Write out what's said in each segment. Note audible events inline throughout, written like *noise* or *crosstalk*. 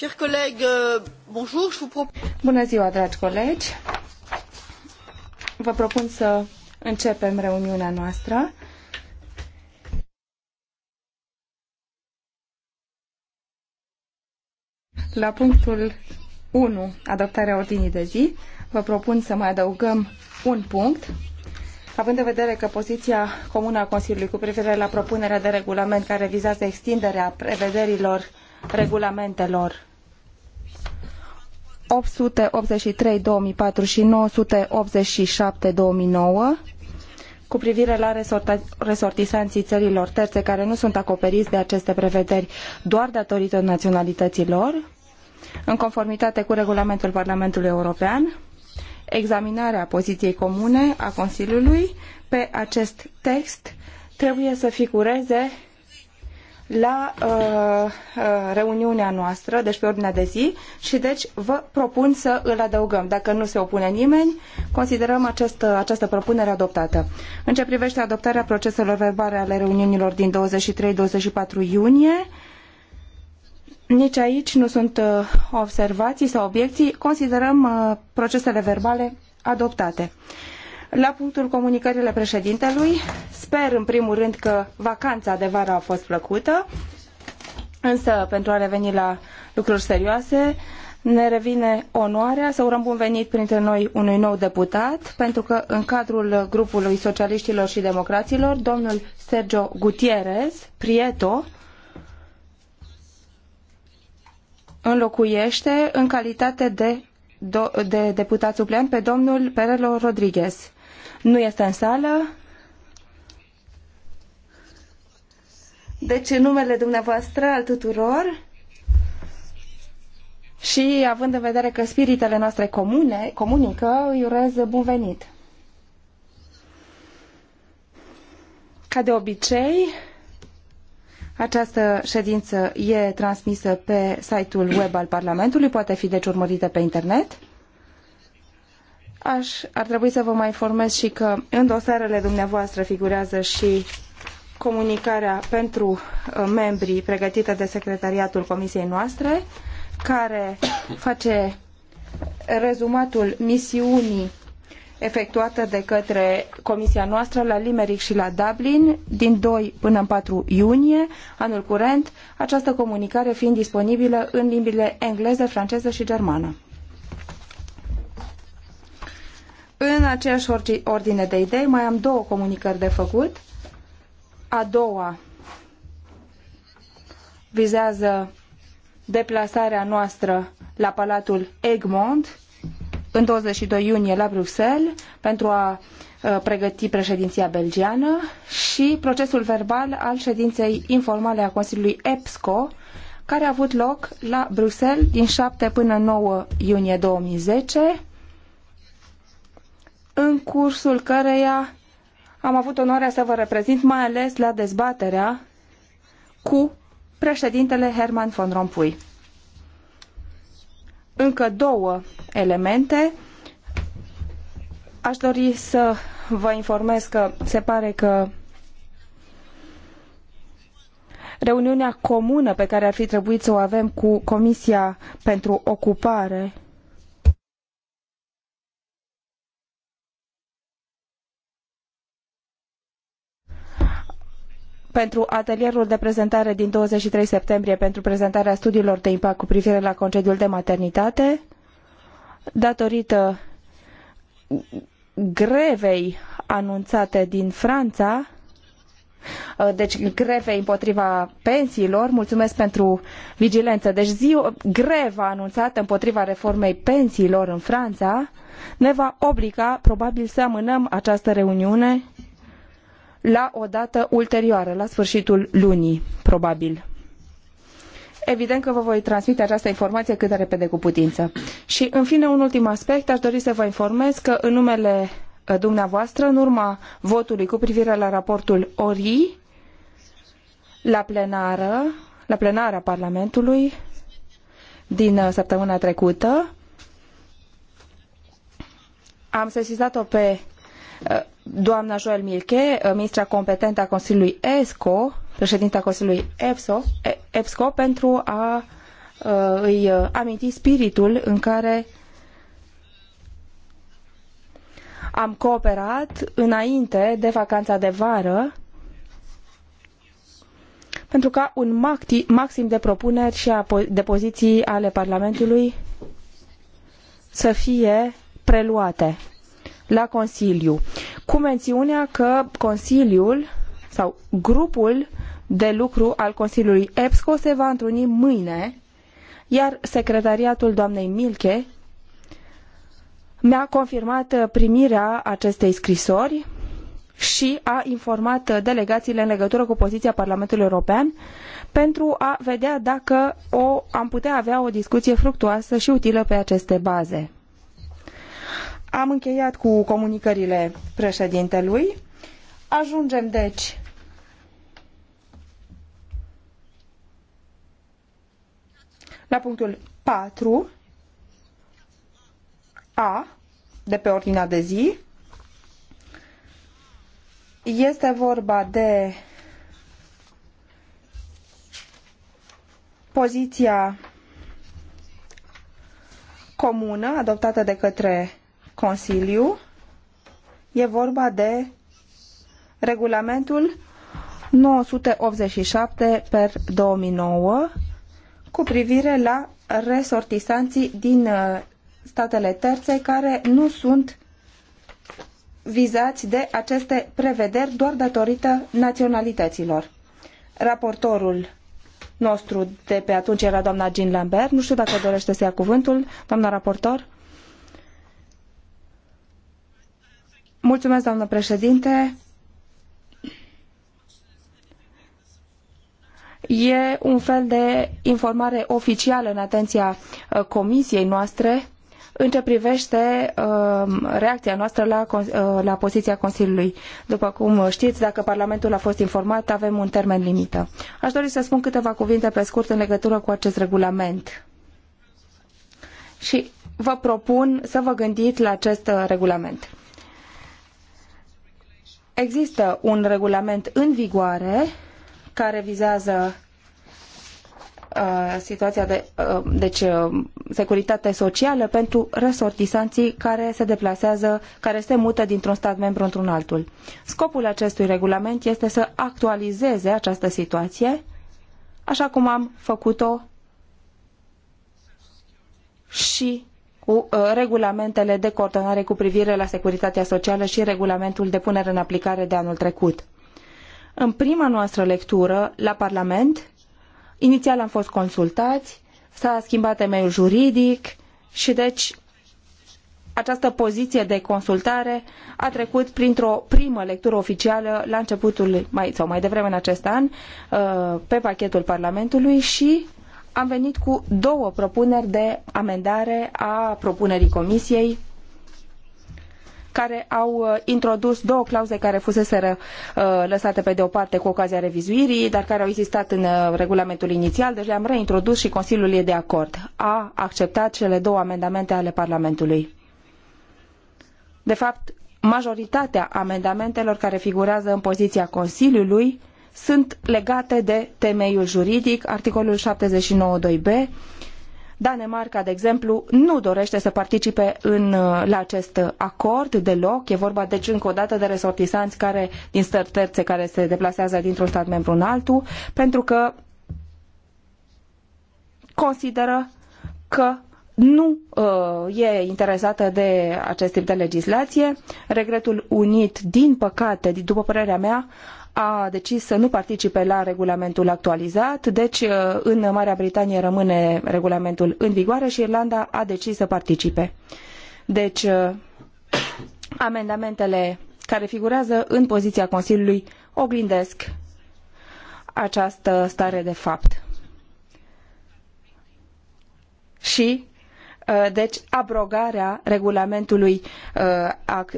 Euh, Bună ziua, dragi colegi. Vă propun să începem reuniunea noastră. La punctul 1, adoptarea ordinii de zi, vă propun să mai adăugăm un punct, Având în vedere că poziția comună a Consiliului cu privire la propunerea de regulament care vizează extinderea prevederilor regulamentelor 883 2004 și 987 2009 cu privire la resortisanții țărilor terțe care nu sunt acoperiți de aceste prevederi doar datorită naționalității lor, în conformitate cu regulamentul Parlamentului European, examinarea poziției comune a Consiliului pe acest text trebuie să figureze la uh, uh, reuniunea noastră, deci pe ordinea de zi, și deci vă propun să îl adăugăm. Dacă nu se opune nimeni, considerăm această, uh, această propunere adoptată. În ce privește adoptarea proceselor verbale ale reuniunilor din 23-24 iunie, nici aici nu sunt observații sau obiecții. Considerăm procesele verbale adoptate. La punctul comunicările președintelui, sper în primul rând că vacanța de vară a fost plăcută, însă pentru a reveni la lucruri serioase, ne revine onoarea să urăm bun venit printre noi unui nou deputat, pentru că în cadrul grupului socialiștilor și democraților, domnul Sergio Gutierrez Prieto înlocuiește în calitate de, de deputat supleant pe domnul Perelo Rodriguez nu este în sală. Deci, în numele dumneavoastră, al tuturor, și având în vedere că spiritele noastre comune, comunică, îi urez bun venit. Ca de obicei, această ședință e transmisă pe site-ul web al Parlamentului, poate fi deci urmărită pe internet. Aș, ar trebui să vă mai informez și că în dosarele dumneavoastră figurează și comunicarea pentru uh, membrii pregătită de secretariatul comisiei noastre, care face rezumatul misiunii efectuată de către comisia noastră la Limerick și la Dublin din 2 până în 4 iunie anul curent, această comunicare fiind disponibilă în limbile engleză, franceză și germană. În aceeași ordine de idei, mai am două comunicări de făcut. A doua vizează deplasarea noastră la Palatul Egmont în 22 iunie la Bruxelles pentru a uh, pregăti președinția belgiană și procesul verbal al ședinței informale a Consiliului EPSCO care a avut loc la Bruxelles din 7 până 9 iunie 2010 în cursul căreia am avut onoarea să vă reprezint, mai ales la dezbaterea cu președintele Herman von Rompuy. Încă două elemente. Aș dori să vă informez că se pare că reuniunea comună pe care ar fi trebuit să o avem cu Comisia pentru Ocupare pentru atelierul de prezentare din 23 septembrie pentru prezentarea studiilor de impact cu privire la concediul de maternitate, datorită grevei anunțate din Franța, uh, deci grevei împotriva pensiilor. Mulțumesc pentru vigilență. Deci ziua, greva anunțată împotriva reformei pensiilor în Franța ne va obliga probabil să amânăm această reuniune la o dată ulterioară, la sfârșitul lunii, probabil. Evident că vă voi transmite această informație cât de repede cu putință. Și, în fine, un ultim aspect, aș dori să vă informez că în numele uh, dumneavoastră, în urma votului cu privire la raportul ORI, la plenară, la plenara Parlamentului din uh, săptămâna trecută, am sesizat-o pe uh, doamna Joël Milke, uh, ministra competentă a Consiliului ESCO, președinta Consiliului EPSO, EPSCO, pentru a uh, îi uh, aminti spiritul în care am cooperat înainte de vacanța de vară pentru ca un maxim de propuneri și de poziții ale Parlamentului să fie preluate la Consiliu, cu mențiunea că Consiliul sau grupul de lucru al Consiliului EPSCO se va întruni mâine, iar secretariatul doamnei Milche mi-a confirmat primirea acestei scrisori și a informat delegațiile în legătură cu poziția Parlamentului European pentru a vedea dacă o, am putea avea o discuție fructuoasă și utilă pe aceste baze. Am încheiat cu comunicările președintelui. Ajungem, deci, la punctul 4 A de pe ordinea de zi. Este vorba de poziția comună adoptată de către Consiliu. E vorba de regulamentul 987 per 2009 cu privire la resortisanții din uh, statele terțe care nu sunt vizați de aceste prevederi doar datorită naționalităților. Raportorul nostru de pe atunci era doamna Jean Lambert. Nu știu dacă dorește să ia cuvântul, doamna raportor. Mulțumesc, doamnă președinte. E un fel de informare oficială în atenția uh, comisiei noastre în ce privește um, reacția noastră la, uh, la poziția Consiliului. După cum știți, dacă Parlamentul a fost informat, avem un termen limită. Aș dori să spun câteva cuvinte pe scurt în legătură cu acest regulament. Și vă propun să vă gândiți la acest uh, regulament. Există un regulament în vigoare care vizează uh, situația de uh, deci, uh, securitate socială pentru resortisanții care se deplasează, care se mută dintr-un stat membru într-un altul. Scopul acestui regulament este să actualizeze această situație, așa cum am făcut-o și cu uh, regulamentele de coordonare cu privire la securitatea socială și regulamentul de punere în aplicare de anul trecut. În prima noastră lectură la Parlament, inițial am fost consultați, s-a schimbat temeiul juridic și deci această poziție de consultare a trecut printr-o primă lectură oficială la începutul mai, sau mai devreme în acest an uh, pe pachetul Parlamentului și am venit cu două propuneri de amendare a propunerii Comisiei care au uh, introdus două clauze care fuseseră uh, lăsate pe de o parte cu ocazia revizuirii, dar care au existat în uh, regulamentul inițial, deci le-am reintrodus și Consiliul e de acord. A acceptat cele două amendamente ale Parlamentului. De fapt, majoritatea amendamentelor care figurează în poziția Consiliului uh, sunt legate de temeiul juridic, articolul 79.2b. Danemarca, de exemplu, nu dorește să participe în, uh, la acest acord deloc. E vorba, deci, încă o dată de resortisanți care, din stări terțe care se deplasează dintr-un stat membru în altul, pentru că consideră că nu uh, e interesată de acest tip de legislație. Regretul unit, din păcate, după părerea mea, a decis să nu participe la regulamentul actualizat, deci uh, în Marea Britanie rămâne regulamentul în vigoare și Irlanda a decis să participe. Deci uh, amendamentele care figurează în poziția Consiliului oglindesc această stare de fapt. Și uh, deci abrogarea regulamentului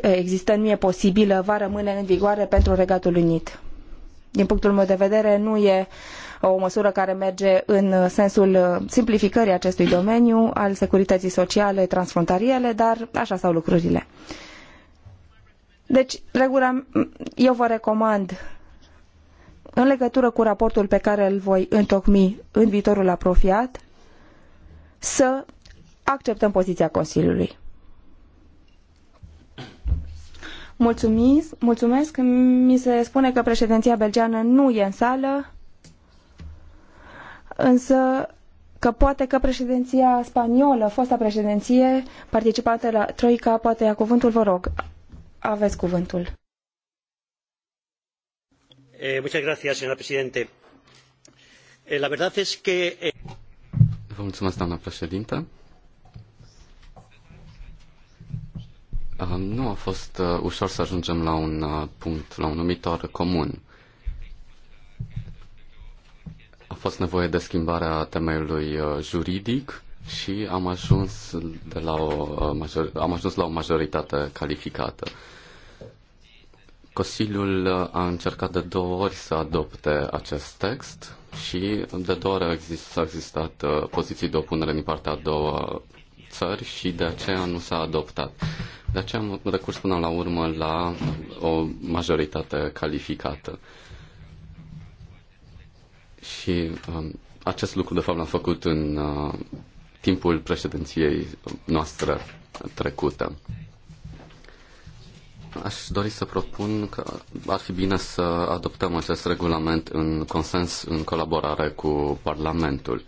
existent nu e posibilă, va rămâne în vigoare pentru Regatul Unit din punctul meu de vedere, nu e o măsură care merge în sensul simplificării acestui domeniu al securității sociale transfrontaliere, dar așa stau lucrurile. Deci, regula, eu vă recomand în legătură cu raportul pe care îl voi întocmi în viitorul apropiat, să acceptăm poziția Consiliului. Mulțumis, mulțumesc. Mi se spune că președinția belgeană nu e în sală, însă că poate că președinția spaniolă, fosta președinție, participată la Troica, poate ia cuvântul, vă rog. Aveți cuvântul. Eh, muchas gracias, señora presidente. Eh, la verdad es que... Eh, vă mulțumesc, doamna președintă. Um, nu a fost uh, ușor să ajungem la un uh, punct, la un numitor comun. A fost nevoie de schimbarea temeiului uh, juridic și am ajuns, de la o, major, am ajuns la o majoritate calificată. Consiliul a încercat de două ori să adopte acest text și de două ori a existat, a existat poziții de opunere din partea a doua țări și de aceea nu s-a adoptat. De aceea am recurs până la urmă la o majoritate calificată. Și uh, acest lucru, de fapt, l-am făcut în uh, timpul președinției noastre trecută. Aș dori să propun că ar fi bine să adoptăm acest regulament în consens, în colaborare cu Parlamentul. Uh,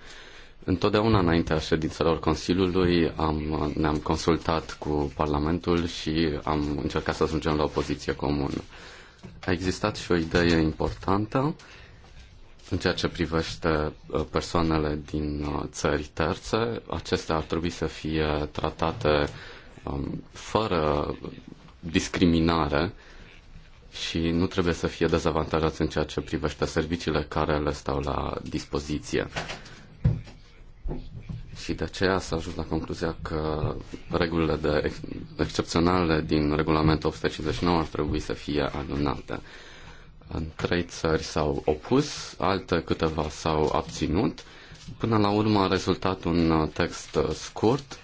Întotdeauna înaintea ședințelor Consiliului am, ne-am consultat cu Parlamentul și am încercat să ajungem la o poziție comună. A existat și o idee importantă în ceea ce privește uh, persoanele din uh, țări terțe. Acestea ar trebui să fie tratate um, fără discriminare și nu trebuie să fie dezavantajați în ceea ce privește serviciile care le stau la dispoziție. Și de aceea s-a ajuns la concluzia că regulile de ex- excepționale din regulamentul 859 ar trebui să fie anunate. În trei țări s-au opus, alte câteva s-au abținut. Până la urmă a rezultat un text scurt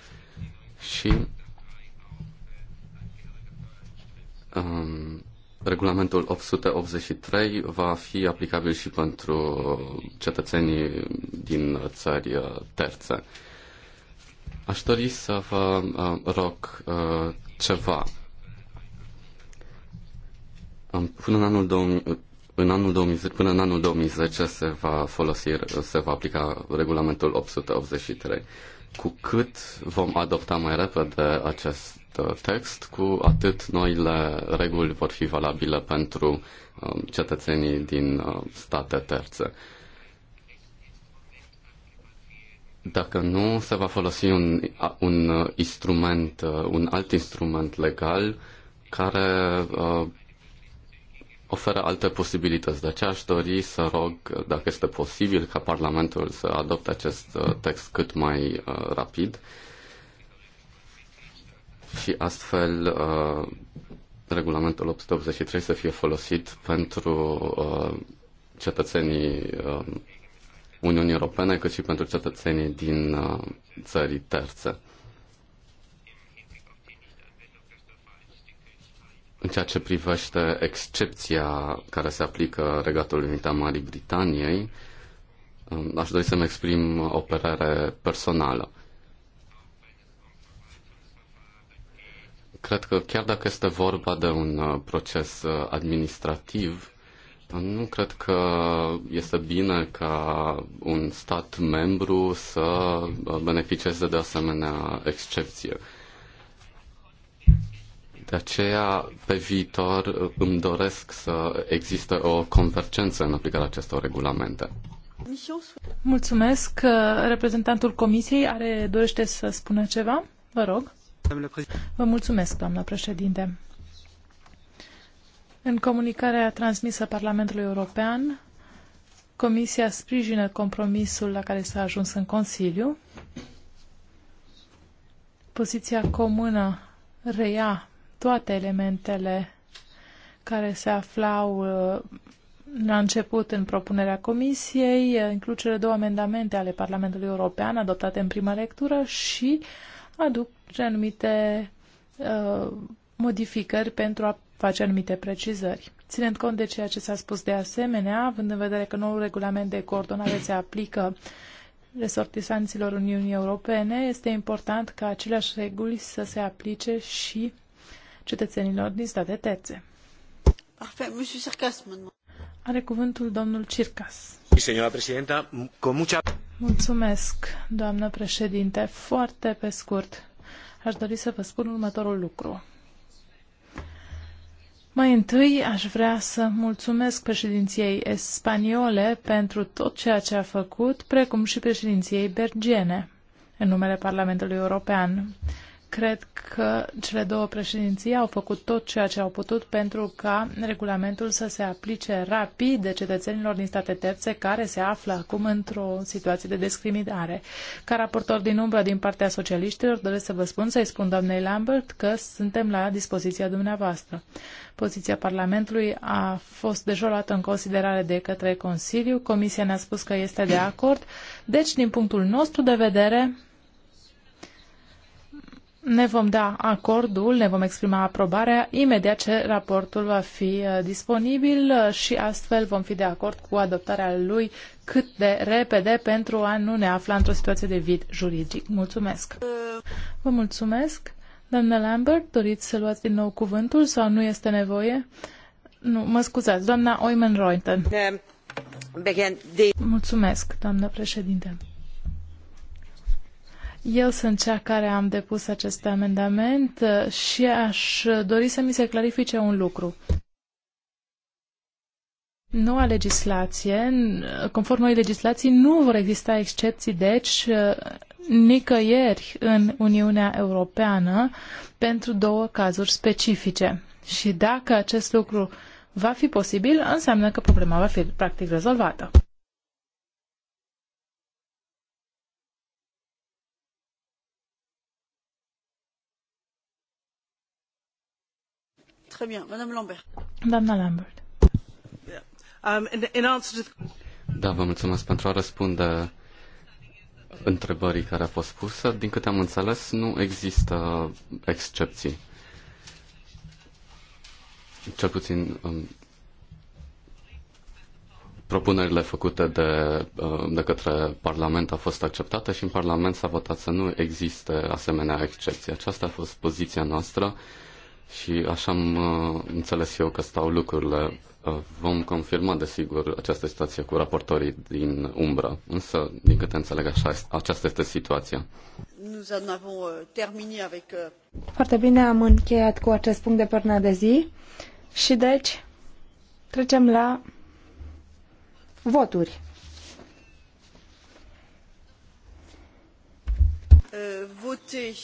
și um, Regulamentul 883 va fi aplicabil și pentru cetățenii din țări uh, terțe. Aș dori să vă uh, rog uh, ceva. Până în anul 2000, în anul 2010, până în anul 2010 se va folosi, se va aplica regulamentul 883. Cu cât vom adopta mai repede acest Uh, text, cu atât noile reguli vor fi valabile pentru um, cetățenii din uh, state terțe. Dacă nu, se va folosi un, un uh, instrument, un alt instrument legal care uh, oferă alte posibilități. De aceea aș dori să rog, dacă este posibil, ca Parlamentul să adopte acest text cât mai uh, rapid și astfel uh, regulamentul 883 să fie folosit pentru uh, cetățenii uh, Uniunii Europene, cât și pentru cetățenii din țări terțe. În ceea ce privește excepția care se aplică Regatului Unit a Marii Britaniei, um, aș dori să-mi exprim o părere personală. cred că chiar dacă este vorba de un uh, proces uh, administrativ, nu cred că este bine ca un stat membru să uh, beneficieze de asemenea excepție. De aceea, pe viitor, îmi doresc să existe o convergență în aplicarea acestor regulamente. Mulțumesc. Reprezentantul Comisiei are dorește să spună ceva? Vă rog. Vă mulțumesc, doamnă președinte. În comunicarea transmisă Parlamentului European, Comisia sprijină compromisul la care s-a ajuns în Consiliu. Poziția comună reia toate elementele care se aflau uh, la început în propunerea Comisiei, includ cele două amendamente ale Parlamentului European adoptate în prima lectură și uh, aduce anumite uh, modificări pentru a face anumite precizări. Ținând cont de ceea ce s-a spus de asemenea, având în vedere că noul regulament de coordonare se aplică resortisanților Uniunii Europene, este important ca aceleași reguli să se aplice și cetățenilor din state terțe. Parfait, monsieur Sarcasme. Are cuvântul domnul Circas. Mulțumesc, doamnă președinte. Foarte pe scurt, aș dori să vă spun următorul lucru. Mai întâi aș vrea să mulțumesc președinției spaniole pentru tot ceea ce a făcut, precum și președinției bergene în numele Parlamentului European. Cred că cele două președinții au făcut tot ceea ce au putut pentru ca regulamentul să se aplice rapid de cetățenilor din state terțe care se află acum într-o situație de discriminare. Ca raportor din umbră din partea socialiștilor, doresc să vă spun, să-i spun doamnei Lambert că suntem la dispoziția dumneavoastră. Poziția Parlamentului a fost deja luată în considerare de către Consiliu. Comisia ne-a spus că este de acord. Deci, din punctul nostru de vedere, ne vom da acordul, ne vom exprima aprobarea imediat ce raportul va fi uh, disponibil uh, și astfel vom fi de acord cu adoptarea lui cât de repede pentru a nu ne afla într-o situație de vid juridic. Mulțumesc! Vă mulțumesc! Doamna Lambert, doriți să luați din nou cuvântul sau nu este nevoie? Nu, mă scuzați, doamna Oimen Reuten. Mulțumesc, doamna președinte. Eu sunt cea care am depus acest amendament uh, și aș dori să mi se clarifice un lucru. Noua legislație, conform noi legislații, nu vor exista excepții, deci, uh, nicăieri în Uniunea Europeană pentru două cazuri specifice. Și dacă acest lucru va fi posibil, înseamnă că problema va fi practic rezolvată. Um, da, vă mulțumesc pentru a răspunde întrebării care a fost pusă. Din câte am înțeles, nu există excepții. Cel puțin um, propunerile făcute de, um, de către Parlament au fost acceptate și în Parlament s-a votat să nu existe asemenea excepții. Aceasta a fost poziția noastră și așa am uh, înțeles eu că stau lucrurile. Uh, vom confirma, desigur, această situație cu raportorii din umbră, însă, din câte înțeleg, așa, aceasta este situația. Uh, Foarte bine, am încheiat cu acest punct de până de zi și, deci, trecem la voturi. Uh, votez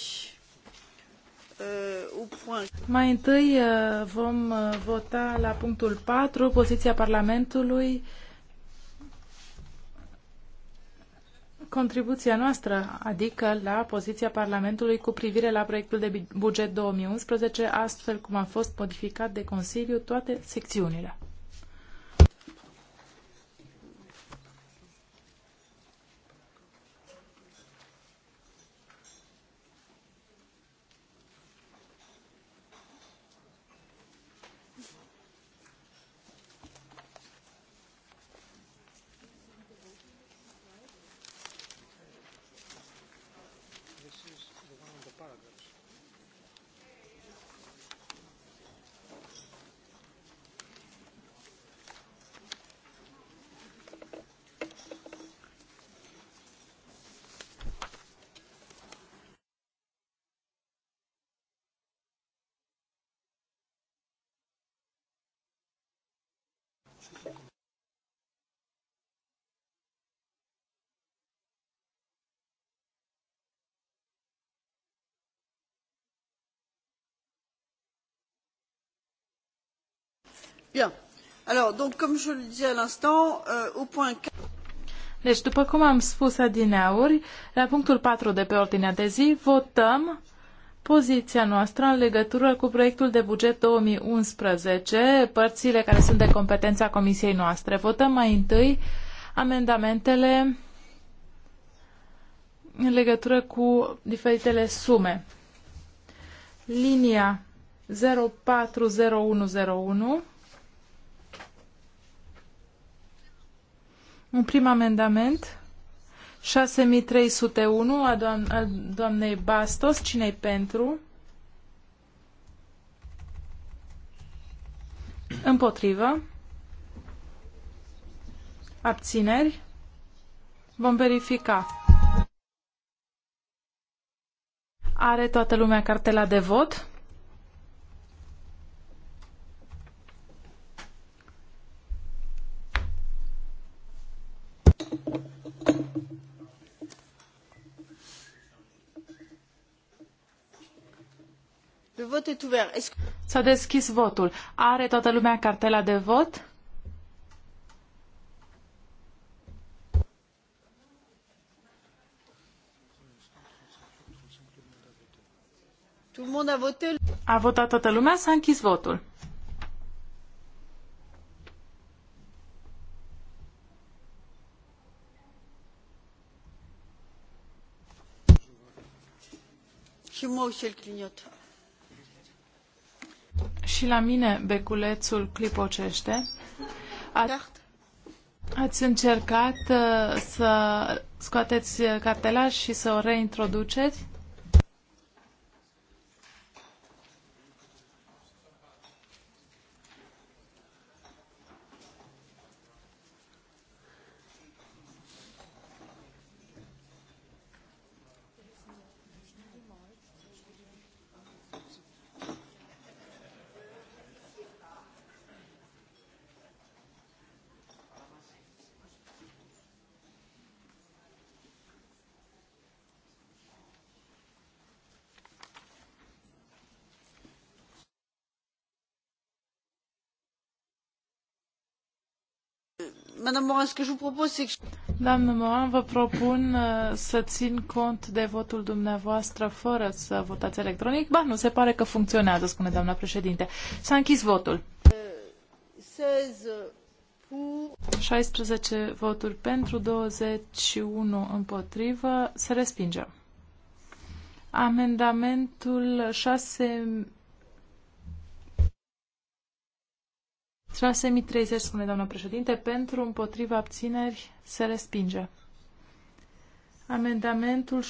Uh, Mai întâi uh, vom uh, vota la punctul 4, poziția Parlamentului, contribuția noastră, adică la poziția Parlamentului cu privire la proiectul de buget 2011, astfel cum a fost modificat de Consiliu toate secțiunile. Euh, deci, după cum am spus adineauri, la punctul 4 de pe ordinea de zi, votăm poziția noastră în legătură cu proiectul de buget 2011, părțile care sunt de competența comisiei noastre. Votăm mai întâi amendamentele în legătură cu diferitele sume. Linia 040101 Un prim amendament, 6301 a doam- al doamnei Bastos. Cine-i pentru? Împotrivă. Abțineri. Vom verifica. Are toată lumea cartela de vot? Le S-a deschis votul. Are toată lumea cartela de vot? Tout le monde a A votat toată lumea, s-a închis votul. Și mă ușel clignot. Și la mine beculețul clipocește. A... Ați încercat uh, să scoateți cartela și să o reintroduceți? Madame Morin, ce que je Doamnă Moan, vă propun uh, să țin cont de votul dumneavoastră fără să votați electronic. Ba, nu, se pare că funcționează, spune doamna președinte. S-a închis votul. 16 voturi pentru, 21 împotrivă. Se respinge. Amendamentul 6 30, spune doamna președinte, pentru, împotriva, abțineri, se respinge. Amendamentul 6.333,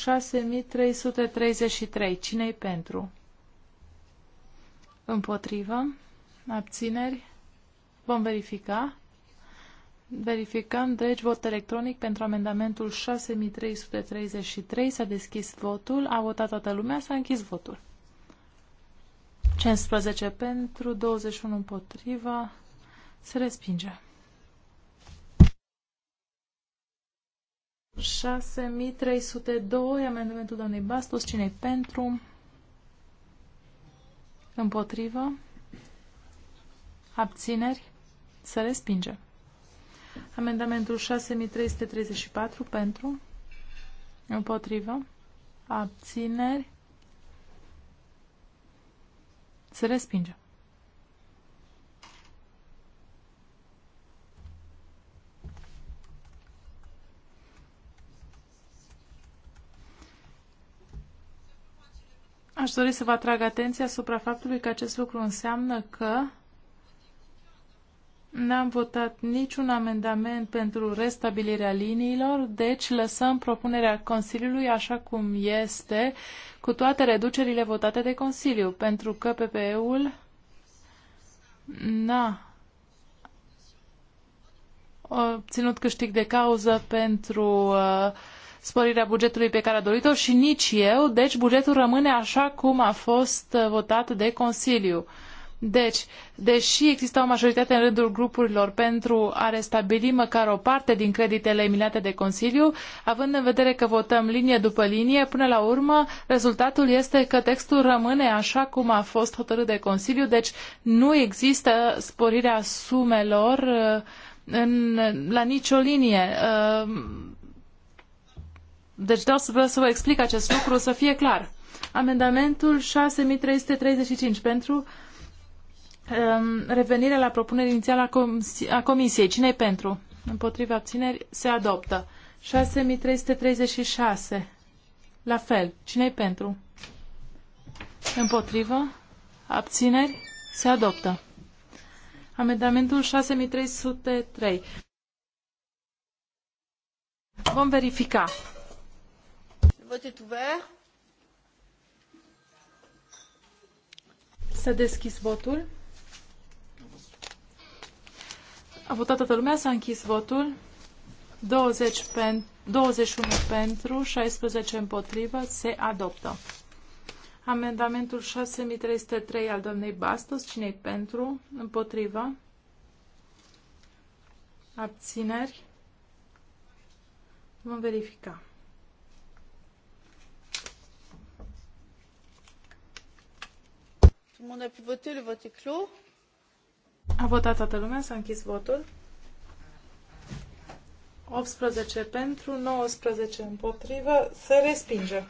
cine-i pentru? Împotrivă? abțineri, vom verifica. Verificăm, deci, vot electronic pentru amendamentul 6333. S-a deschis votul, a votat toată lumea, s-a închis votul. 15 pentru, 21 împotriva, se respinge. 6302, amendamentul doamnei Bastos, cine pentru? Împotrivă? Abțineri? Se respinge. Amendamentul 6334 pentru? Împotrivă? Abțineri? Se respinge. Aș dori să vă atrag atenția asupra faptului că acest lucru înseamnă că n-am votat niciun amendament pentru restabilirea liniilor, deci lăsăm propunerea Consiliului așa cum este, cu toate reducerile votate de Consiliu, pentru că PPE-ul n-a obținut uh, câștig de cauză pentru uh, sporirea bugetului pe care a dorit-o și nici eu, deci bugetul rămâne așa cum a fost uh, votat de Consiliu. Deci, deși exista o majoritate în rândul grupurilor pentru a restabili măcar o parte din creditele emanate de Consiliu, având în vedere că votăm linie după linie, până la urmă, rezultatul este că textul rămâne așa cum a fost hotărât de Consiliu, deci nu există sporirea sumelor uh, în, la nicio linie. Uh, deci vreau să, vreau să vă explic acest lucru, să fie clar. Amendamentul 6335 pentru um, revenirea la propunerea inițială a, comis- a Comisiei. Cine-i pentru? Împotriva abțineri se adoptă. 6336. La fel. Cine-i pentru? Împotrivă. Abțineri se adoptă. Amendamentul 6303. Vom verifica. Vote est ouvert. S-a deschis votul. A votat toată lumea, s-a închis votul. 20 pen, 21 pentru, 16 împotrivă, se adoptă. Amendamentul 6303 al doamnei Bastos, cine pentru, împotrivă, abțineri, vom verifica. Tout le monde a pu voter, le vote est clos. A votat toată lumea, s-a închis votul. 18 pentru, 19 împotrivă, se respinge.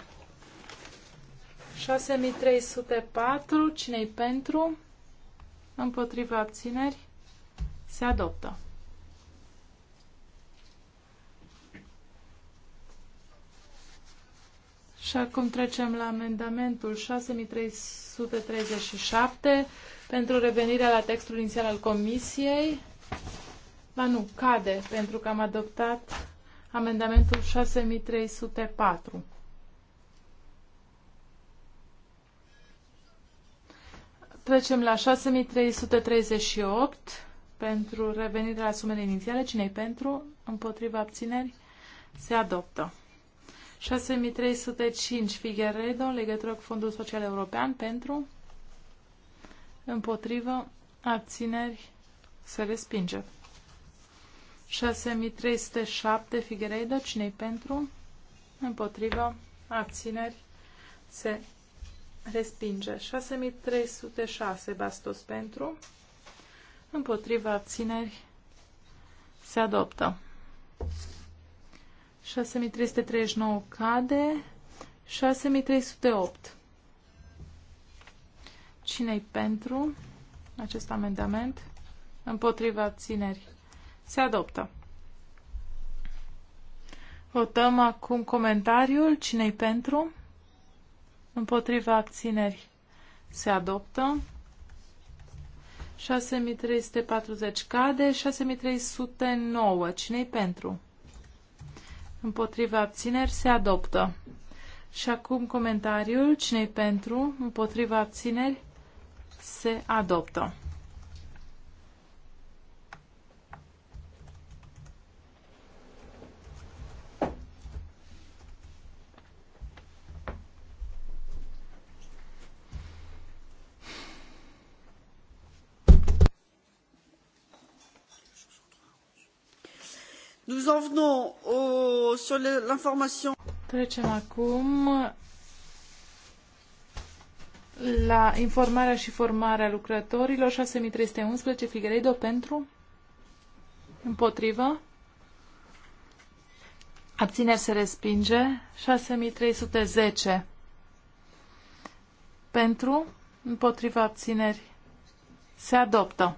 6304, cine-i pentru? Împotriva abțineri, se adoptă. Și acum trecem la amendamentul 6337 pentru revenirea la textul inițial al Comisiei. Ba nu, cade, pentru că am adoptat amendamentul 6304. Trecem la 6338 pentru revenirea la sumele inițiale. Cine-i pentru? Împotriva abțineri? Se adoptă. 6305 Figueredo, legătură cu Fondul Social European, pentru, împotrivă, abțineri, se respinge. 6307 Figueredo, cine pentru, împotrivă, abțineri, se respinge. 6306 Bastos pentru, împotriva abțineri, se adoptă. 6339 cade. 6308. Cine-i pentru acest amendament? Împotriva țineri. Se adoptă. Votăm acum comentariul. Cine-i pentru? Împotriva abțineri. Se adoptă. 6340 cade. 6309. Cine-i pentru? Împotriva abțineri se adoptă. Și acum comentariul. cine pentru? Împotriva abțineri se adoptă. Nous en venons au, sur l'information. Trecem acum la informarea și formarea lucrătorilor 6311 Figueiredo pentru împotrivă abțineri se respinge 6310 pentru împotriva abțineri se adoptă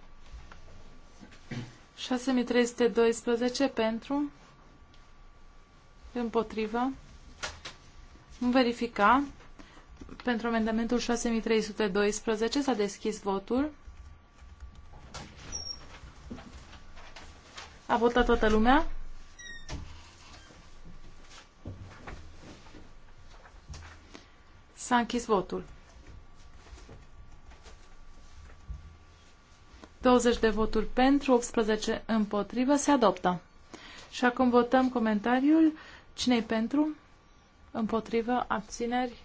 6312 pentru, împotrivă, vom verifica. Pentru amendamentul 6312 s-a deschis votul. A votat toată lumea? S-a închis votul. 20 de voturi pentru, 18 împotrivă, se adoptă. Și acum votăm comentariul. cine e pentru? Împotrivă, abțineri.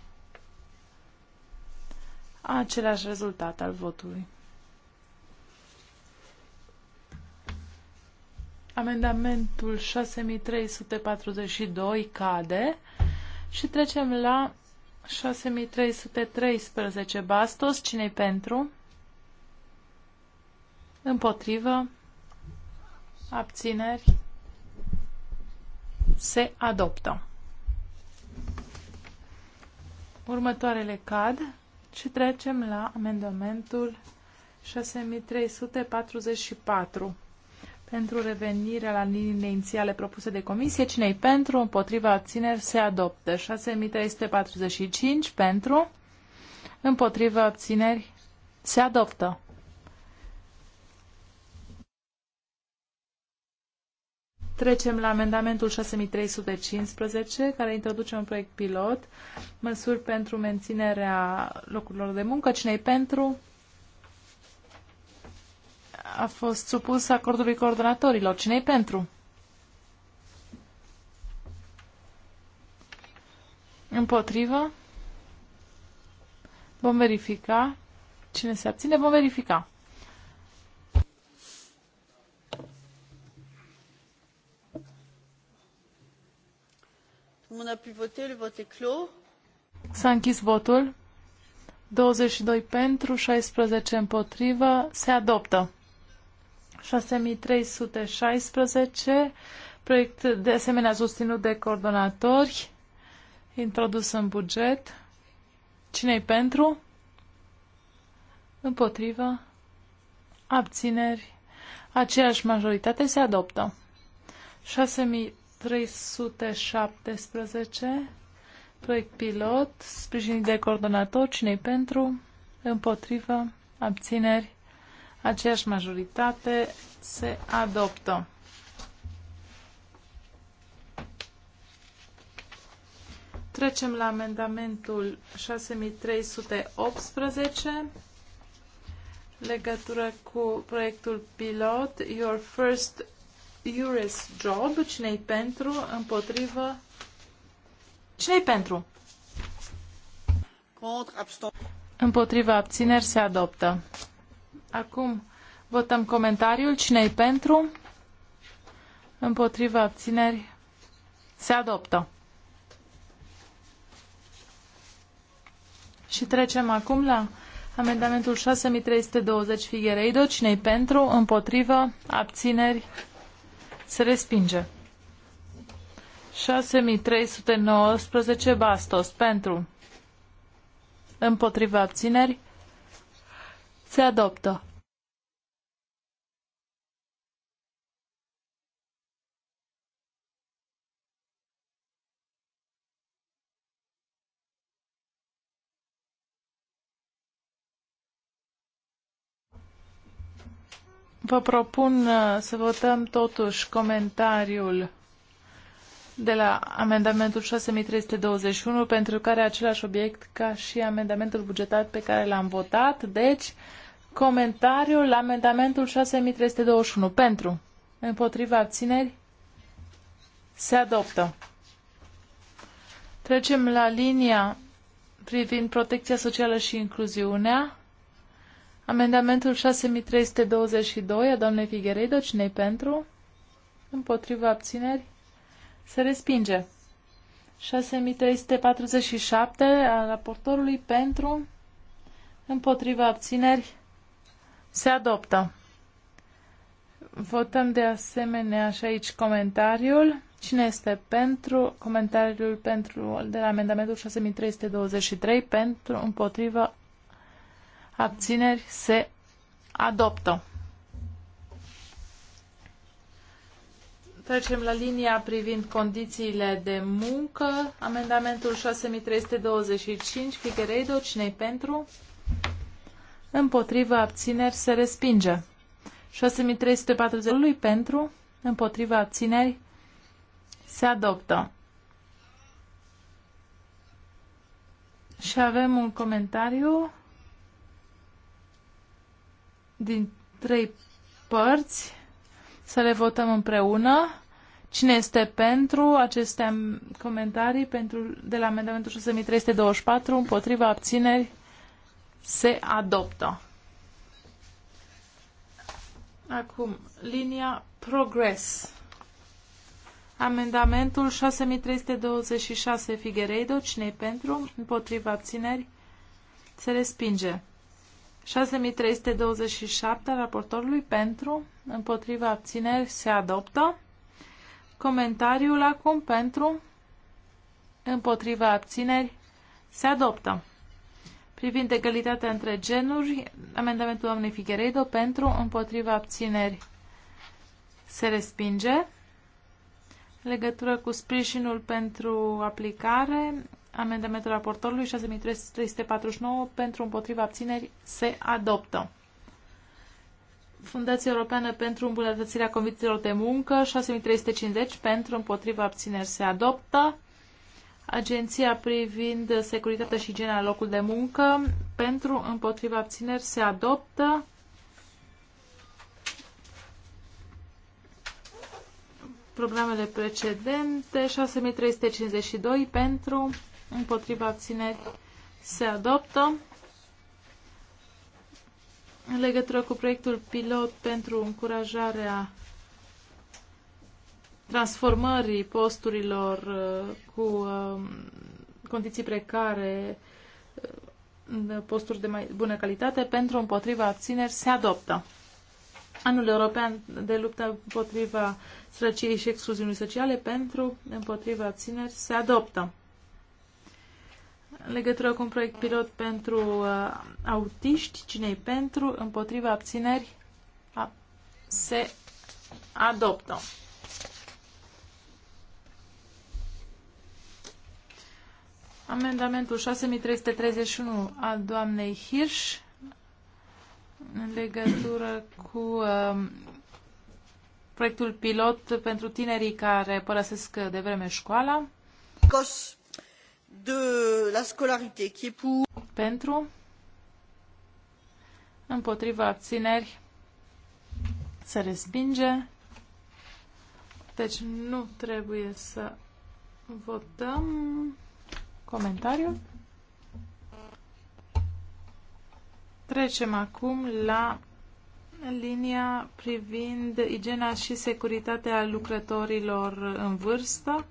Același rezultat al votului. Amendamentul 6342 cade și trecem la 6313 Bastos. Cine-i pentru? Împotrivă. Abțineri. Se adoptă. Următoarele cad și trecem la amendamentul 6344. Pentru revenirea la liniile inițiale propuse de comisie, cine pentru, împotriva abțineri, se adoptă. 6345 pentru, împotriva abțineri, se adoptă. Trecem la amendamentul 6315, care introduce un proiect pilot, măsuri pentru menținerea locurilor de muncă. cine pentru? A fost supus acordului coordonatorilor. Cine-i pentru? Împotrivă? Vom verifica. Cine se abține, vom verifica. On a pu voter, le vote est clos. S-a închis votul. 22 pentru, 16 împotrivă. Se adoptă. 6316, proiect de asemenea susținut de coordonatori, introdus în buget. Cine-i pentru? Împotrivă. Abțineri. Aceeași majoritate se adoptă. 6300 317, proiect pilot, sprijinit de coordonator, cine pentru, împotrivă, abțineri, aceeași majoritate, se adoptă. Trecem la amendamentul 6318, legătură cu proiectul pilot Your First Iuris Job. Cine-i pentru? Împotrivă. Cine-i pentru? Împotriva abțineri se adoptă. Acum votăm comentariul. Cine-i pentru? Împotriva abțineri se adoptă. Și trecem acum la amendamentul 6320 Figueiredo. Cine-i pentru? Împotrivă? Abțineri? Se respinge. 6319 Bastos pentru. Împotriva abțineri. Se adoptă. Vă propun uh, să votăm totuși comentariul de la amendamentul 6321 pentru care același obiect ca și amendamentul bugetar pe care l-am votat. Deci, comentariul la amendamentul 6321 pentru, împotriva abțineri, se adoptă. Trecem la linia privind protecția socială și incluziunea. Amendamentul 6322 a doamnei Figueiredo, cine pentru? Împotriva abțineri? Se respinge. 6347 a raportorului pentru? Împotriva abțineri? Se adoptă. Votăm de asemenea și aici comentariul. Cine este pentru comentariul pentru de la amendamentul 6323 pentru împotriva abțineri, se adoptă. Trecem la linia privind condițiile de muncă. Amendamentul 6325, Figueiredo, cine pentru? Împotriva abțineri se respinge. 6340 lui pentru, împotriva abțineri se adoptă. Și avem un comentariu din trei părți, să le votăm împreună. Cine este pentru aceste comentarii pentru, de la amendamentul 6324, împotriva abțineri, se adoptă. Acum, linia Progress. Amendamentul 6326 Figueiredo, cine pentru, împotriva abțineri, se respinge. 6327 al raportorului pentru, împotriva abțineri se adoptă. Comentariul acum pentru, împotriva abțineri se adoptă. Privind egalitatea între genuri, amendamentul doamnei Figueredo pentru, împotriva abțineri se respinge. Legătură cu sprijinul pentru aplicare, Amendamentul raportorului 6349 pentru împotriva abțineri se adoptă. Fundația Europeană pentru îmbunătățirea condițiilor de muncă 6350 pentru împotriva abțineri se adoptă. Agenția privind securitatea și igiena locul de muncă pentru împotriva abțineri se adoptă. Programele precedente 6352 pentru împotriva țineri se adoptă. În legătură cu proiectul pilot pentru încurajarea transformării posturilor uh, cu um, condiții precare uh, în posturi de mai bună calitate pentru împotriva abțineri se adoptă. Anul European de luptă împotriva sărăciei și excluziunii sociale pentru împotriva abțineri se adoptă în legătură cu un proiect pilot pentru uh, autiști, cine pentru, împotriva abțineri, a, se adoptă. Amendamentul 6331 al doamnei Hirsch în legătură cu uh, proiectul pilot pentru tinerii care părăsesc de vreme școala. Cos de la scolarité, qui est pour... Pentru, împotriva abțineri, se respinge. Deci nu trebuie să votăm comentariul. Trecem acum la linia privind igiena și securitatea lucrătorilor în vârstă.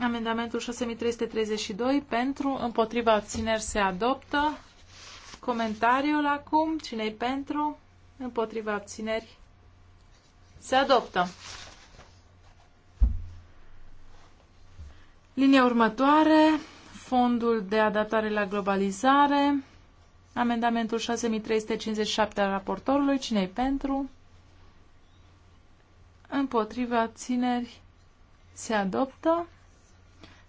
Amendamentul 6332 pentru, împotriva abțineri se adoptă. Comentariul acum, cine-i pentru, împotriva abțineri se adoptă. Linia următoare, fondul de adaptare la globalizare, amendamentul 6357 al raportorului, cine-i pentru? Împotriva abțineri se adoptă.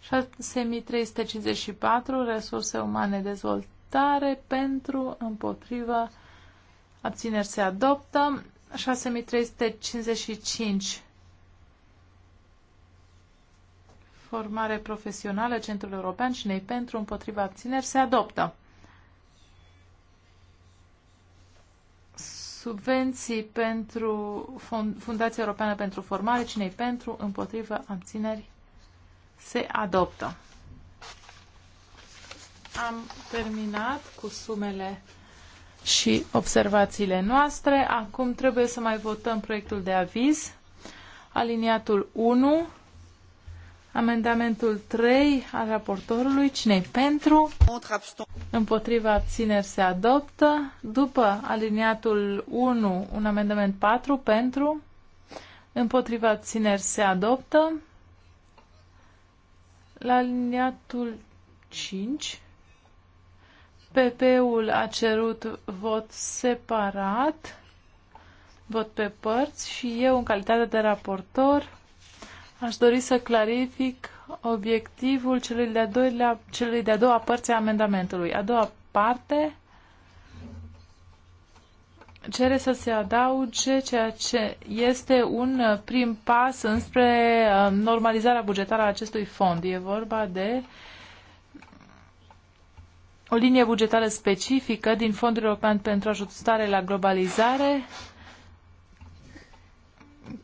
7354, resurse umane dezvoltare pentru, împotrivă, abțineri se adoptă. 6355, formare profesională, Centrul European și nei pentru, împotriva abțineri se adoptă. subvenții pentru Fundația Europeană pentru Formare, cinei pentru, împotriva abțineri, se adoptă. Am terminat cu sumele și observațiile noastre. Acum trebuie să mai votăm proiectul de aviz. Aliniatul 1, amendamentul 3 al raportorului. Cine-i pentru? Împotriva abțineri se adoptă. După aliniatul 1, un amendament 4 pentru. Împotriva abțineri se adoptă. La liniatul 5, PP-ul a cerut vot separat, vot pe părți și eu, în calitate de raportor, aș dori să clarific obiectivul celui de-a, de doua părți a amendamentului. A doua parte cere să se adauge ceea ce este un uh, prim pas înspre uh, normalizarea bugetară a acestui fond. E vorba de o linie bugetară specifică din Fondul European pentru Ajustare la Globalizare,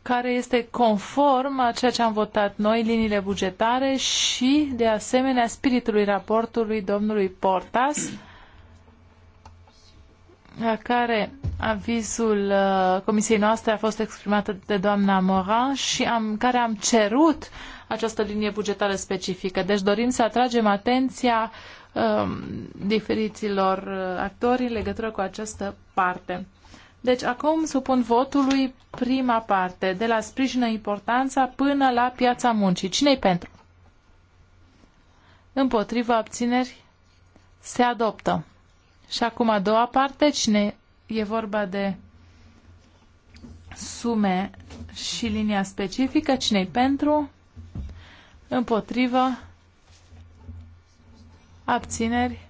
care este conform a ceea ce am votat noi, liniile bugetare și, de asemenea, spiritului raportului domnului Portas la care avizul uh, comisiei noastre a fost exprimat de doamna Moran și am, care am cerut această linie bugetară specifică. Deci dorim să atragem atenția um, diferiților uh, actori în legătură cu această parte. Deci acum supun votului prima parte, de la sprijină importanța până la piața muncii. Cine-i pentru? Împotrivă abțineri? Se adoptă. Și acum a doua parte, cine e vorba de sume și linia specifică, cine pentru, împotrivă, abțineri.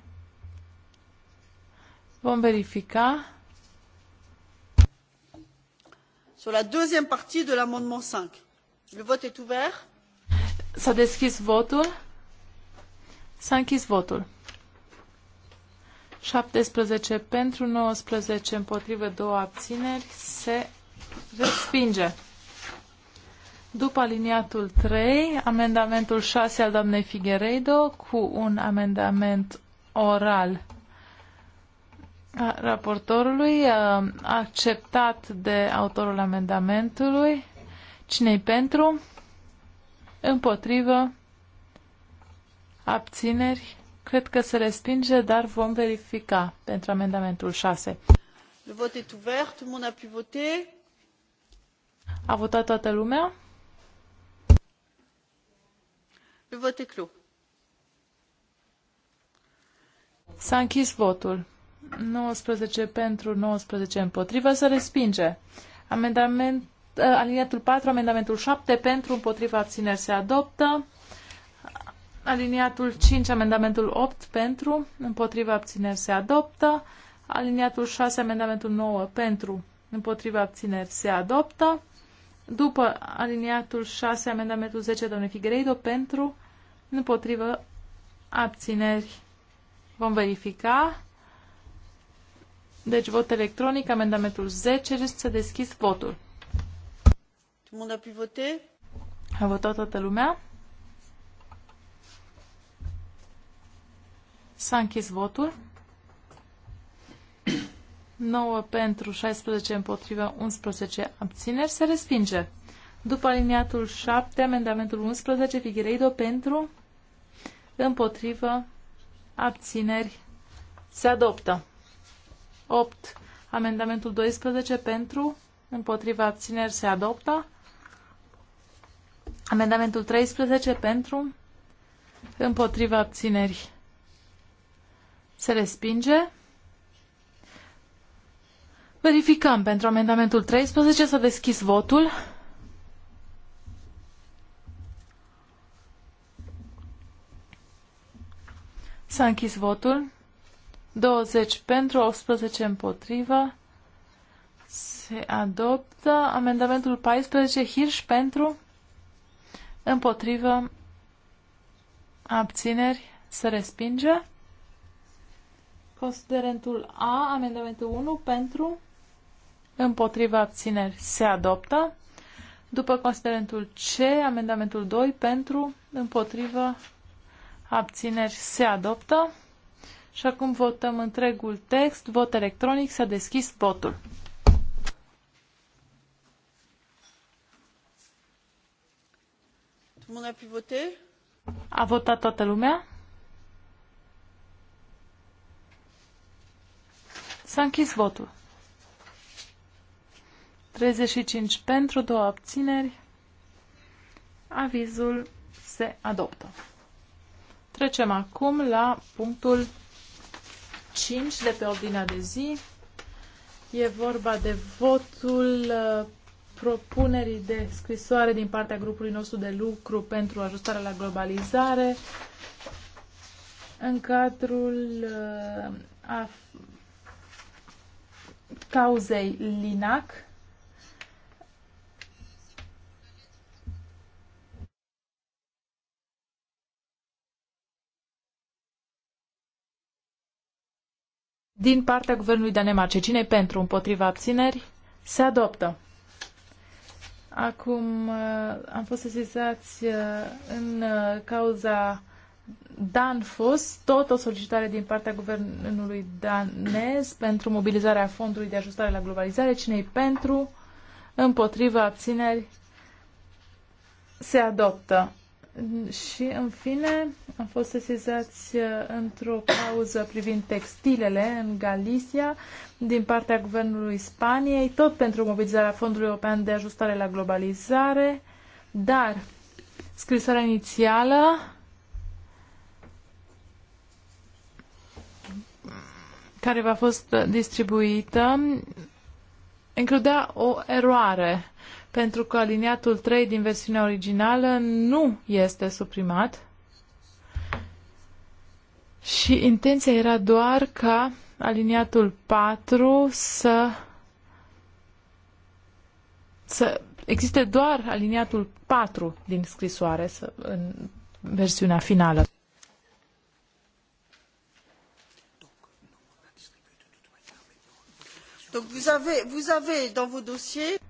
Vom verifica. Sur la deuxième partie de l'amendement 5. Le vote est ouvert. s deschis votul. S-a închis votul. 17 pentru, 19 împotrivă, 2 abțineri, se respinge. După aliniatul 3, amendamentul 6 al doamnei Figueiredo cu un amendament oral a raportorului acceptat de autorul amendamentului. Cine-i pentru? Împotrivă? Abțineri? Cred că se respinge, dar vom verifica pentru amendamentul 6. Le vote est ouvert, tout le monde a pu voter. A votat toată lumea? Le vote est clos. S-a închis votul. 19 pentru, 19 împotrivă, se respinge. Amendament, eh, aliniatul 4, amendamentul 7 pentru, împotriva abțineri se adoptă. Aliniatul 5, amendamentul 8 pentru, împotriva abțineri se adoptă. Aliniatul 6, amendamentul 9 pentru, împotriva abțineri se adoptă. După aliniatul 6, amendamentul 10, domnule Figueiredo, pentru, împotriva abțineri. Vom verifica. Deci vot electronic, amendamentul 10, să deschis votul. Tout le monde a pu voter? A votat toată lumea? S-a închis votul. 9 pentru, 16 împotriva, 11 abțineri. Se respinge. După aliniatul 7, amendamentul 11, Figueiredo pentru, împotrivă, abțineri. Se adoptă. 8. Amendamentul 12 pentru, împotriva, abțineri. Se adoptă. Amendamentul 13 pentru, împotriva, abțineri. Se respinge. Verificăm pentru amendamentul 13. S-a deschis votul. S-a închis votul. 20 pentru, 18 împotrivă. Se adoptă amendamentul 14. Hirș pentru, împotrivă, abțineri, se respinge. Considerentul A, amendamentul 1, pentru, împotriva abțineri, se adoptă. După considerentul C, amendamentul 2, pentru, împotriva abțineri, se adoptă. Și acum votăm întregul text. Vot electronic. S-a deschis votul. A votat toată lumea? S-a închis votul. 35 pentru, două abțineri. Avizul se adoptă. Trecem acum la punctul 5 de pe ordinea de zi. E vorba de votul uh, propunerii de scrisoare din partea grupului nostru de lucru pentru ajustarea la globalizare în cadrul uh, cauzei Linac. Din partea Guvernului Danemarce, cine pentru, împotriva abțineri, se adoptă. Acum uh, am fost sesizați uh, în uh, cauza Danfos, tot o solicitare din partea guvernului danez pentru mobilizarea fondului de ajustare la globalizare. Cine pentru? Împotriva abțineri? Se adoptă. Și, în fine, am fost sesizați uh, într-o cauză privind textilele în Galicia din partea Guvernului Spaniei, tot pentru mobilizarea Fondului European de Ajustare la Globalizare, dar scrisoarea inițială care v-a fost uh, distribuită includea o eroare, pentru că aliniatul 3 din versiunea originală nu este suprimat și intenția era doar ca aliniatul 4 să să existe doar aliniatul 4 din scrisoare să, în versiunea finală.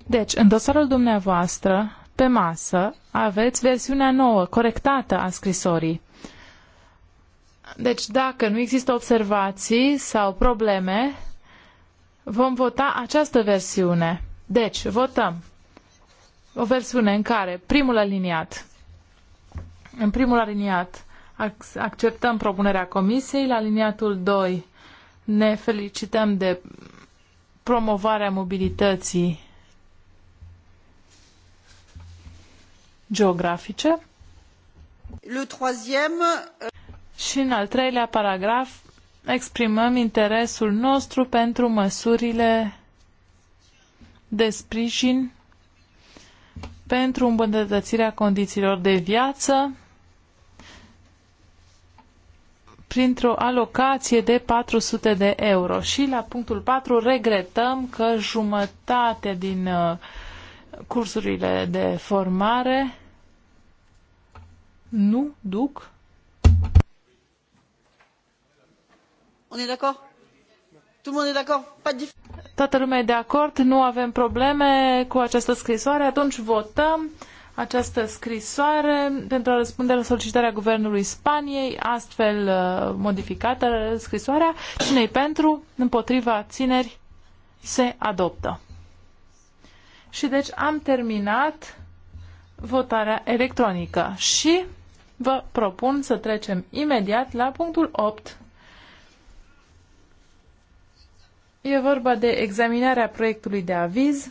Deci, în dosarul dumneavoastră, pe masă, aveți versiunea nouă, corectată a scrisorii. Deci, dacă nu există observații sau probleme, vom vota această versiune. Deci, votăm o versiune în care primul aliniat, în primul aliniat acceptăm propunerea comisiei, la aliniatul 2 ne felicităm de promovarea mobilității geografice. Le troisième... Și în al treilea paragraf exprimăm interesul nostru pentru măsurile de sprijin pentru îmbunătățirea condițiilor de viață printr-o alocație de 400 de euro. Și la punctul 4 regretăm că jumătate din uh, cursurile de formare nu duc. Toată lumea e de acord, nu avem probleme cu această scrisoare, atunci votăm această scrisoare pentru a răspunde la solicitarea Guvernului Spaniei, astfel uh, modificată scrisoarea. Cine-i pentru? Împotriva țineri? Se adoptă. Și deci am terminat votarea electronică și vă propun să trecem imediat la punctul 8. E vorba de examinarea proiectului de aviz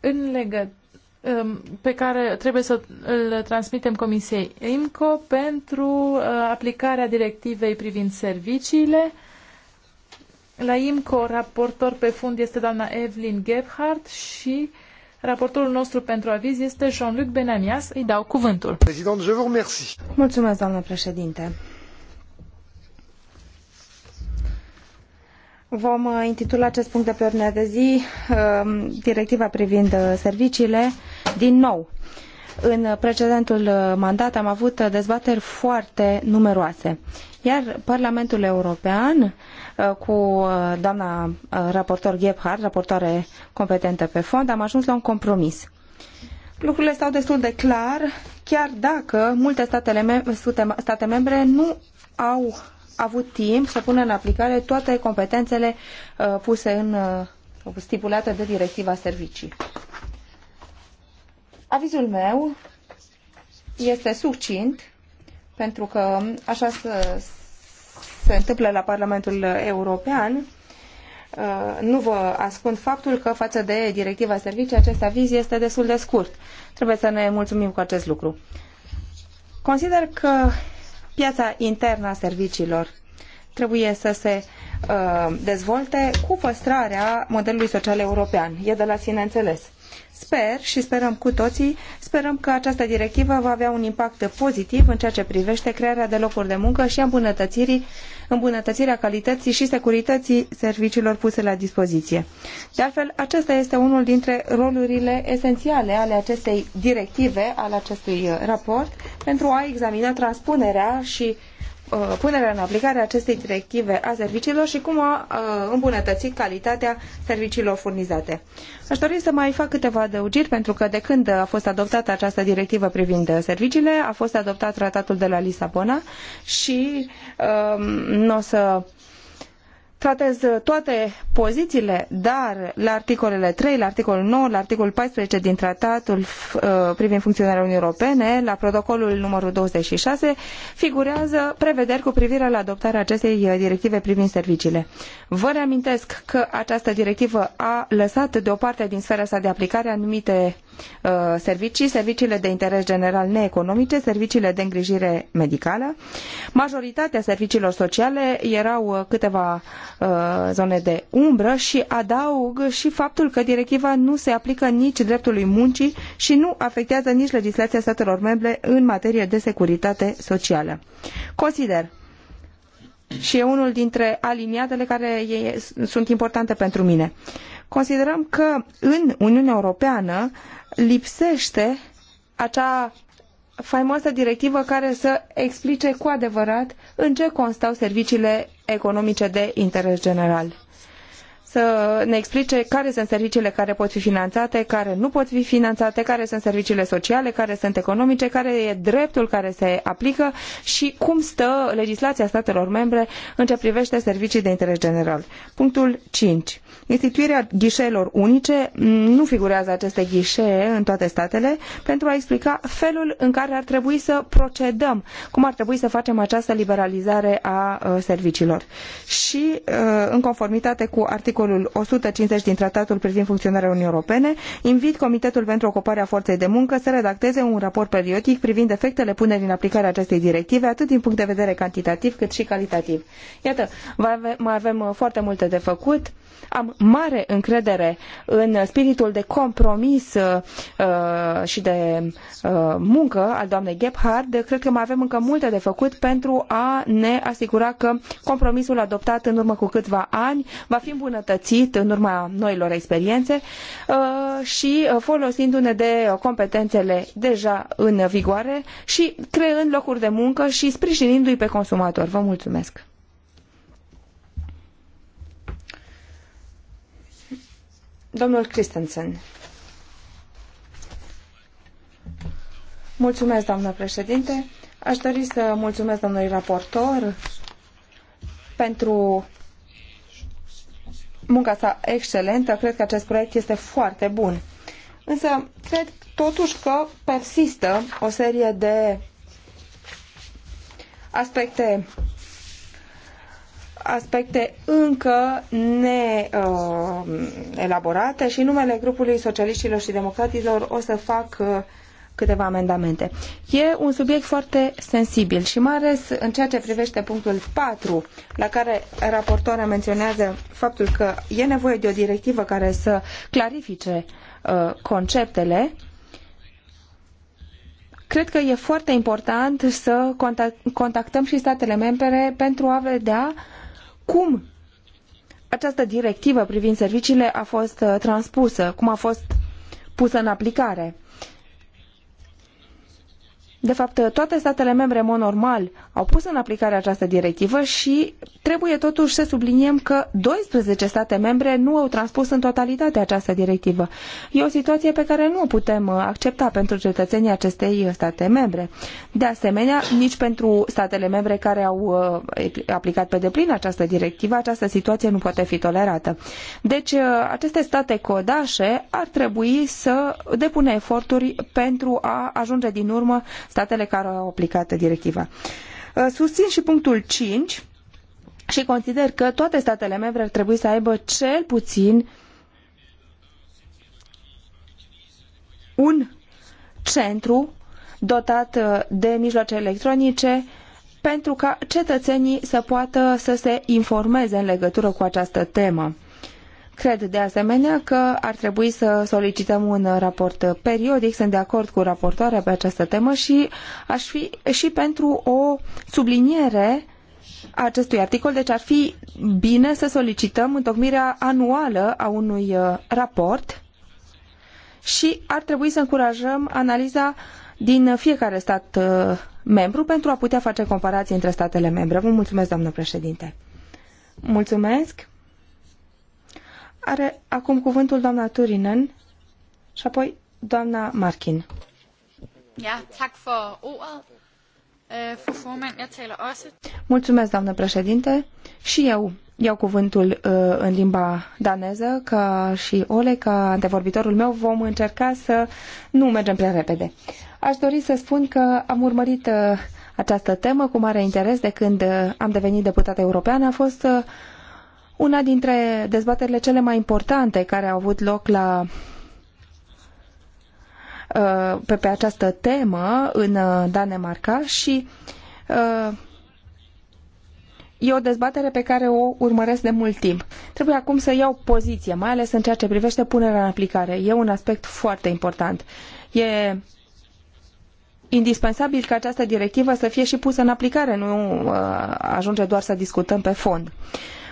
în legă, um, pe care trebuie să îl transmitem Comisiei IMCO pentru uh, aplicarea directivei privind serviciile. La IMCO, raportor pe fund este doamna Evelyn Gebhardt și raportorul nostru pentru aviz este Jean-Luc Benamias. Îi dau cuvântul. Mulțumesc, doamnă președinte. Vom uh, intitula acest punct de pe ordinea de zi um, Directiva privind uh, serviciile din nou. În precedentul uh, mandat am avut dezbateri foarte numeroase, iar Parlamentul European cu doamna raportor Gebhardt, raportoare competentă pe fond, am ajuns la un compromis. Lucrurile stau destul de clar, chiar dacă multe state membre nu au avut timp să pună în aplicare toate competențele uh, puse în uh, stipulată de directiva servicii. Avizul meu este succint pentru că așa se, se întâmplă la Parlamentul European. Uh, nu vă ascund faptul că față de directiva servicii acest aviz este destul de scurt. Trebuie să ne mulțumim cu acest lucru. Consider că Piața internă a serviciilor trebuie să se uh, dezvolte cu păstrarea modelului social european. E de la sine înțeles. Sper și sperăm cu toții, sperăm că această directivă va avea un impact pozitiv în ceea ce privește crearea de locuri de muncă și îmbunătățirii, îmbunătățirea calității și securității serviciilor puse la dispoziție. De altfel, acesta este unul dintre rolurile esențiale ale acestei directive, al acestui uh, raport, pentru a examina transpunerea și Uh, punerea în aplicare a acestei directive a serviciilor și cum a uh, îmbunătățit calitatea serviciilor furnizate. Aș dori să mai fac câteva adăugiri pentru că de când a fost adoptată această directivă privind uh, serviciile, a fost adoptat tratatul de la Lisabona și um, nu o să uh, tratez toate pozițiile, dar la articolele 3, la articolul 9, la articolul 14 din tratatul uh, privind funcționarea Uniunii Europene, la protocolul numărul 26, figurează prevederi cu privire la adoptarea acestei uh, directive privind serviciile. Vă reamintesc că această directivă a lăsat deoparte din sfera sa de aplicare anumite Uh, servicii, serviciile de interes general neeconomice, serviciile de îngrijire medicală. Majoritatea serviciilor sociale erau uh, câteva uh, zone de umbră și adaug și faptul că directiva nu se aplică nici dreptului muncii și nu afectează nici legislația statelor membre în materie de securitate socială. Consider și e unul dintre aliniatele care sunt importante pentru mine. Considerăm că în Uniunea Europeană lipsește acea faimoasă directivă care să explice cu adevărat în ce constau serviciile economice de interes general să ne explice care sunt serviciile care pot fi finanțate, care nu pot fi finanțate, care sunt serviciile sociale, care sunt economice, care e dreptul care se aplică și cum stă legislația statelor membre în ce privește servicii de interes general. Punctul 5. Instituirea ghișeelor unice nu figurează aceste ghișee în toate statele pentru a explica felul în care ar trebui să procedăm, cum ar trebui să facem această liberalizare a uh, serviciilor. Și uh, în conformitate cu articolul articolul 150 din Tratatul privind funcționarea Uniunii Europene, invit Comitetul pentru Ocuparea Forței de Muncă să redacteze un raport periodic privind efectele punerii în aplicare a acestei directive, atât din punct de vedere cantitativ cât și calitativ. Iată, mai avem uh, foarte multe de făcut. Am mare încredere în spiritul de compromis uh, uh și de uh, muncă al doamnei Gebhard. Cred că mai avem încă multe de făcut pentru a ne asigura că compromisul adoptat în urmă cu câțiva ani va fi îmbunătățit îmbunătățit în urma noilor experiențe uh, și uh, folosindu-ne de competențele deja în vigoare și creând locuri de muncă și sprijinindu-i pe consumator. Vă mulțumesc! Domnul Christensen. Mulțumesc, doamnă președinte. Aș dori să mulțumesc domnului raportor pentru munca sa excelentă. Cred că acest proiect este foarte bun. Însă, cred totuși că persistă o serie de aspecte aspecte încă neelaborate uh, și numele grupului socialiștilor și democratilor o să fac uh, câteva amendamente. E un subiect foarte sensibil și mai ales în ceea ce privește punctul 4, la care raportoarea menționează faptul că e nevoie de o directivă care să clarifice uh, conceptele. Cred că e foarte important să contactăm și statele membre pentru a vedea cum această directivă privind serviciile a fost uh, transpusă, cum a fost pusă în aplicare de fapt, toate statele membre, în mod normal, au pus în aplicare această directivă și trebuie totuși să subliniem că 12 state membre nu au transpus în totalitate această directivă. E o situație pe care nu o putem uh, accepta pentru cetățenii acestei uh, state membre. De asemenea, nici pentru statele membre care au uh, aplicat pe deplin această directivă, această situație nu poate fi tolerată. Deci, aceste state codașe ar trebui să depună eforturi pentru a ajunge din urmă statele care au aplicat directiva. Uh, susțin și punctul 5 și consider că toate statele membre ar trebui să aibă cel puțin un centru dotat uh, de mijloace electronice pentru ca cetățenii să poată să se informeze în legătură cu această temă. Cred de asemenea că ar trebui să solicităm un raport periodic. Sunt de acord cu raportoarea pe această temă și aș fi și pentru o subliniere a acestui articol, deci ar fi bine să solicităm întocmirea anuală a unui uh, raport și ar trebui să încurajăm analiza din fiecare stat uh, membru pentru a putea face comparații între statele membre. Vă mulțumesc, doamnă președinte. Mulțumesc. Are acum cuvântul doamna Turinen și apoi doamna Markin. Ja, tak for ordet. Øh, fru jeg taler også. Mulțumesc, doamnă președinte. Și eu iau cuvântul uh, în limba daneză, ca și Ole, ca antevorbitorul meu, vom încerca să nu mergem prea repede. Aș dori să spun că am urmărit uh, această temă cu mare interes de când uh, am devenit deputată europeană. A fost una dintre dezbaterile cele mai importante care au avut loc la uh, pe, pe această temă în uh, Danemarca și uh, e o dezbatere pe care o urmăresc de mult timp. Trebuie acum să iau poziție, mai ales în ceea ce privește punerea în aplicare. E un aspect foarte important. E indispensabil ca această directivă să fie și pusă în aplicare, nu ajunge doar să discutăm pe fond. Uh,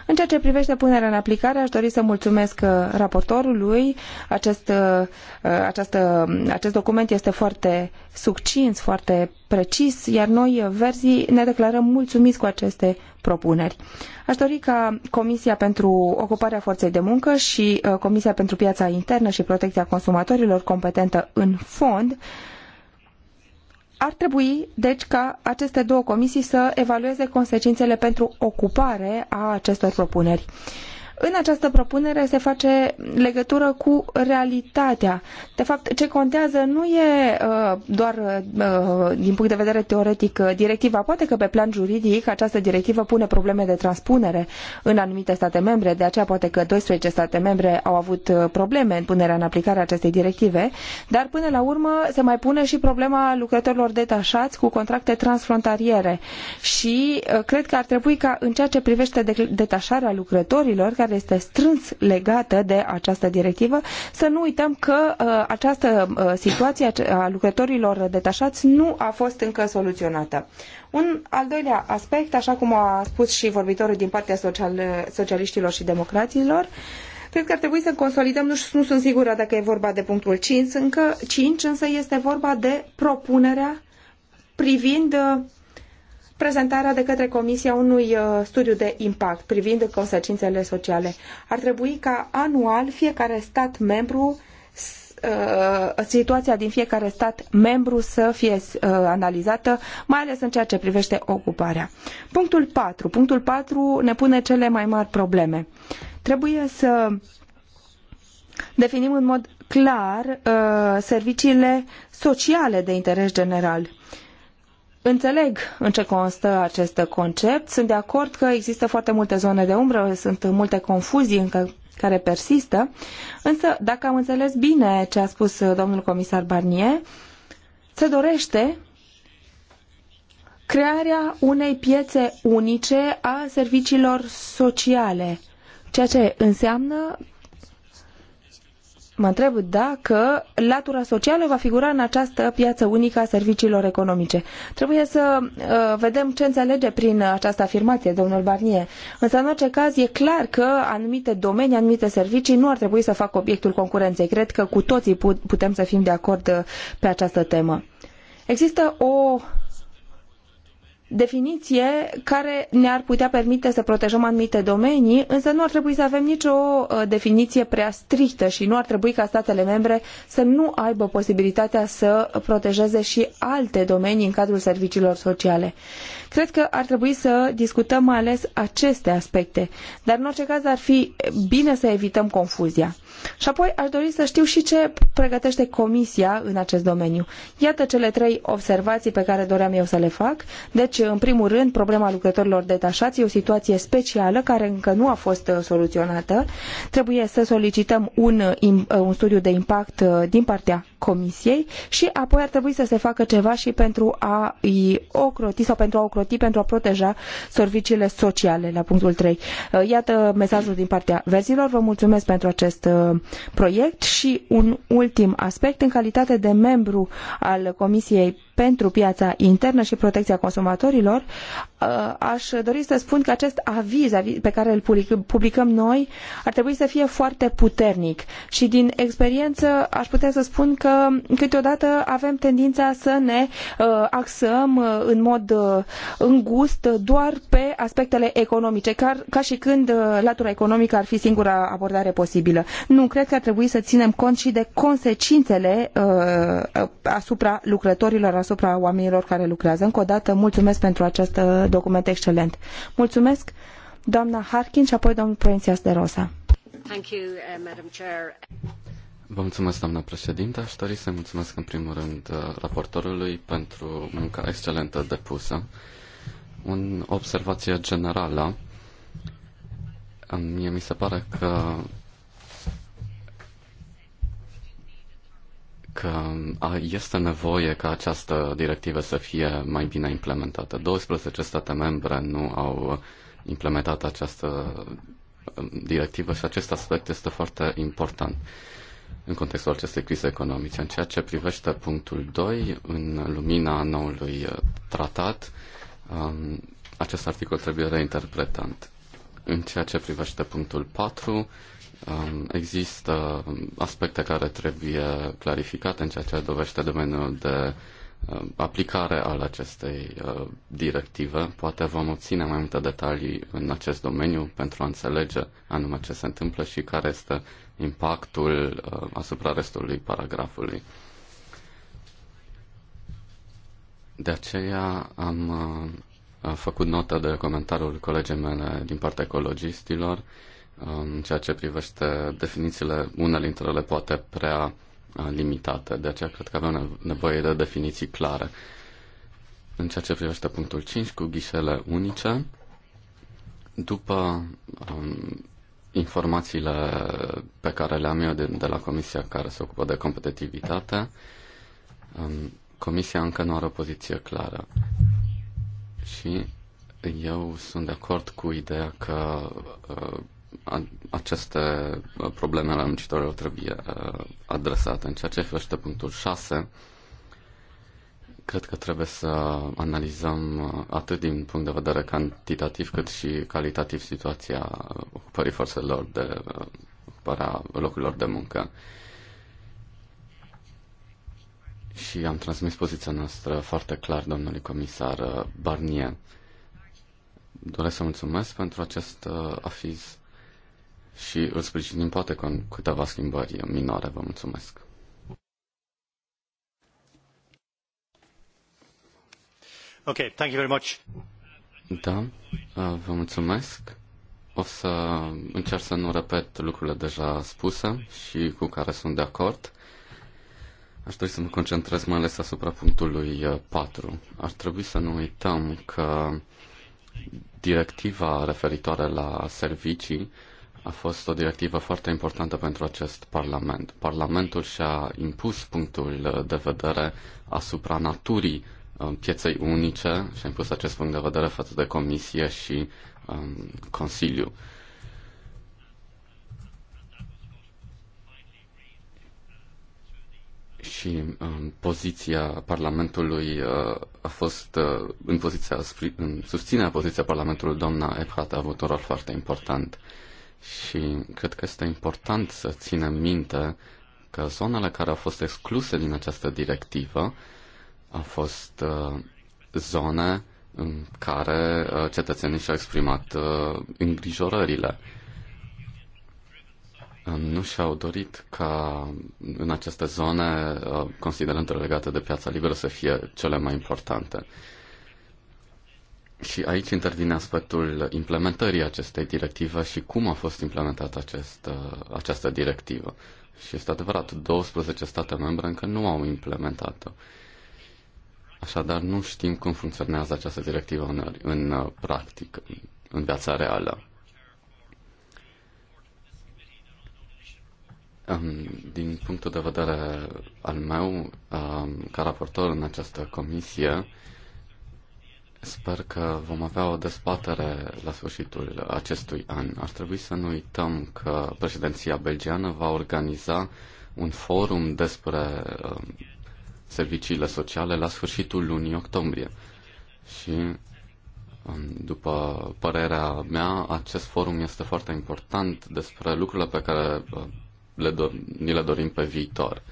în ceea ce privește punerea în aplicare, aș dori să mulțumesc uh, raportorului. Acest, uh, uh, această, um, acest document este foarte succint, foarte precis, iar noi, verzii, ne declarăm mulțumiți cu aceste propuneri. Aș dori ca Comisia pentru Ocuparea Forței de Muncă și Comisia pentru Piața Internă și Protecția Consumatorilor competentă în fond ar trebui, deci, ca aceste două comisii să evalueze consecințele pentru ocupare a acestor propuneri. Uh, în această propunere se face legătură cu realitatea. De fapt, ce contează nu e uh, doar uh, din punct de vedere teoretic uh, directiva. Poate că pe plan juridic această directivă pune probleme de transpunere în anumite state membre, de aceea poate că 12 state membre au avut probleme în punerea în aplicare a acestei directive, dar până la urmă se mai pune și problema lucrătorilor detașați cu contracte transfrontaliere. Și cred că ar trebui ca în ceea ce privește detașarea lucrătorilor, care este strâns legată de această directivă. Să nu uităm că uh, această uh, situație a lucrătorilor detașați nu a fost încă soluționată. Un al doilea aspect, așa cum a spus și vorbitorul din partea social, socialiștilor și democraților, Cred că ar trebui să consolidăm, nu, nu sunt sigură dacă e vorba de punctul 5, încă 5, însă este vorba de propunerea privind uh, prezentarea de către Comisia unui uh, studiu de impact privind consecințele sociale. Ar trebui ca anual fiecare stat membru uh, situația din fiecare stat membru să fie uh, analizată, mai ales în ceea ce privește ocuparea. Punctul patru, Punctul patru ne pune cele mai mari probleme. Trebuie să definim în mod clar serviciile sociale de interes general. Înțeleg în ce constă acest concept, sunt de acord că există foarte multe zone de umbră, sunt multe confuzii încă care persistă, însă dacă am înțeles bine ce a spus domnul comisar Barnier, se dorește crearea unei piețe unice a serviciilor sociale, ceea ce înseamnă Mă întreb dacă latura socială va figura în această piață unică a serviciilor economice. Trebuie să uh, vedem ce înțelege prin această afirmație, domnul Barnier. Însă, în orice caz, e clar că anumite domenii, anumite servicii nu ar trebui să facă obiectul concurenței. Cred că cu toții putem să fim de acord uh, pe această temă. Există o definiție care ne-ar putea permite să protejăm anumite domenii, însă nu ar trebui să avem nicio uh, definiție prea strictă și nu ar trebui ca statele membre să nu aibă posibilitatea să protejeze și alte domenii în cadrul serviciilor sociale. Cred că ar trebui să discutăm mai ales aceste aspecte, dar în orice caz ar fi bine să evităm confuzia. Și apoi aș dori să știu și ce pregătește Comisia în acest domeniu. Iată cele trei observații pe care doream eu să le fac. Deci, în primul rând, problema lucrătorilor detașați e o situație specială care încă nu a fost uh, soluționată. Trebuie să solicităm un, uh, un studiu de impact uh, din partea Comisiei și apoi ar trebui să se facă ceva și pentru a i ocroti sau pentru a ocroti pentru a proteja serviciile sociale la punctul 3. Uh, iată mesajul din partea verzilor. Vă mulțumesc pentru acest uh, proiect și un ultim aspect în calitate de membru al Comisiei pentru piața internă și protecția consumatorilor, uh, aș dori să spun că acest aviz pe care îl publicăm noi ar trebui să fie foarte puternic și din experiență aș putea să spun că că câteodată avem tendința să ne uh, axăm uh, în mod uh, îngust doar pe aspectele economice, ca și când latura economică ar fi singura abordare posibilă. Nu, cred că ar trebui să ținem cont și de consecințele asupra lucrătorilor, asupra oamenilor care lucrează. Încă o dată, mulțumesc pentru acest document excelent. Mulțumesc, doamna Harkin și apoi domnul Proințias de Rosa. Thank you, uh, Madam Chair. Vă mulțumesc, doamna președinte. Aș dori să mulțumesc în primul rând uh, raportorului pentru munca excelentă depusă. O observație generală. Mie mi se pare că că este nevoie ca această directivă să fie mai bine implementată. 12 state membre nu au implementat această um, directivă și acest aspect este foarte important în contextul acestei crize economice. În ceea ce privește punctul 2, în lumina noului uh, tratat, um, acest articol trebuie reinterpretat. În ceea ce privește punctul 4, um, există aspecte care trebuie clarificate în ceea ce dovește domeniul de uh, aplicare al acestei uh, directive. Poate vom obține mai multe detalii în acest domeniu pentru a înțelege anume ce se întâmplă și care este impactul uh, asupra restului paragrafului. De aceea am uh, făcut notă de comentariul colegii mele din partea ecologistilor, uh, în ceea ce privește definițiile, unele dintre ele poate prea limitate, de aceea cred că avem nevoie de definiții clare. În ceea ce privește punctul 5 cu ghișele unice, după um, informațiile pe care le am eu de, de la Comisia care se ocupă de competitivitate, um, Comisia încă nu are o poziție clară. Și eu sunt de acord cu ideea că uh, aceste probleme ale muncitorilor trebuie uh, adresate. În ceea ce privește punctul 6, Cred că trebuie să analizăm uh, atât din punct de vedere cantitativ cât și calitativ situația ocupării forțelor de uh, ocuparea locurilor de muncă. Și am transmis poziția noastră foarte clar domnului comisar uh, Barnier. Doresc să mulțumesc pentru acest afiz și îl sprijinim poate cu câteva schimbări minore. Vă mulțumesc. Da, uh, vă mulțumesc. O să încerc să nu repet lucrurile deja spuse și cu care sunt de acord. Aș trebui să mă concentrez mai ales asupra punctului 4. Uh, Ar trebui să nu uităm că directiva referitoare la servicii a fost o directivă foarte importantă pentru acest Parlament. Parlamentul și-a impus punctul uh, de vedere asupra naturii Um, pieței unice și am pus acest punct de vedere față de Comisie și um, Consiliu. și um, poziția Parlamentului uh, a fost uh, în poziția în susținerea poziția Parlamentului doamna Ebhat a avut un rol foarte important și cred că este important să ținem minte că zonele care au fost excluse din această directivă uh, a fost uh, zone în care uh, cetățenii și-au exprimat uh, îngrijorările. Nu și-au dorit ca în aceste zone considerentele legate de piața liberă să fie cele mai importante. Și aici intervine aspectul implementării acestei directive și cum a fost implementată acest, această directivă. Și este adevărat, 12 state membre încă nu au implementat-o. Uh, Așadar, nu știm cum funcționează această directivă în, în uh, practică, în viața reală. Din punctul de vedere al meu, ca raportor în această comisie, sper că vom avea o dezbatere la sfârșitul acestui an. Ar trebui să nu uităm că președinția belgiană va organiza un forum despre um, serviciile sociale la sfârșitul lunii octombrie. Și um, după părerea mea, acest forum este foarte important despre lucrurile pe care uh, le do- ni le dorim pe viitor.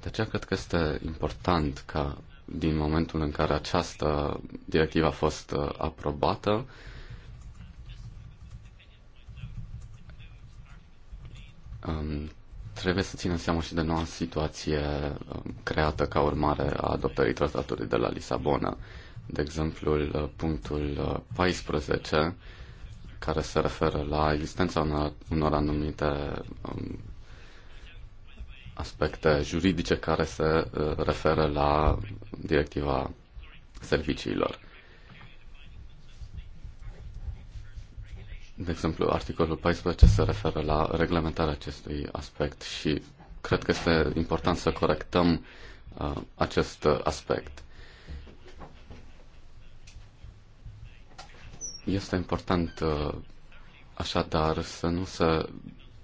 De aceea cred că este important ca din momentul în care această directivă a fost uh, aprobată, um, trebuie să ținem seama și de noua situație um, creată ca urmare a adoptării tratatului de la Lisabona. De exemplu, uh, punctul 14, uh, care se referă la existența unor, unor anumite um, aspecte juridice care se uh, referă la directiva serviciilor. De exemplu, articolul 14 se referă la reglementarea acestui aspect și cred că este important să corectăm uh, acest aspect. Este important uh, așadar să nu se,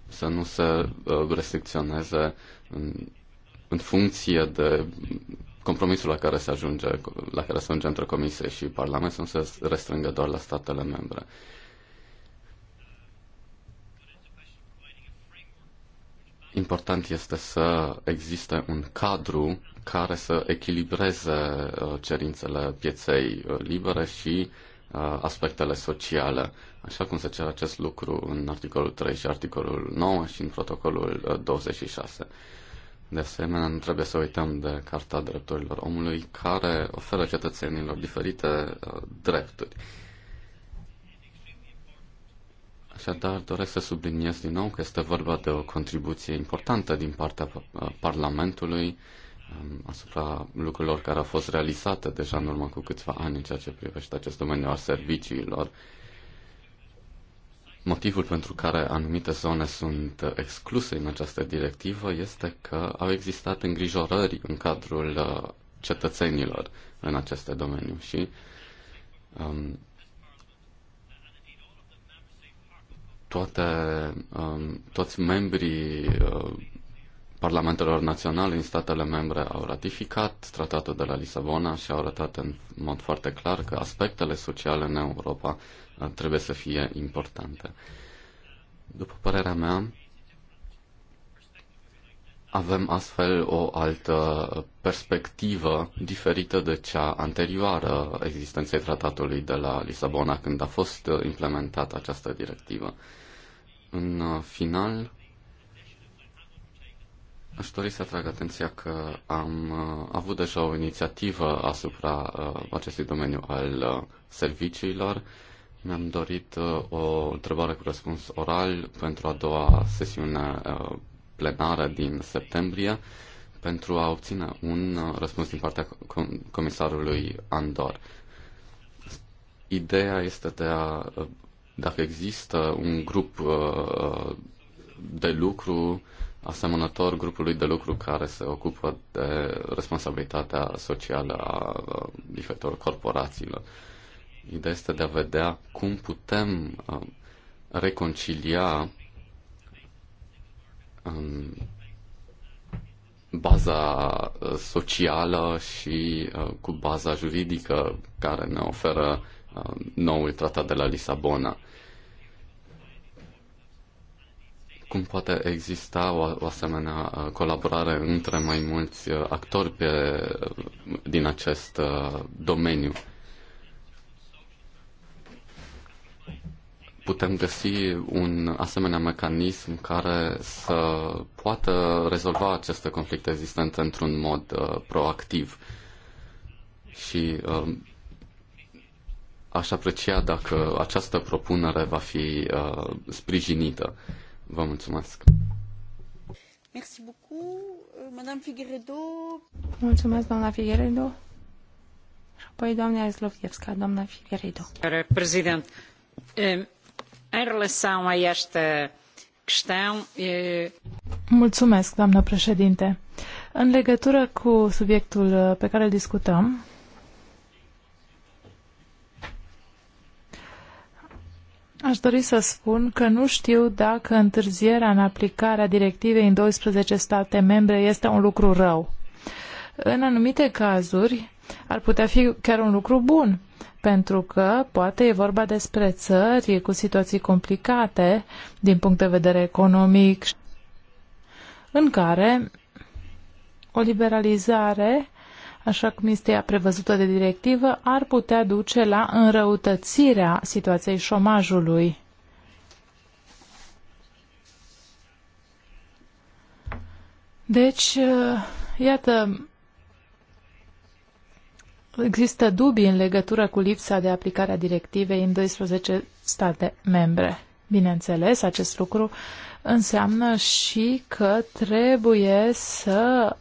să nu se uh, restricționeze în, în funcție de compromisul la care se ajunge, la care se ajunge între Comisie și Parlament, să nu se restrângă doar la statele membre. Uh, important este să existe un cadru care să echilibreze uh, cerințele pieței uh, libere și uh, aspectele sociale, așa cum se cere acest lucru în articolul 3 și articolul 9 și în protocolul 26. De asemenea, nu trebuie să uităm de Carta Drepturilor Omului, care oferă cetățenilor diferite drepturi. Așadar, doresc să subliniez din nou că este vorba de o contribuție importantă din partea uh, Parlamentului um, asupra lucrurilor care au fost realizate deja în urmă cu câțiva ani în ceea ce privește acest domeniu al serviciilor. Motivul pentru care anumite zone sunt excluse în această directivă este că au existat îngrijorări în cadrul uh, cetățenilor în aceste domeniu și um, toate, um, toți membrii uh, parlamentelor naționale în statele membre au ratificat tratatul de la Lisabona și au arătat în mod foarte clar că aspectele sociale în Europa uh, trebuie să fie importante. După părerea mea, avem astfel o altă perspectivă diferită de cea anterioară existenței tratatului de la Lisabona, când a fost uh, implementată această directivă. În uh, final, Aș dori să atrag atenția că am uh, avut deja o inițiativă asupra uh, acestui domeniu al serviciilor. Mi-am dorit o întrebare cu răspuns oral pentru a doua sesiune plenară din septembrie pentru a obține un răspuns din partea comisarului Andor. Ideea este de a dacă există un grup uh, de lucru asemănător grupului de lucru care se ocupă de responsabilitatea socială a uh, diferitor corporațiilor. Ideea este de a vedea cum putem uh, reconcilia um, baza socială și cu baza juridică care ne oferă noul tratat de la Lisabona. Cum poate exista o, o asemenea uh, colaborare între mai mulți uh, actori pe, uh, din acest domeniu? putem găsi un asemenea mecanism care să poată rezolva aceste conflicte existente într-un mod uh, proactiv. Și uh, Aș aprecia dacă această propunere va fi uh, sprijinită. Vă mulțumesc. Merci beaucoup, euh, Madame Figueredo. Mulțumesc, doamna Figueredo. Și apoi doamna Eslovjevska, doamna Figueredo. Președinte, în eh, relação a esta questão... Eh, mulțumesc, doamnă președinte. În legătură cu subiectul uh, pe care îl discutăm, Aș dori să spun că nu știu dacă întârzierea în aplicarea directivei în 12 state membre este un lucru rău. În anumite cazuri ar putea fi chiar un lucru bun, pentru că poate e vorba despre țări cu situații complicate din punct de vedere economic, în care o liberalizare așa cum este ea prevăzută de directivă, ar putea duce la înrăutățirea situației șomajului. Deci, iată, există dubii în legătură cu lipsa de aplicare a directivei în 12 state membre. Bineînțeles, acest lucru înseamnă și că trebuie să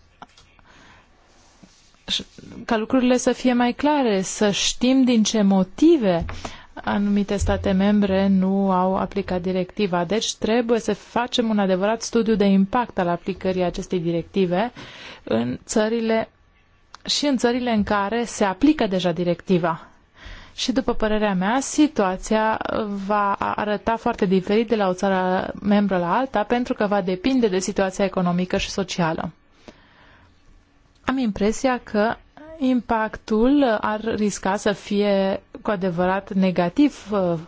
ca lucrurile să fie mai clare, să știm din ce motive anumite state membre nu au aplicat directiva. Deci trebuie să facem un adevărat studiu de impact al aplicării acestei directive în țările și în țările în care se aplică deja directiva. Și după părerea mea, situația va arăta foarte diferit de la o țară membră la alta pentru că va depinde de situația economică și socială am impresia că impactul ar risca să fie cu adevărat negativ uh,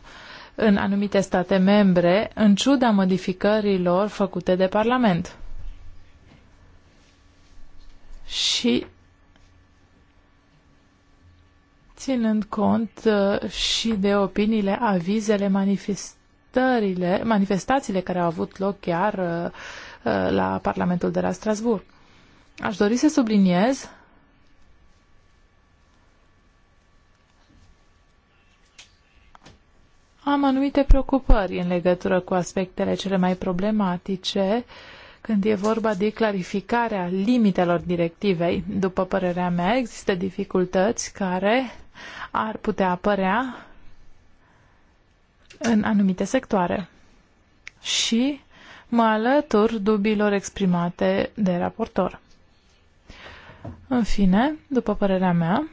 în anumite state membre, în ciuda modificărilor făcute de Parlament. Și ținând cont uh, și de opiniile, avizele, manifestările, manifestațiile care au avut loc chiar uh, la Parlamentul de la Strasburg. Aș dori să subliniez Am anumite preocupări în legătură cu aspectele cele mai problematice când e vorba de clarificarea limitelor directivei. După părerea mea, există dificultăți care ar putea apărea în anumite sectoare. Și mă alătur dubiilor exprimate de raportor. În fine, după părerea mea,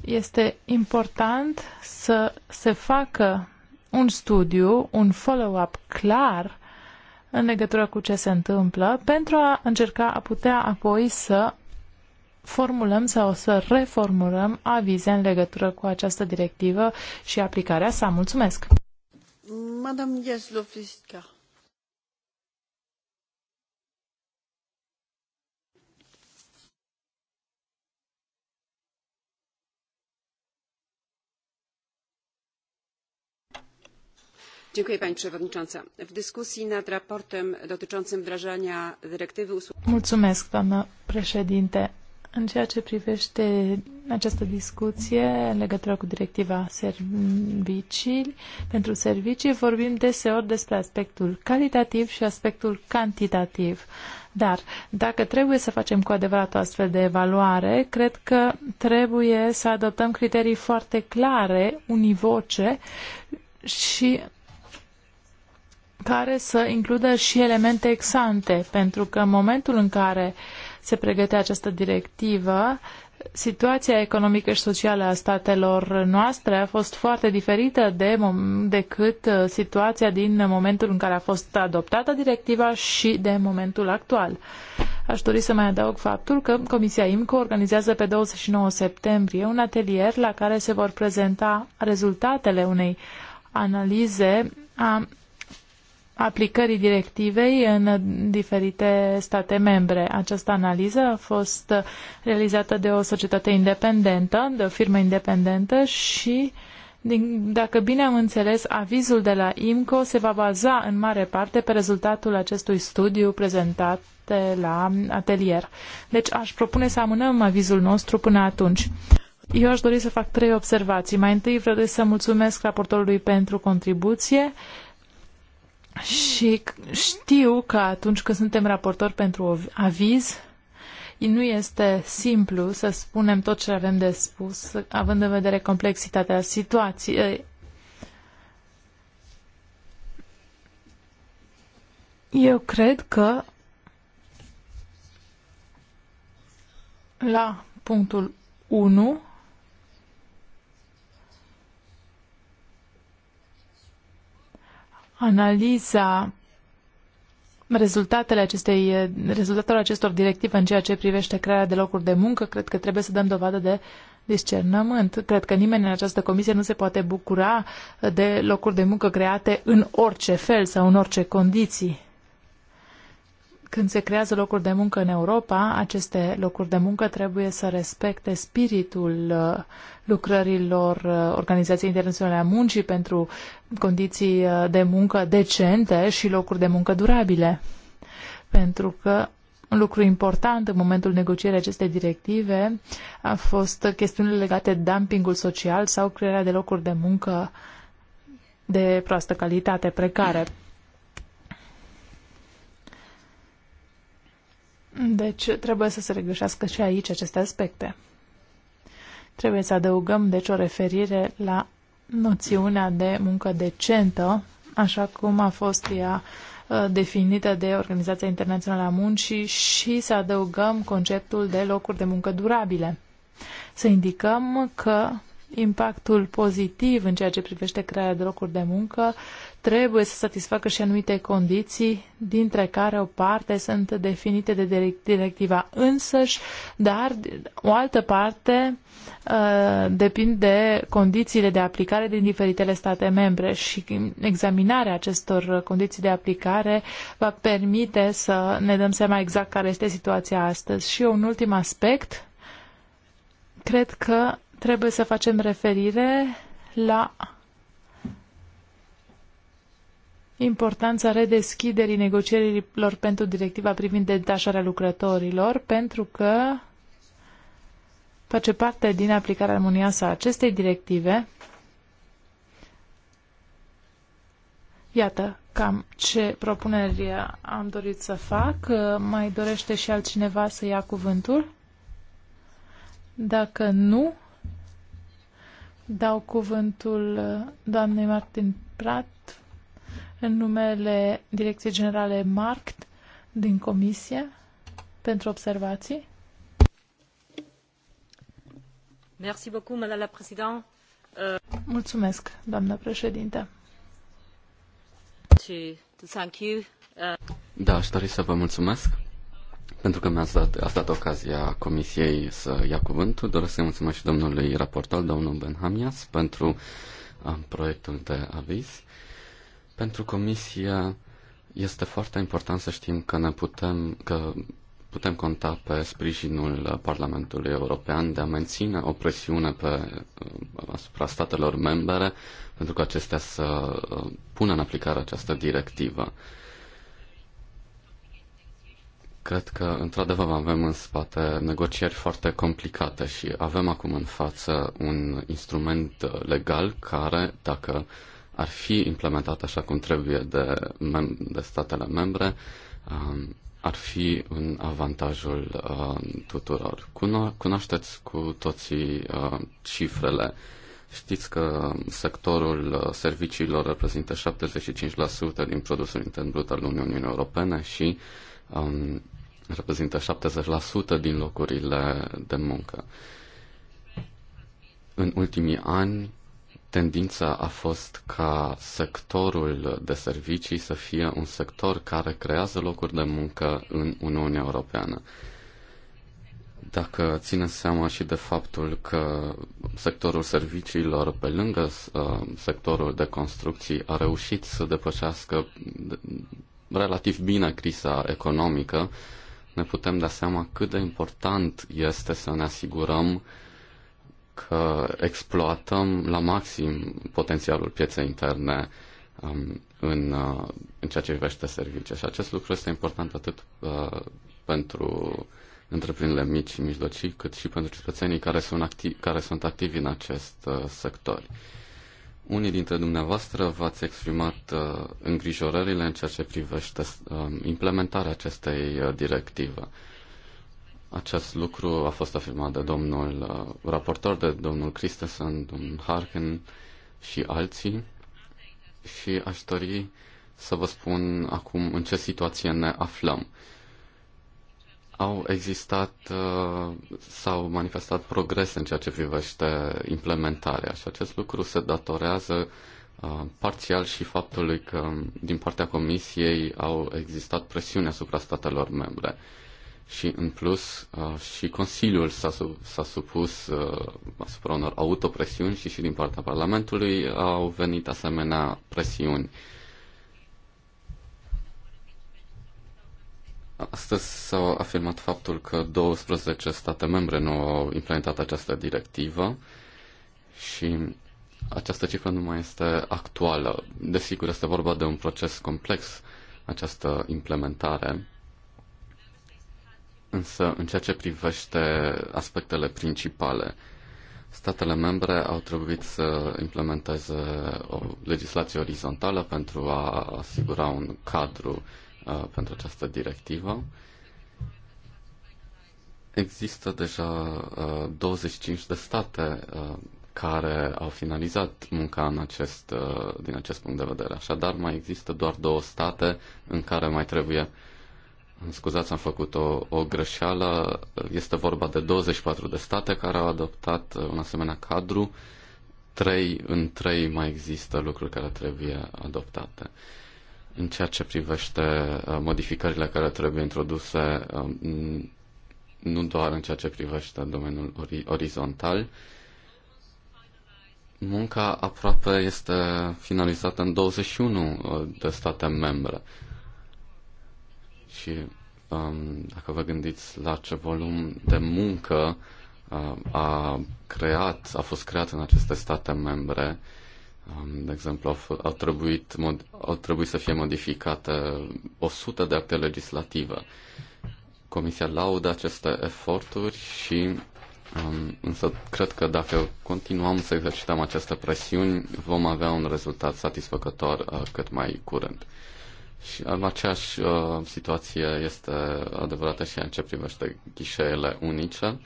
este important să se facă un studiu, un follow-up clar în legătură cu ce se întâmplă pentru a încerca a putea apoi să formulăm sau să reformulăm avize în legătură cu această directivă și aplicarea sa. Mulțumesc! Madame Jaslovska. pani przewodnicząca! w dyskusji nad raportem dotyczącym wdrażania dyrektywy Mulțumesc, doamnă președinte. În ceea ce privește această discuție în legătură cu directiva servicii, pentru servicii vorbim deseori despre aspectul calitativ și aspectul cantitativ. Dar dacă trebuie să facem cu adevărat o astfel de evaluare, cred că trebuie să adoptăm criterii foarte clare, univoce și care să includă și elemente exante, pentru că în momentul în care se pregătea această directivă, situația economică și socială a statelor noastre a fost foarte diferită de decât uh, situația din momentul în care a fost adoptată directiva și de momentul actual. Aș dori să mai adaug faptul că Comisia IMCO organizează pe 29 septembrie un atelier la care se vor prezenta rezultatele unei analize a aplicării directivei în diferite state membre. Această analiză a fost realizată de o societate independentă, de o firmă independentă și din, dacă bine am înțeles, avizul de la IMCO se va baza în mare parte pe rezultatul acestui studiu prezentat la atelier. Deci aș propune să amânăm avizul nostru până atunci. Eu aș dori să fac trei observații. Mai întâi vreau să mulțumesc raportorului pentru contribuție. Uh, și știu că atunci când suntem raportori pentru aviz, nu este simplu să spunem tot ce avem de spus, având în vedere complexitatea situației. Eu cred că la punctul 1 analiza rezultatele acestei, rezultatele acestor directive în ceea ce privește crearea de locuri de muncă, cred că trebuie să dăm dovadă de discernământ. Cred că nimeni în această comisie nu se poate bucura de locuri de muncă create în orice fel sau în orice condiții când se creează locuri de muncă în Europa, aceste locuri de muncă trebuie să respecte spiritul uh, lucrărilor uh, Organizației Internaționale a Muncii pentru condiții uh, de muncă decente și locuri de muncă durabile. Pentru că un lucru important în momentul negocierii acestei directive a fost chestiunile legate de dumpingul social sau crearea de locuri de muncă de proastă calitate, precare. Deci trebuie să se regășească și aici aceste aspecte. Trebuie să adăugăm, deci, o referire la noțiunea de muncă decentă, așa cum a fost ea ă, definită de Organizația Internațională a Muncii și să adăugăm conceptul de locuri de muncă durabile. Să indicăm că impactul pozitiv în ceea ce privește crearea de locuri de muncă trebuie să satisfacă și anumite condiții, dintre care o parte sunt definite de directiva însăși, dar o altă parte uh, depinde de condițiile de aplicare din diferitele state membre și examinarea acestor condiții de aplicare va permite să ne dăm seama exact care este situația astăzi. Și un ultim aspect, cred că trebuie să facem referire la importanța redeschiderii negocierilor pentru directiva privind detașarea lucrătorilor, pentru că face parte din aplicarea armonioasă a acestei directive. Iată cam ce propuneri am dorit să fac. Mai dorește și altcineva să ia cuvântul? Dacă nu, dau cuvântul doamnei Martin Prat în numele Direcției Generale Markt din Comisie pentru observații. Merci beaucoup, Madame la Présidente. Uh, mulțumesc, doamnă președinte. Uh, da, aș dori să vă mulțumesc pentru că mi-ați dat, ați dat ocazia Comisiei să ia cuvântul. Doresc să-i mulțumesc și domnului raportor, domnul Benhamias, pentru uh, proiectul de aviz. Uh, pentru Comisia este foarte important să știm că ne putem, că putem conta pe sprijinul Parlamentului European de a menține o presiune pe, asupra statelor membre pentru că acestea să pună în aplicare această directivă. Cred că, într-adevăr, avem în spate negocieri foarte complicate și avem acum în față un instrument legal care, dacă uh, ar fi implementat așa cum trebuie de, de statele membre, um, ar fi în avantajul um, tuturor. Cuno- cunoașteți cu toții uh, cifrele. Știți că sectorul uh, serviciilor reprezintă 75% din produsul intern brut al Uniunii Europene și um, reprezintă 70% din locurile de muncă. În ultimii ani, tendința a fost ca sectorul de servicii să fie un sector care creează locuri de muncă în Uniunea Europeană. Dacă ținem seama și de faptul că sectorul serviciilor, pe lângă uh, sectorul de construcții, a reușit să depășească relativ bine criza economică, ne putem da seama cât de important este să ne asigurăm că exploatăm la maxim potențialul pieței interne um, în, uh, în ceea ce privește servicii. Și acest lucru este important atât uh, pentru întreprinderile mici și mijlocii, cât și pentru cetățenii care sunt, acti- care sunt activi în acest uh, sector. Unii dintre dumneavoastră v-ați exprimat uh, îngrijorările în ceea ce privește uh, implementarea acestei uh, directive. Uh, acest lucru a fost afirmat de domnul uh, raportor, de domnul Christensen, domnul Harkin și alții și aș dori să vă spun acum în ce situație ne aflăm. Au existat, uh, s-au manifestat progrese în ceea ce privește implementarea și acest lucru se datorează uh, parțial și faptului că din partea Comisiei au existat presiuni asupra statelor membre și în plus uh, și Consiliul s-a, s-a supus uh, asupra unor autopresiuni și și din partea Parlamentului au venit asemenea presiuni. Astăzi s-a afirmat faptul că 12 state membre nu au implementat această directivă și această cifră nu mai este actuală. Desigur, este vorba de un proces complex, această implementare Însă, în ceea ce privește aspectele principale, statele membre au trebuit să implementeze o legislație orizontală pentru a asigura un cadru uh, pentru această directivă. Există deja uh, 25 de state uh, care au finalizat munca în acest, uh, din acest punct de vedere. Așadar, mai există doar două state în care mai trebuie uh, Scuzați, am făcut o, o greșeală. Este vorba de 24 de state care au adoptat uh, un asemenea cadru. Trei în trei mai există lucruri care trebuie adoptate. În ceea ce privește uh, modificările care trebuie introduse, um, nu doar în ceea ce privește domeniul ori- orizontal, munca aproape este finalizată în 21 uh, de state membre. Și um, dacă vă gândiți la ce volum de muncă uh, a creat, a fost creat în aceste state membre, um, de exemplu, au, au, trebuit, mod, au trebuit să fie modificate 100 de acte legislative. Comisia laudă aceste eforturi și um, însă cred că dacă continuăm să exercităm aceste presiuni, vom avea un rezultat satisfăcător uh, cât mai curând. Și în aceeași uh, situație este adevărată și în ce privește ghișeele unice.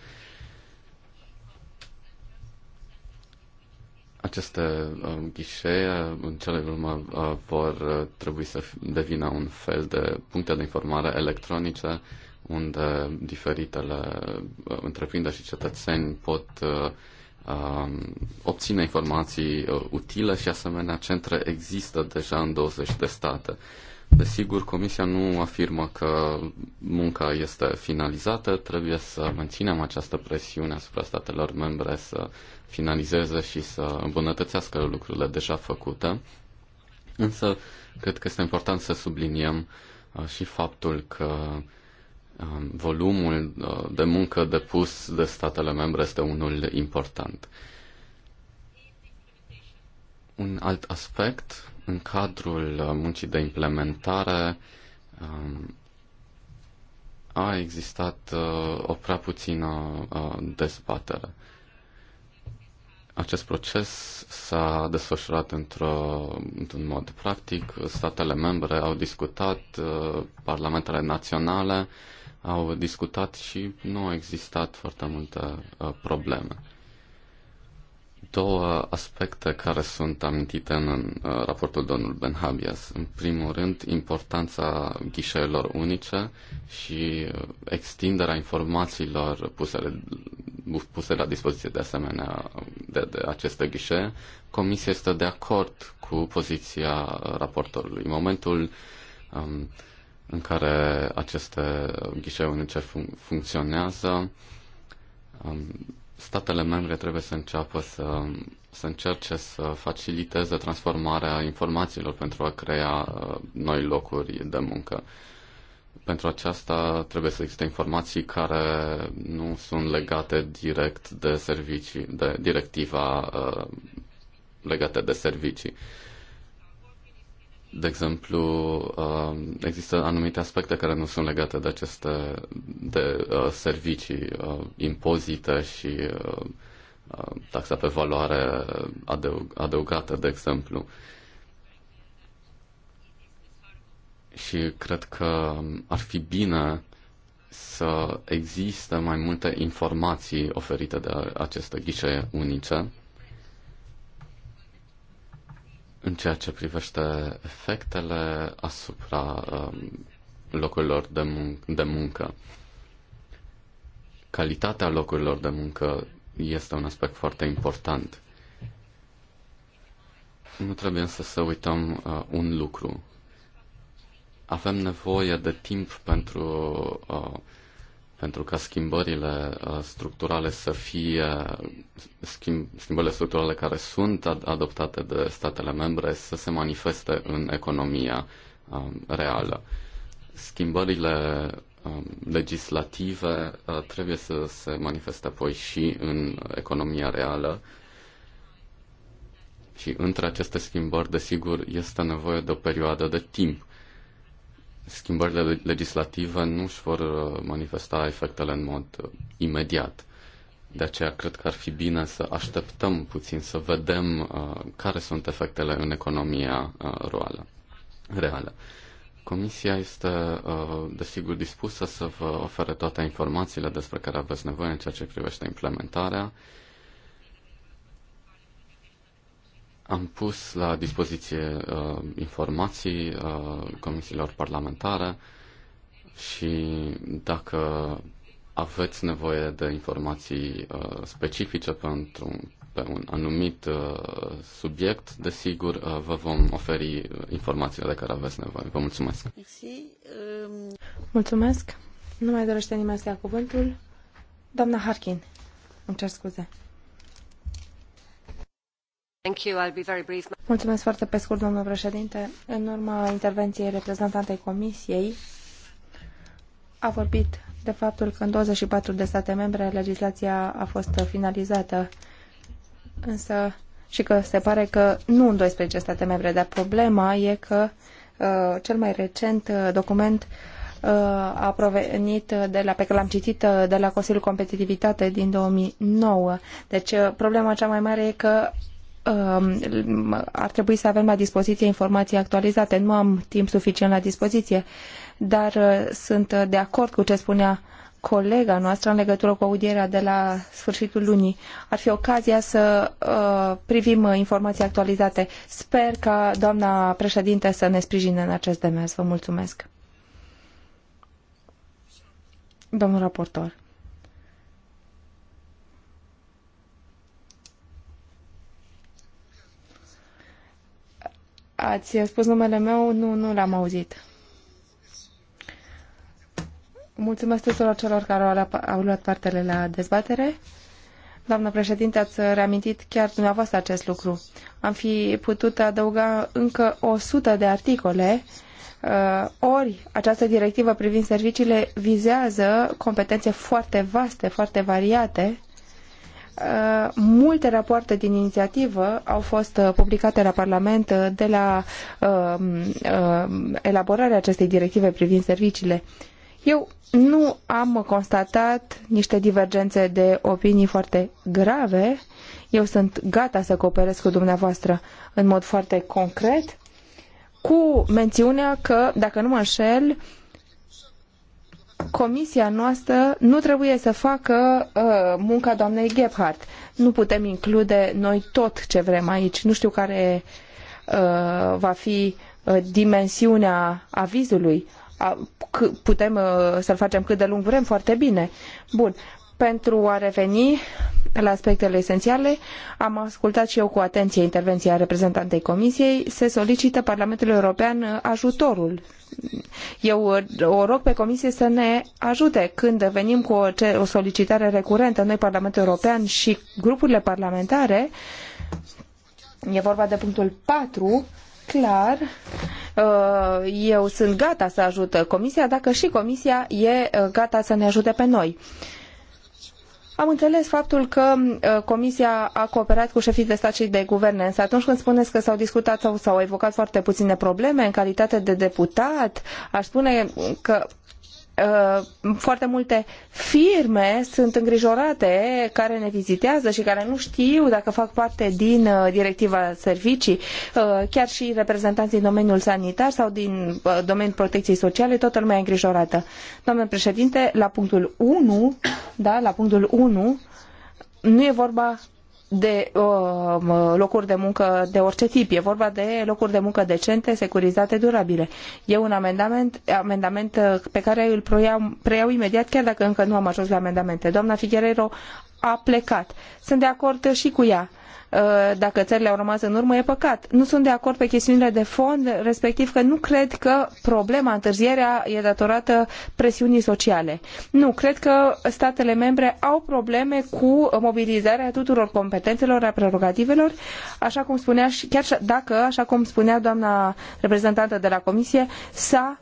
Aceste uh, ghișee, în cele din urmă, uh, vor uh, trebui să devină un fel de puncte de informare electronice unde diferitele uh, întreprinderi și cetățeni pot uh, um, obține informații uh, utile și asemenea centre există deja în 20 de state. Desigur, Comisia nu afirmă că munca este finalizată, trebuie să menținem această presiune asupra statelor membre să finalizeze și să îmbunătățească lucrurile deja făcute. Însă, cred că este important să subliniem uh, și faptul că um, volumul uh, de muncă depus de statele membre este unul important. Un alt aspect în cadrul uh, muncii de implementare um, a existat uh, o prea puțină uh, dezbatere. Acest proces s-a desfășurat într-o, într-un mod practic. Statele membre au discutat, parlamentele naționale au discutat și nu au existat foarte multe probleme două aspecte care sunt amintite în uh, raportul domnului Benhabias. În primul rând, importanța ghișeelor unice și uh, extinderea informațiilor puse, puse la dispoziție de asemenea um, de, de aceste ghișe. Comisia este de acord cu poziția raportorului. În momentul um, în care aceste ghișe unice fun- funcționează, um, statele membre trebuie să înceapă să, să încerce să faciliteze transformarea informațiilor pentru a crea uh, noi locuri de muncă. Pentru aceasta trebuie să existe informații care nu sunt legate direct de servicii, de directiva uh, legate de servicii. Uh, de exemplu, uh, există anumite aspecte care nu sunt legate de aceste de uh, servicii, uh, impozite și taxa pe valoare adăugată, de exemplu. Și cred că ar fi bine să existe mai multe informații oferite de aceste ghișe unice în ceea ce privește efectele asupra um, locurilor de, mun- de muncă, calitatea locurilor de muncă este un aspect foarte important. Nu trebuie să să uităm uh, un lucru. Avem nevoie de timp pentru uh, pentru ca schimbările uh, structurale să fie uh, schimb, schimbările structurale care sunt adoptate de statele membre să se manifeste în economia um, reală. Schimbările um, legislative uh, trebuie să se manifeste apoi și în economia reală. Și între aceste schimbări, desigur, este nevoie de o perioadă de timp schimbările legislative nu își vor uh, manifesta efectele în mod uh, imediat. De aceea cred că ar fi bine să așteptăm puțin, să vedem uh, care sunt efectele în economia uh, roală, reală. Comisia este, uh, desigur, dispusă să vă ofere toate informațiile despre care aveți nevoie în ceea ce privește implementarea. Uh, Am pus la dispoziție uh, informații uh, comisiilor parlamentare și dacă aveți nevoie de informații uh, specifice pentru pe un anumit uh, subiect, desigur uh, vă vom oferi informațiile de care aveți nevoie. Vă mulțumesc! Um. Mulțumesc! Nu mai dorește nimeni să ia cuvântul. Doamna Harkin, îmi cer scuze. Mulțumesc foarte pe scurt, domnule președinte. În urma intervenției reprezentantei Comisiei, a vorbit de faptul că în 24 de state membre legislația a fost finalizată, însă și că se pare că nu în 12 state membre, dar problema e că uh, cel mai recent uh, document uh, a provenit de la, pe care l-am citit uh, de la Consiliul Competitivitate din 2009. Deci problema cea mai mare e că Um, ar trebui să avem la dispoziție informații actualizate. Nu am timp suficient la dispoziție, dar uh, sunt de acord cu ce spunea colega noastră în legătură cu audierea de la sfârșitul lunii. Ar fi ocazia să uh, privim informații actualizate. Sper ca doamna președinte să ne sprijine în acest demers. Vă mulțumesc. Domnul raportor. Ați spus numele meu? Nu, nu l-am auzit. Mulțumesc tuturor celor care au luat parte la dezbatere. Doamnă președinte, ați reamintit chiar dumneavoastră acest lucru. Am fi putut adăuga încă 100 de articole, uh, ori această directivă privind serviciile vizează competențe foarte vaste, foarte variate, Uh, multe rapoarte din inițiativă au fost uh, publicate la Parlament uh, de la elaborarea acestei directive privind serviciile. Eu nu am constatat niște divergențe de opinii foarte grave. Eu sunt gata să cooperez cu dumneavoastră în mod foarte concret, cu mențiunea că, dacă nu mă înșel, uh, comisia noastră nu trebuie să facă uh, munca doamnei Gebhardt. Nu putem include noi tot ce vrem aici. Nu știu care uh, va fi uh, dimensiunea avizului. Putem uh, să-l facem cât de lung vrem, foarte bine. Bun pentru a reveni la aspectele esențiale, am ascultat și eu cu atenție intervenția reprezentantei Comisiei, se solicită Parlamentului European ajutorul. Eu uh, o rog pe Comisie să ne ajute când venim cu o, solicitare recurentă noi Parlamentul European și grupurile parlamentare, e vorba de punctul patru. Clar, uh, eu sunt gata să ajut Comisia dacă și Comisia e uh, gata să ne ajute pe noi. Am înțeles faptul că uh, Comisia a cooperat cu șefii de stat și de guverne, însă atunci când spuneți că s-au discutat sau s-au evocat foarte puține probleme, în calitate de deputat, aș spune că Uh, foarte multe firme sunt îngrijorate care ne vizitează și care nu știu dacă fac parte din uh, directiva servicii, uh, chiar și reprezentanții din domeniul sanitar sau din domeniul protecției sociale, toată lumea e îngrijorată. Doamne președinte, la punctul 1, da, la punctul 1, nu e vorba de uh, locuri de muncă de orice tip. E vorba de locuri de muncă decente, securizate, durabile. E un amendament, amendament uh, pe care îl preiau, preiau imediat, chiar dacă încă nu am ajuns la amendamente. Doamna Figuerero a plecat. Sunt de acord și cu ea Uh, dacă țările au rămas în urmă, e păcat. Nu sunt de acord pe chestiunile de fond, respectiv că nu cred că problema întârzierea e datorată presiunii sociale. Nu, cred că statele membre au probleme cu mobilizarea tuturor competențelor, a prerogativelor, așa cum spunea și chiar dacă, așa cum spunea doamna reprezentantă de la Comisie, s-a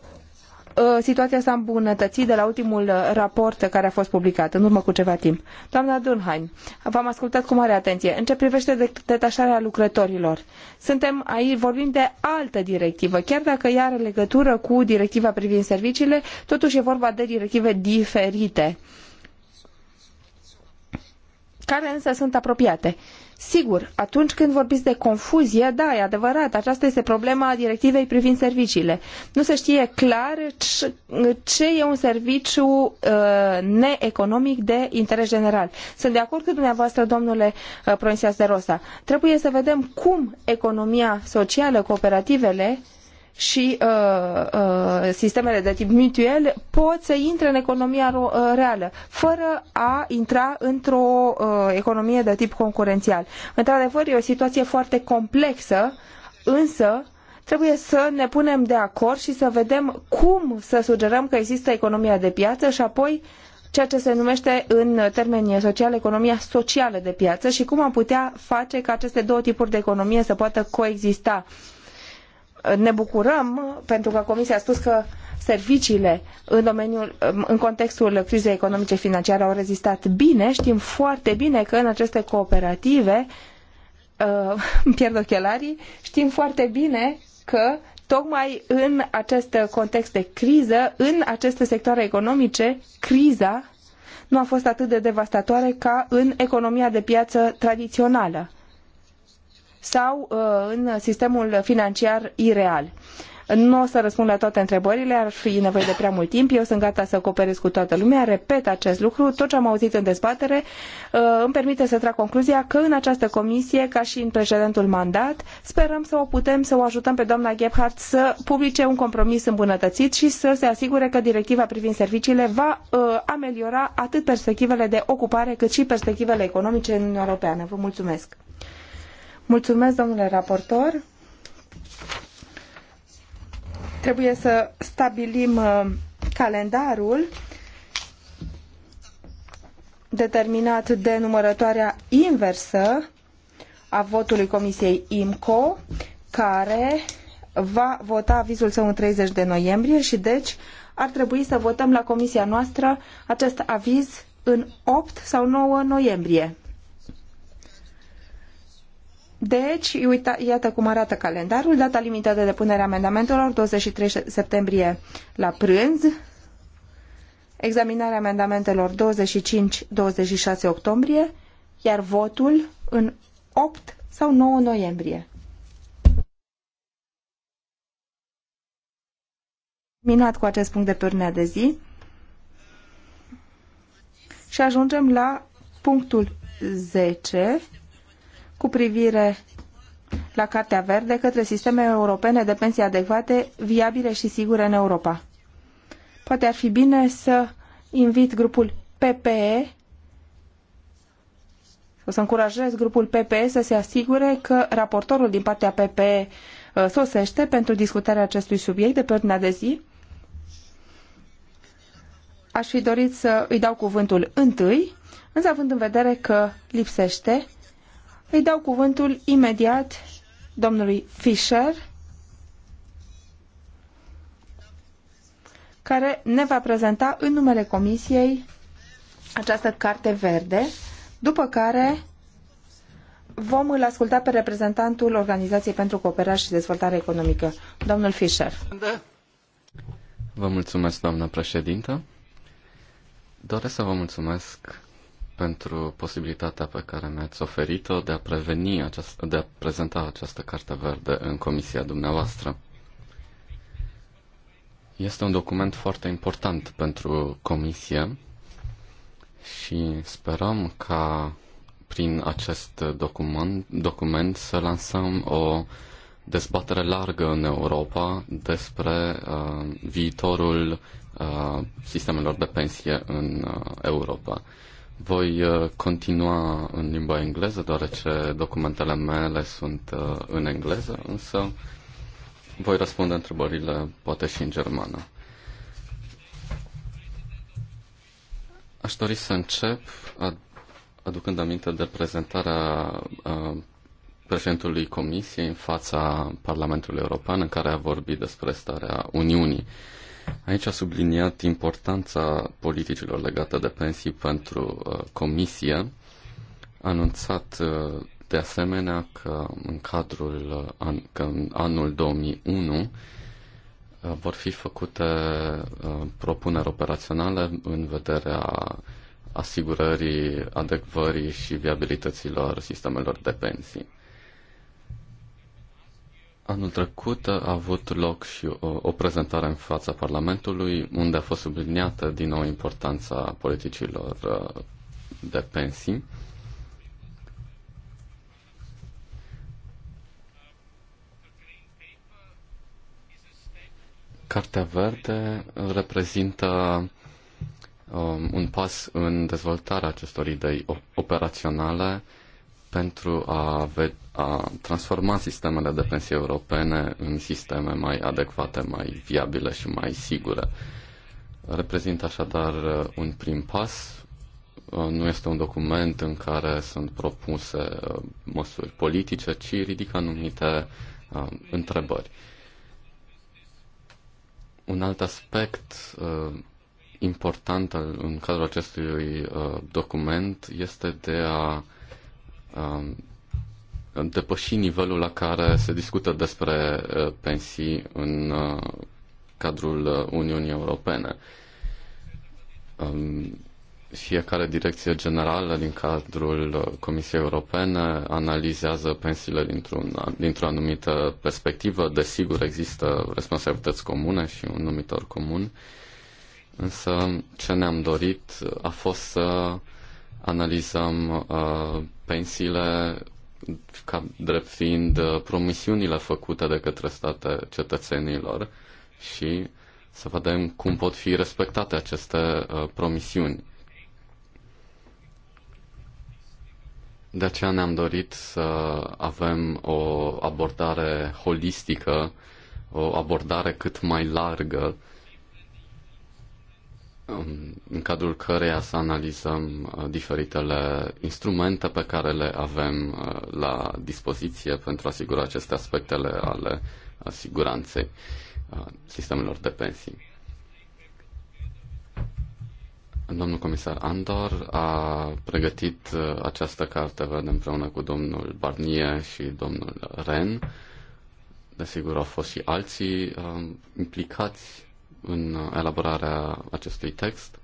Uh, situația s-a îmbunătățit de la ultimul uh, raport care a fost publicat în urmă cu ceva timp. Doamna Dunheim, v-am ascultat cu mare atenție. În ce privește detașarea lucrătorilor, suntem aici, vorbim de altă directivă. Chiar dacă ea are legătură cu directiva privind serviciile, totuși e vorba de directive diferite, care însă sunt apropiate. Uh, Sigur, atunci când vorbiți de confuzie, da, e adevărat, aceasta este problema directivei privind serviciile. Nu se știe clar ce e un serviciu uh, neeconomic de interes general. Sunt de acord cu dumneavoastră, domnule uh, Proinsias de Rosa. Trebuie să vedem cum economia socială, cooperativele, uh, și uh, uh, sistemele de tip mutuel pot să intre în economia uh, reală, fără a intra într-o uh, economie de tip concurențial. Într-adevăr, e o situație foarte complexă, însă trebuie să ne punem de acord și să vedem cum să sugerăm că există economia de piață și apoi ceea ce se numește în termeni sociali economia socială de piață și cum am putea face ca aceste două tipuri de economie să poată coexista ne bucurăm pentru că Comisia a spus că serviciile în domeniul, în contextul crizei economice financiare au rezistat bine. Știm foarte bine că în aceste cooperative uh, *laughs* îmi pierd ochelarii, știm foarte bine că tocmai în acest context de criză, în aceste sectoare economice, criza nu a fost atât de devastatoare ca în economia de piață tradițională sau uh, în sistemul financiar ireal. Nu o să răspund la toate întrebările, ar fi nevoie de prea mult timp. Eu sunt gata să cooperez cu toată lumea, repet acest lucru. Tot ce am auzit în dezbatere uh, îmi permite să trag concluzia că în această comisie, ca și în precedentul mandat, sperăm să o putem, să o ajutăm pe doamna Gebhardt să publice un compromis îmbunătățit și să se asigure că directiva privind serviciile va uh, ameliora atât perspectivele de ocupare cât și perspectivele economice în Uniunea Europeană. Vă mulțumesc! Mulțumesc, domnule raportor. Trebuie să stabilim uh, calendarul determinat de numărătoarea inversă a votului Comisiei IMCO, care va vota avizul său în 30 de noiembrie și deci ar trebui să votăm la comisia noastră acest aviz în 8 sau 9 noiembrie. Deci, uita, iată cum arată calendarul. Data limită de depunere amendamentelor, 23 septembrie la prânz. Examinarea amendamentelor 25-26 octombrie, iar votul în 8 sau 9 noiembrie. Minat cu acest punct de pe de zi. Și ajungem la punctul 10 cu privire la Cartea Verde către sisteme europene de pensii adecvate, viabile și sigure în Europa. Poate ar fi bine să invit grupul PPE o să încurajez grupul PPE să se asigure că raportorul din partea PPE uh, sosește pentru discutarea acestui subiect de pe ordinea de zi. Aș fi dorit să îi dau cuvântul întâi, însă având în vedere că lipsește, îi dau cuvântul imediat domnului Fischer, care ne va prezenta în numele Comisiei această carte verde, după care vom îl asculta pe reprezentantul Organizației pentru Cooperare și Dezvoltare Economică, domnul Fischer. Vă mulțumesc, doamnă președintă. Doresc să vă mulțumesc pentru posibilitatea pe care mi-ați oferit-o de a preveni această, de a prezenta această carte verde în comisia dumneavoastră. Este un document foarte important pentru comisie și sperăm ca prin acest document, document să lansăm o dezbatere largă în Europa despre uh, viitorul uh, sistemelor de pensie în uh, Europa. Voi uh, continua în limba engleză, deoarece documentele mele sunt uh, în engleză, însă voi răspunde întrebările poate și în germană. Aș dori să încep aducând aminte de prezentarea uh, președintului Comisiei în fața Parlamentului European, în care a vorbit despre starea Uniunii. Aici a subliniat importanța politicilor legate de pensii pentru uh, comisie. A anunțat uh, de asemenea că în cadrul uh, an, că în anul 2001 uh, vor fi făcute uh, propuneri operaționale în vederea asigurării, adecvării și viabilităților sistemelor de pensii. Anul trecut a avut loc și o, o prezentare în fața Parlamentului, unde a fost subliniată din nou importanța politicilor uh, de pensii. Cartea Verde reprezintă um, un pas în dezvoltarea acestor idei operaționale pentru a, a transforma sistemele de pensii europene în sisteme mai adecvate, mai viabile și mai sigure. Reprezintă așadar uh, un prim pas. Uh, nu este un document în care sunt propuse uh, măsuri politice, ci ridică anumite întrebări. Un alt aspect important în cadrul acestui document este de a Um, depăși nivelul la care se discută despre uh, pensii în uh, cadrul uh, Uniunii Europene. Um, fiecare direcție generală din cadrul Comisiei Europene analizează pensiile dintr-un, dintr-o anumită perspectivă. Desigur, există responsabilități comune și un numitor comun, însă ce ne-am dorit a fost să analizăm uh, pensiile ca drept fiind uh, promisiunile făcute de către state cetățenilor și să vedem cum pot fi respectate aceste uh, promisiuni. De aceea ne-am dorit să avem o abordare holistică, o abordare cât mai largă în cadrul căreia să analizăm uh, diferitele instrumente pe care le avem uh, la dispoziție pentru a asigura aceste aspectele ale uh, siguranței sistemelor de pensii. Domnul comisar Andor a pregătit această carte verde împreună cu domnul Barnier și domnul Ren. Desigur, au fost și alții implicați în elaborarea acestui text.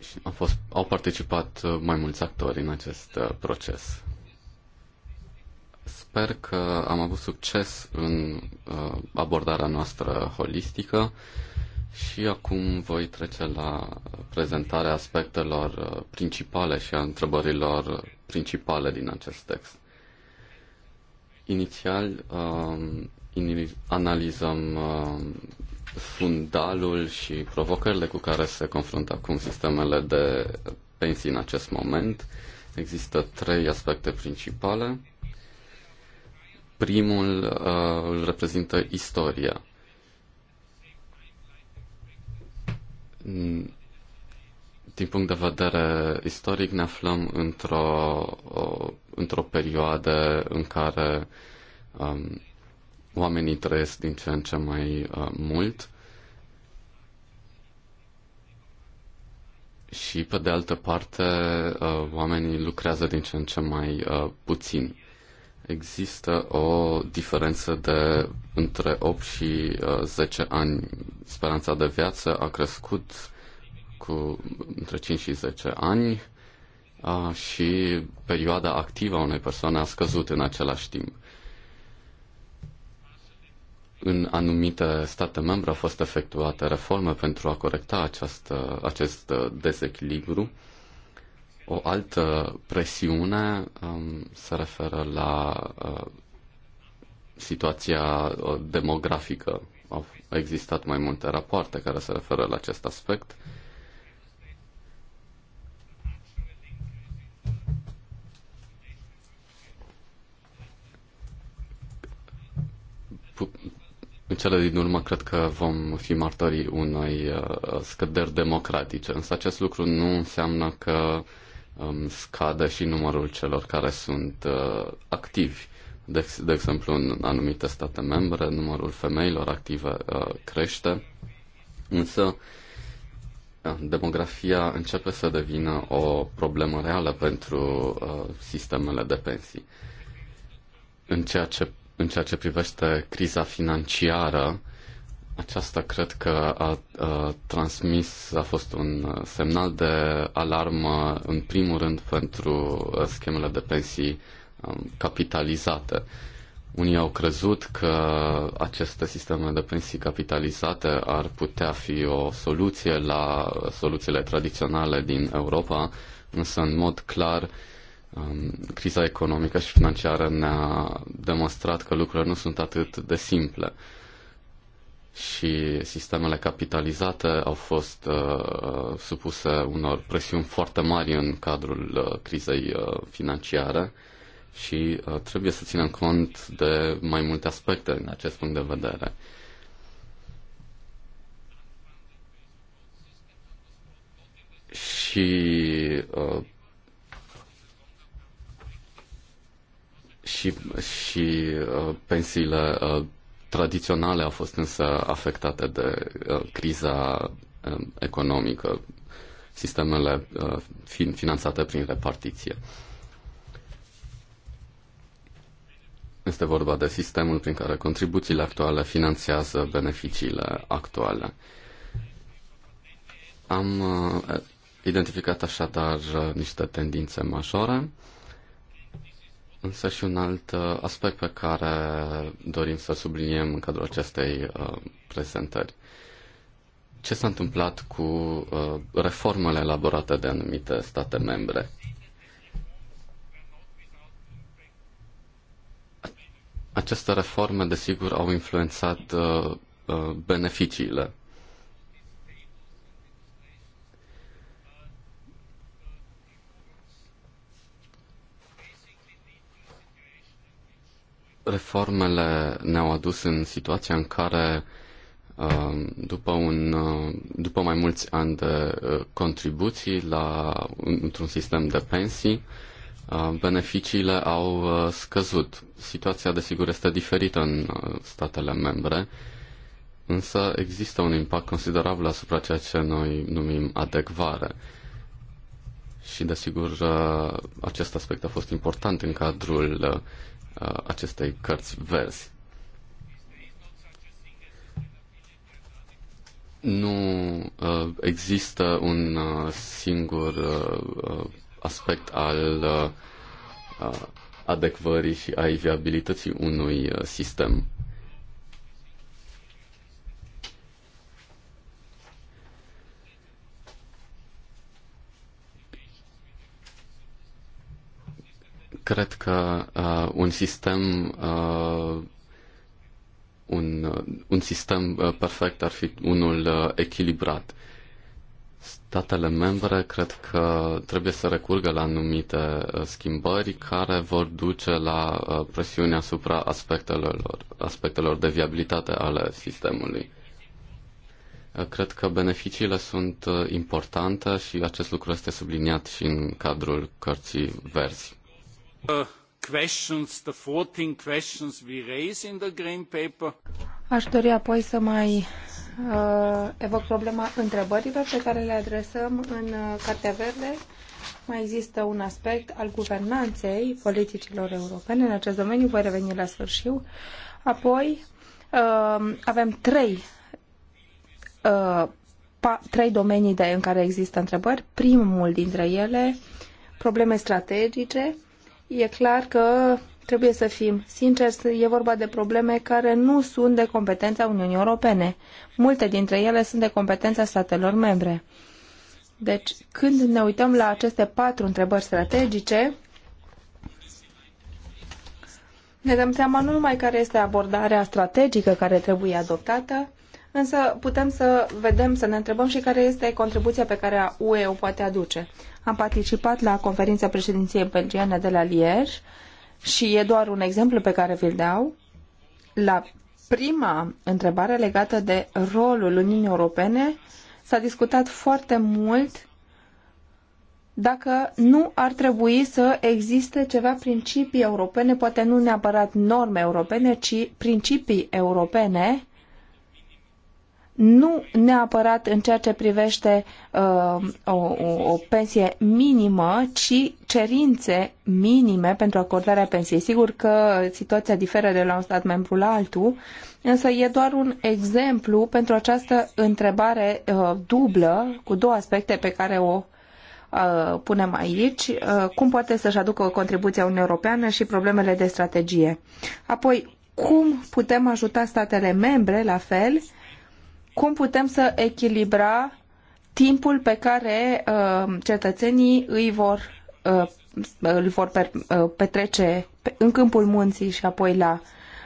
Și au, fost, au participat mai mulți actori în acest uh, proces. Sper că am avut succes în uh, abordarea noastră holistică și acum voi trece la prezentarea aspectelor uh, principale și a întrebărilor principale din acest text. Inițial uh, analizăm um, fundalul și provocările cu care se confruntă acum sistemele de pensii în acest moment. Există trei aspecte principale. Primul uh, îl reprezintă istoria. Din punct de vedere istoric, ne aflăm într-o într-o perioadă în care um, oamenii trăiesc din ce în ce mai uh, mult și, pe de altă parte, uh, oamenii lucrează din ce în ce mai uh, puțin. Există o diferență de între 8 și uh, 10 ani. Speranța de viață a crescut cu între 5 și 10 ani și perioada activă a unei persoane a scăzut în același timp. În anumite state membre au fost efectuate reforme pentru a corecta această, acest dezechilibru. O altă presiune um, se referă la uh, situația uh, demografică. Au existat mai multe rapoarte care se referă la acest aspect. Uh, în cele din urmă cred că vom fi martorii unei uh, scăderi democratice, însă acest lucru nu înseamnă că um, scade și numărul celor care sunt uh, activi. De, de exemplu, în anumite state membre, numărul femeilor active uh, crește, însă uh, demografia începe să devină o problemă reală pentru uh, sistemele de pensii. În ceea ce în ceea ce privește criza financiară, aceasta cred că a, a transmis, a fost un semnal de alarmă, în primul rând, pentru uh, schemele de pensii um, capitalizate. Unii au crezut că aceste sisteme de pensii capitalizate ar putea fi o soluție la soluțiile tradiționale din Europa, însă, în mod clar, uh, criza economică și financiară ne-a demonstrat că lucrurile nu sunt atât de simple și sistemele capitalizate au fost uh, supuse unor presiuni foarte mari în cadrul uh, crizei uh, financiare și uh, trebuie să ținem cont de mai multe aspecte în acest punct de vedere. Și uh, și, și uh, pensiile uh, tradiționale au fost însă afectate de uh, criza um, economică, sistemele fiind finanțate prin repartiție. Este vorba de sistemul prin care contribuțiile actuale finanțează beneficiile actuale. Am identificat așadar niște tendințe majore Însă și un alt uh, aspect pe care dorim să subliniem în cadrul acestei uh, prezentări. Ce s-a întâmplat cu uh, reformele elaborate de anumite state membre? Aceste reforme, desigur, au influențat beneficiile Reformele ne-au adus în situația în care um, după, un, uh, după mai mulți ani de uh, contribuții la, într-un sistem de pensii, uh, beneficiile au scăzut. Situația, desigur, este diferită în statele membre, însă există un impact considerabil asupra ceea ce noi numim adecvare. Și, desigur, acest aspect a fost important în cadrul Uh, acestei cărți verzi. Nu uh, există un uh, singur aspect al adecvării și a viabilității unui sistem. Cred că uh, un sistem uh, un, un sistem uh, perfect ar fi unul uh, echilibrat. Statele membre cred că trebuie să recurgă la anumite uh, schimbări care vor duce la presiune asupra aspectelor, aspectelor de viabilitate ale sistemului. Cred că beneficiile sunt importante și acest lucru este subliniat și în cadrul cărții verzi. Aș dori apoi să mai uh, evoc problema întrebărilor pe care le adresăm în uh, Cartea Verde. Mai există un aspect al guvernanței politicilor europene în acest domeniu, voi reveni la sfârșit. Apoi uh, avem trei, uh, pa, trei domenii de, în care există întrebări. Primul dintre ele, probleme strategice, E clar că trebuie să fim sinceri, e vorba de probleme care nu sunt de competența Uniunii Europene. Multe dintre ele sunt de competența statelor membre. Deci, când ne uităm la aceste patru întrebări strategice, ne dăm seama nu numai care este abordarea strategică care trebuie adoptată, însă putem să vedem, să ne întrebăm și care este contribuția pe care UE o poate aduce. Am participat la conferința președinției belgiene de la Liege și e doar un exemplu pe care vi-l dau. La prima întrebare legată de rolul Uniunii Europene s-a discutat foarte mult dacă nu ar trebui să existe ceva principii europene, poate nu neapărat norme europene, ci principii europene nu neapărat în ceea ce privește uh, o, o pensie minimă, ci cerințe minime pentru acordarea pensiei. Sigur că situația diferă de la un stat membru la altul, însă e doar un exemplu pentru această întrebare uh, dublă, cu două aspecte pe care o uh, punem aici, uh, cum poate să-și aducă o contribuție a Uniunii Europeană și problemele de strategie. Apoi, cum putem ajuta statele membre la fel cum putem să echilibra timpul pe care uh, cetățenii îi vor, uh, îl vor uh, petrece în câmpul munții și apoi la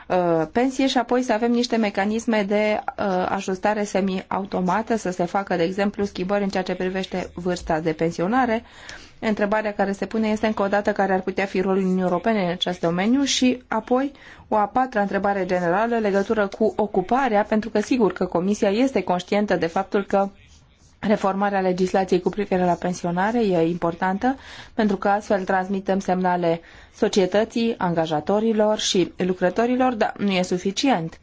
uh, pensie și apoi să avem niște mecanisme de uh, ajustare semi-automată, să se facă, de exemplu, schimbări în ceea ce privește vârsta de pensionare, Întrebarea care se pune este încă o dată care ar putea fi rolul Uniunii Europene în acest domeniu și apoi o a patra întrebare generală legătură cu ocuparea, pentru că sigur că Comisia este conștientă de faptul că Reformarea legislației cu privire la pensionare e importantă pentru că astfel transmitem semnale societății, angajatorilor și lucrătorilor, dar nu e suficient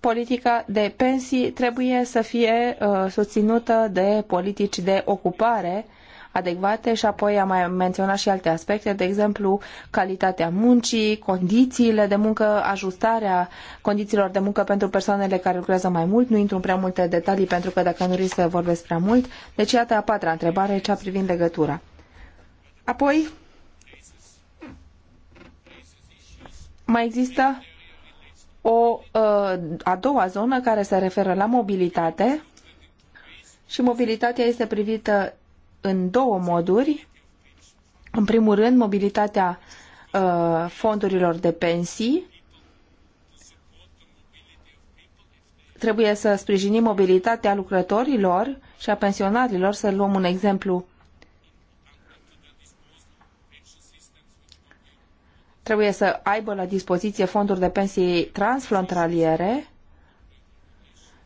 politica de pensii trebuie să fie uh, susținută de politici de ocupare adecvate și apoi am mai menționat și alte aspecte, de exemplu calitatea muncii, condițiile de muncă, ajustarea condițiilor de muncă pentru persoanele care lucrează mai mult. Nu intru în prea multe detalii pentru că dacă nu risc să vorbesc prea mult. Deci iată a patra întrebare, cea privind legătura. Apoi, mai există o uh, a doua zonă care se referă la mobilitate și mobilitatea este privită în două moduri. În primul rând, mobilitatea uh, fondurilor de pensii. Trebuie să sprijinim mobilitatea lucrătorilor și a pensionarilor, să luăm un exemplu trebuie să aibă la dispoziție fonduri de pensii transfrontaliere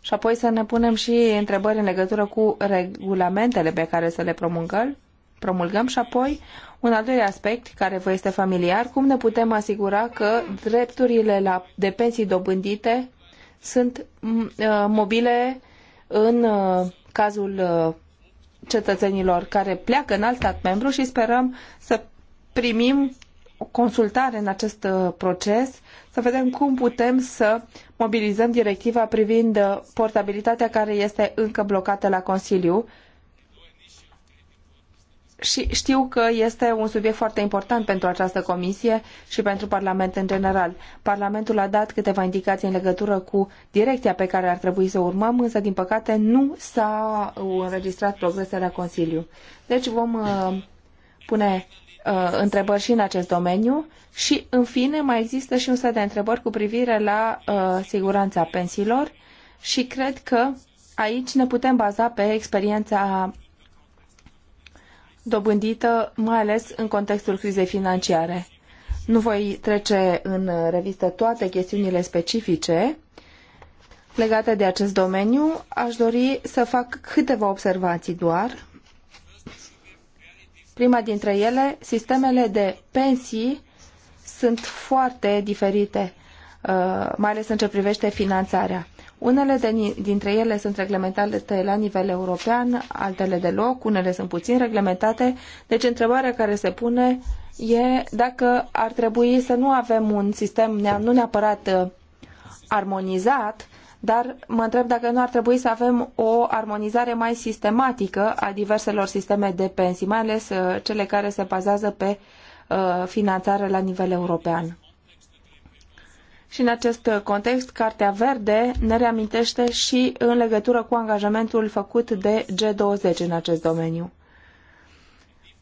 și apoi să ne punem și întrebări în legătură cu regulamentele pe care să le promulgăm, promulgăm și apoi un al doilea aspect care vă este familiar, cum ne putem asigura că drepturile la, de pensii dobândite sunt uh, mobile în uh, cazul uh, cetățenilor care pleacă în alt stat membru și sperăm să primim consultare în acest uh, proces, să vedem cum putem să mobilizăm directiva privind uh, portabilitatea care este încă blocată la Consiliu. Și știu că este un subiect foarte important pentru această comisie și pentru Parlament în general. Parlamentul a dat câteva indicații în legătură cu direcția pe care ar trebui să o urmăm, însă, din păcate, nu s-au înregistrat progrese la Consiliu. Deci vom uh, pune Uh, întrebări și în acest domeniu și, în fine, mai există și un set de întrebări cu privire la uh, siguranța pensiilor și cred că aici ne putem baza pe experiența dobândită, mai ales în contextul crizei financiare. Nu voi trece în revistă toate chestiunile specifice legate de acest domeniu. Aș dori să fac câteva observații doar Prima dintre ele, sistemele de pensii sunt foarte diferite, uh, mai ales în ce privește finanțarea. Unele de, dintre ele sunt reglementate la nivel european, altele deloc, unele sunt puțin reglementate. Deci întrebarea care se pune e dacă ar trebui să nu avem un sistem nu neapărat uh, armonizat, dar mă întreb dacă nu ar trebui să avem o armonizare mai sistematică a diverselor sisteme de pensii, mai ales uh, cele care se bazează pe uh, finanțare la nivel european. Și în acest context, Cartea Verde ne reamintește și în legătură cu angajamentul făcut de G20 în acest domeniu.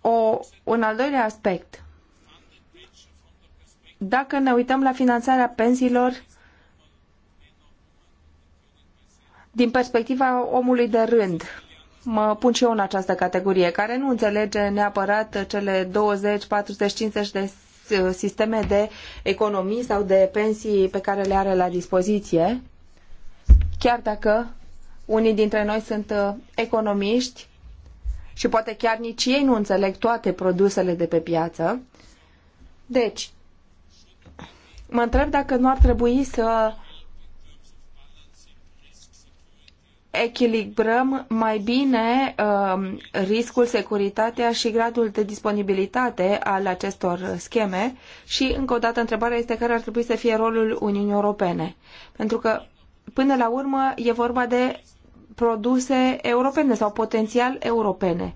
O, un al doilea aspect. Dacă ne uităm la finanțarea pensiilor din perspectiva omului de rând, mă pun și eu în această categorie, care nu înțelege neapărat cele 20, 40, 50 de sisteme de economii sau de pensii pe care le are la dispoziție, chiar dacă unii dintre noi sunt uh, economiști și poate chiar nici ei nu înțeleg toate produsele de pe piață. Deci, mă întreb dacă nu ar trebui să echilibrăm mai bine uh, riscul, securitatea și gradul de disponibilitate al acestor scheme și, încă o dată, întrebarea este care ar trebui să fie rolul Uniunii Europene. Pentru că, până la urmă, e vorba de produse europene sau potențial europene.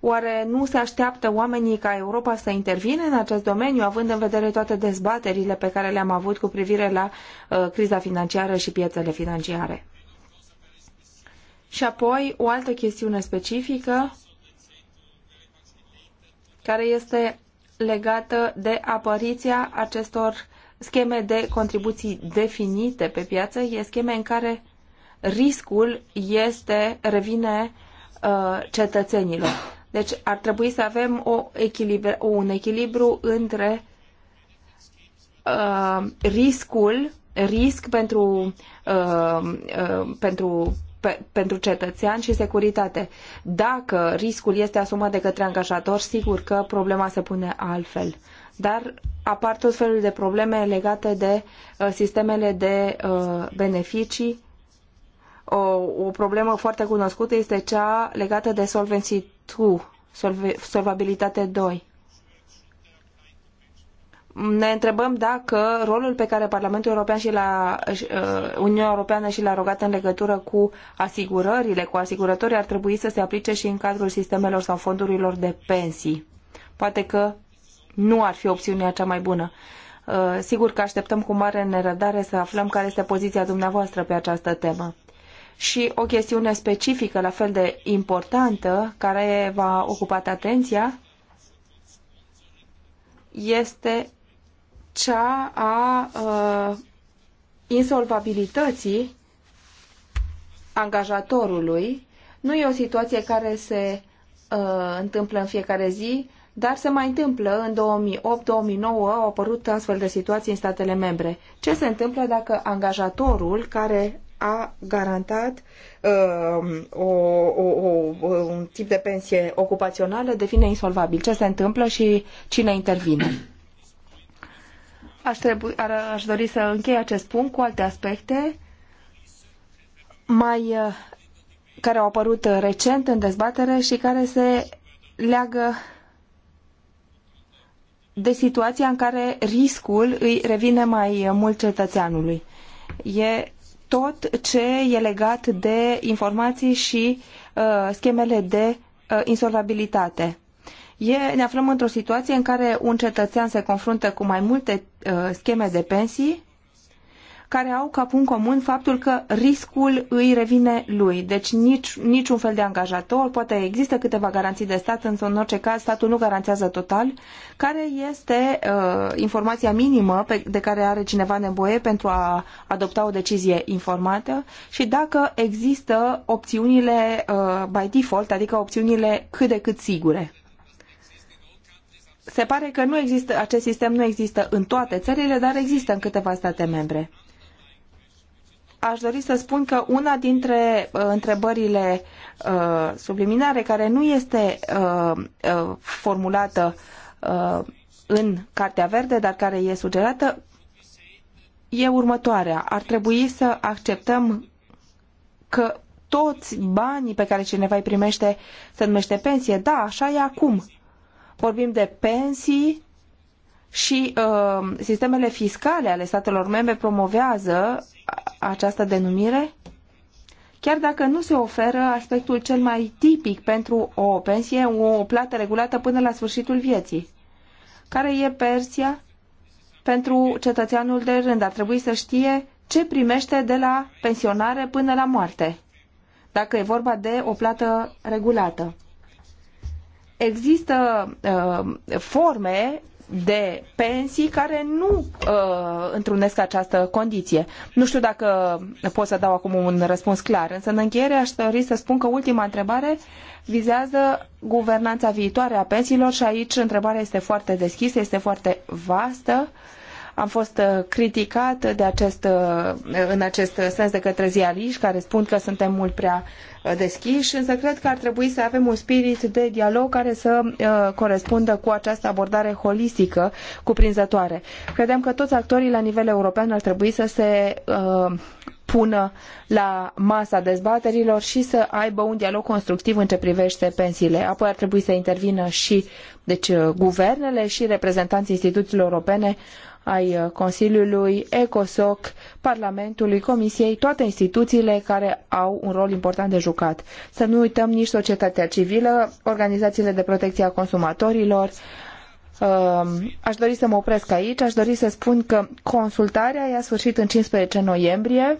Oare nu se așteaptă oamenii ca Europa să intervine în acest domeniu, având în vedere toate dezbaterile pe care le-am avut cu privire la uh, criza financiară și piețele financiare? Și apoi o altă chestiune specifică care este legată de apariția acestor scheme de contribuții definite pe piață, e scheme în care riscul este, revine uh, cetățenilor. Deci ar trebui să avem o echilibru, un echilibru între uh, riscul risc pentru, uh, uh, pentru pe, pentru cetățean și securitate. Dacă riscul este asumat de către angajator, sigur că problema se pune altfel. Dar apar tot felul de probleme legate de uh, sistemele de uh, beneficii. O, o problemă foarte cunoscută este cea legată de Solvency 2, solve, Solvabilitate 2 ne întrebăm dacă rolul pe care Parlamentul European și la uh, Uniunea Europeană și l-a rugat în legătură cu asigurările, cu asigurătorii, ar trebui să se aplice și în cadrul sistemelor sau fondurilor de pensii. Poate că nu ar fi opțiunea cea mai bună. Uh, sigur că așteptăm cu mare nerăbdare să aflăm care este poziția dumneavoastră pe această temă. Și o chestiune specifică, la fel de importantă, care v-a ocupat atenția, este cea a uh, insolvabilității angajatorului. Nu e o situație care se uh, întâmplă în fiecare zi, dar se mai întâmplă în 2008-2009 au apărut astfel de situații în statele membre. Ce se întâmplă dacă angajatorul care a garantat uh, o, o, o, un tip de pensie ocupațională devine insolvabil? Ce se întâmplă și cine intervine? Aș, trebui, ar, aș dori să închei acest punct cu alte aspecte mai uh, care au apărut recent în dezbatere și care se leagă de situația în care riscul îi revine mai mult cetățeanului. E tot ce e legat de informații și uh, schemele de uh, insolvabilitate. E, ne aflăm într-o situație în care un cetățean se confruntă cu mai multe uh, scheme de pensii care au ca punct comun faptul că riscul îi revine lui. Deci nici, niciun fel de angajator, poate există câteva garanții de stat, însă în orice caz statul nu garantează total, care este uh, informația minimă pe, de care are cineva nevoie pentru a adopta o decizie informată și dacă există opțiunile uh, by default, adică opțiunile cât de cât sigure. Se pare că nu există, acest sistem nu există în toate țările, dar există în câteva state membre. Aș dori să spun că una dintre uh, întrebările uh, subliminare care nu este uh, uh, formulată uh, în Cartea Verde, dar care e sugerată, e următoarea. Ar trebui să acceptăm că toți banii pe care cineva îi primește se numește pensie. Da, așa e acum vorbim de pensii și uh, sistemele fiscale ale statelor membre promovează această denumire? Chiar dacă nu se oferă aspectul cel mai tipic pentru o pensie, o plată regulată până la sfârșitul vieții. Care e Persia? Pentru cetățeanul de rând ar trebui să știe ce primește de la pensionare până la moarte, dacă e vorba de o plată regulată există uh, forme de pensii care nu uh, întrunesc această condiție. Nu știu dacă pot să dau acum un răspuns clar, însă în încheiere aș dori să spun că ultima întrebare vizează guvernanța viitoare a pensiilor și aici întrebarea este foarte deschisă, este foarte vastă. Uh, am fost uh, criticat de acest, uh, în acest sens de către ziariști care spun că suntem mult prea uh, deschiși, însă cred că ar trebui să avem un spirit de dialog care să corespundă cu această abordare holistică, cuprinzătoare. Credem că toți actorii la nivel european ar trebui să se pună la masa dezbaterilor și să aibă un dialog constructiv în ce privește pensiile. Apoi ar trebui să intervină și deci, guvernele și reprezentanții instituțiilor europene ai uh, Consiliului, ECOSOC, Parlamentului, Comisiei, toate instituțiile care au un rol important de jucat. Să nu uităm nici societatea civilă, organizațiile de protecție a consumatorilor. Um, aș dori să mă opresc aici, aș dori să spun că consultarea i-a sfârșit în 15 noiembrie.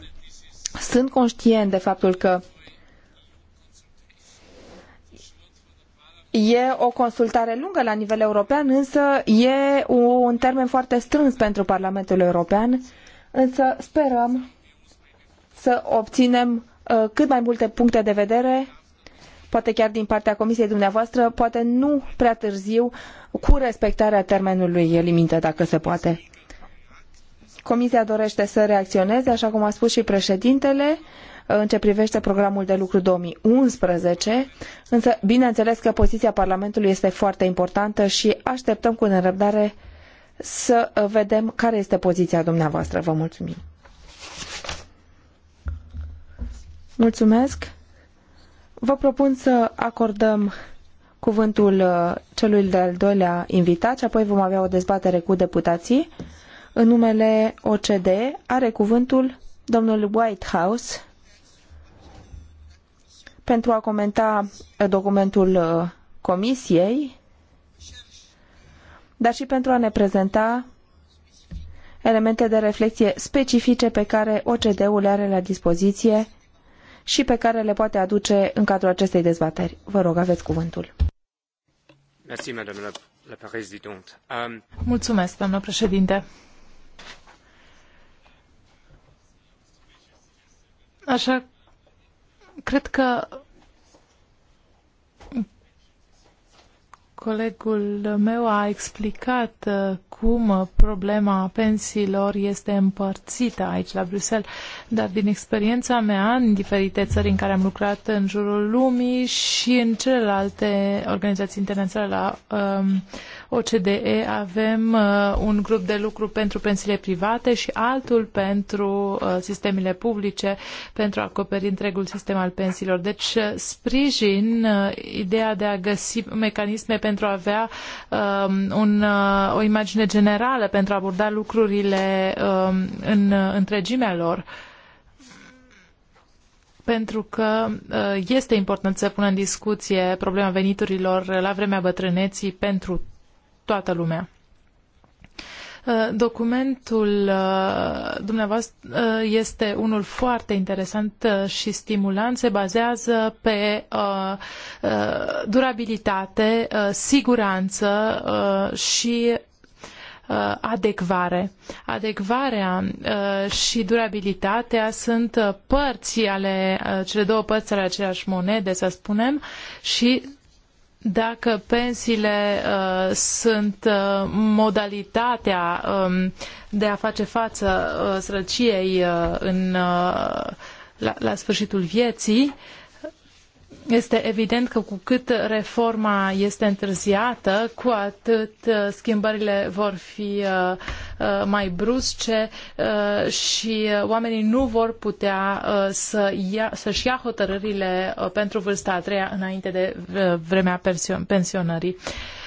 Sunt conștient de faptul că E o consultare lungă la nivel european, însă e un termen foarte strâns pentru Parlamentul European, însă sperăm să obținem uh, cât mai multe puncte de vedere, poate chiar din partea Comisiei dumneavoastră, poate nu prea târziu, cu respectarea termenului limită, dacă se poate. Comisia dorește să reacționeze, așa cum a spus și președintele. Uh, în ce privește programul de lucru 2011, însă bineînțeles că poziția Parlamentului este foarte importantă și așteptăm cu nerăbdare să vedem care este poziția dumneavoastră. Vă mulțumim. Mulțumesc. Vă propun să acordăm cuvântul uh, celui de-al doilea invitat și apoi vom avea o dezbatere cu deputații. În numele OCDE are cuvântul domnul Whitehouse, pentru a comenta uh, documentul uh, Comisiei, dar și pentru a ne prezenta elemente de reflexie specifice pe care OCD-ul le are la dispoziție și pe care le poate aduce în cadrul acestei dezbateri. Vă rog, aveți cuvântul. Um, Mulțumesc, doamnă președinte. Așa Cred că colegul meu a explicat uh, cum problema pensiilor este împărțită aici la Bruxelles, dar din experiența mea în diferite țări în care am lucrat în jurul lumii și în celelalte organizații internaționale la um, OCDE avem uh, un grup de lucru pentru pensiile private și altul pentru uh, sistemele publice, pentru a acoperi întregul sistem al pensiilor. Deci uh, sprijin ideea de a găsi mecanisme pentru a avea um, un, o imagine generală, pentru a aborda lucrurile um, în întregimea lor pentru că este important să punem în discuție problema veniturilor la vremea bătrâneții pentru toată lumea. Uh, documentul uh, dumneavoastră uh, este unul foarte interesant și stimulant. Se bazează pe durabilitate, siguranță și adecvare. Adecvarea și durabilitatea sunt părți ale, cele două părți ale aceleași monede, să spunem, și dacă pensiile uh, sunt uh, modalitatea um, de a face față uh, sărăciei uh, în, uh, la, la sfârșitul vieții, uh, este evident că cu cât reforma este întârziată, cu atât uh, schimbările vor fi uh, uh, mai brusce și oamenii nu vor putea să ia, să-și ia hotărârile pentru vârsta a treia înainte de vremea pensionării.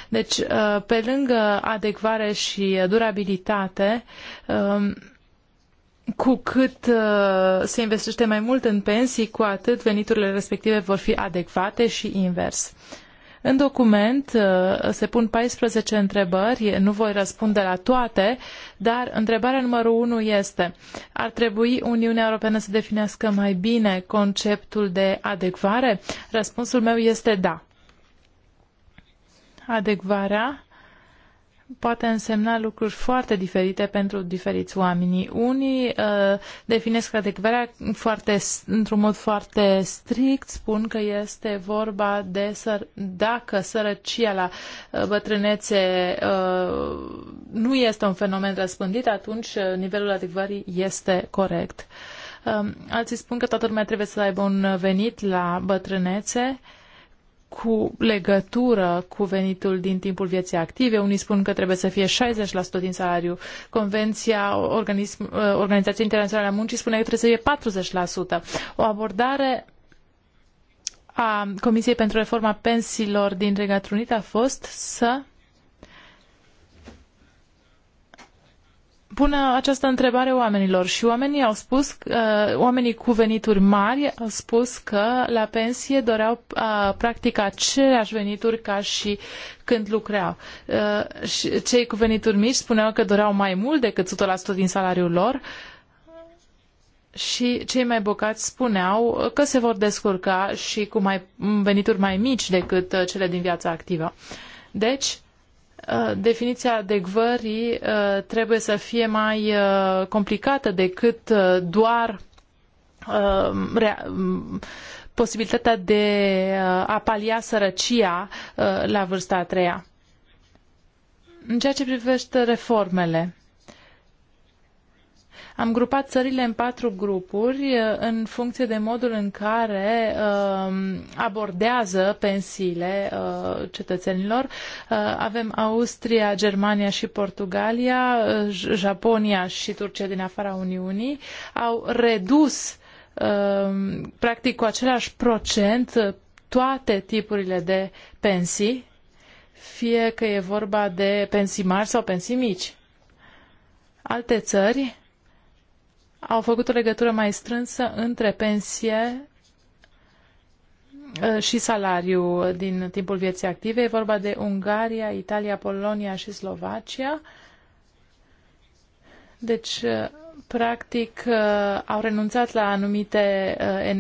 Deci, pe lângă adecvare și durabilitate, um, cu cât uh, se investește mai mult în pensii, cu atât veniturile respective vor fi adecvate și invers. În document uh, se pun 14 întrebări, nu voi răspunde la toate, dar întrebarea numărul 1 este, ar trebui Uniunea Europeană să definească mai bine conceptul de adecvare? Răspunsul meu este da. Adecvarea poate însemna lucruri foarte diferite pentru diferiți oameni. Unii uh, definesc adecvarea foarte, într-un mod foarte strict, spun că este vorba de săr- dacă sărăcia la uh, bătrânețe uh, nu este un fenomen răspândit, atunci uh, nivelul adecvării este corect. Uh, alții spun că toată lumea trebuie să aibă un venit la bătrânețe. Uh, cu legătură cu venitul din timpul vieții active. Unii spun că trebuie să fie 60% din salariu. Convenția Organism, uh, Organizației Internaționale a Muncii spune că trebuie să fie 40%. O abordare a Comisiei pentru Reforma Pensiilor din Regatul Unit a fost să pune această întrebare oamenilor și oamenii au spus, oamenii cu venituri mari au spus că la pensie doreau practic aceleași venituri ca și când lucreau. Și cei cu venituri mici spuneau că doreau mai mult decât 100% din salariul lor și cei mai bogați spuneau că se vor descurca și cu mai, venituri mai mici decât cele din viața activă. Deci, Uh, definiția adecvării uh, trebuie să fie mai uh, complicată decât doar mm, posibilitatea de a palia sărăcia la vârsta a treia. În ceea ce privește reformele, am grupat țările în patru grupuri uh, în funcție de modul în care um, abordează pensiile uh, cetățenilor. Uh, avem Austria, Germania și Portugalia, Japonia și Turcia din afara Uniunii. Au redus um, practic cu același procent toate tipurile de pensii, fie că e vorba de pensii mari sau pensii mici. Alte țări au făcut o legătură mai strânsă între pensie uh, și salariu din timpul vieții active. E vorba de Ungaria, Italia, Polonia și Slovacia. Deci, uh, practic, uh, au renunțat la anumite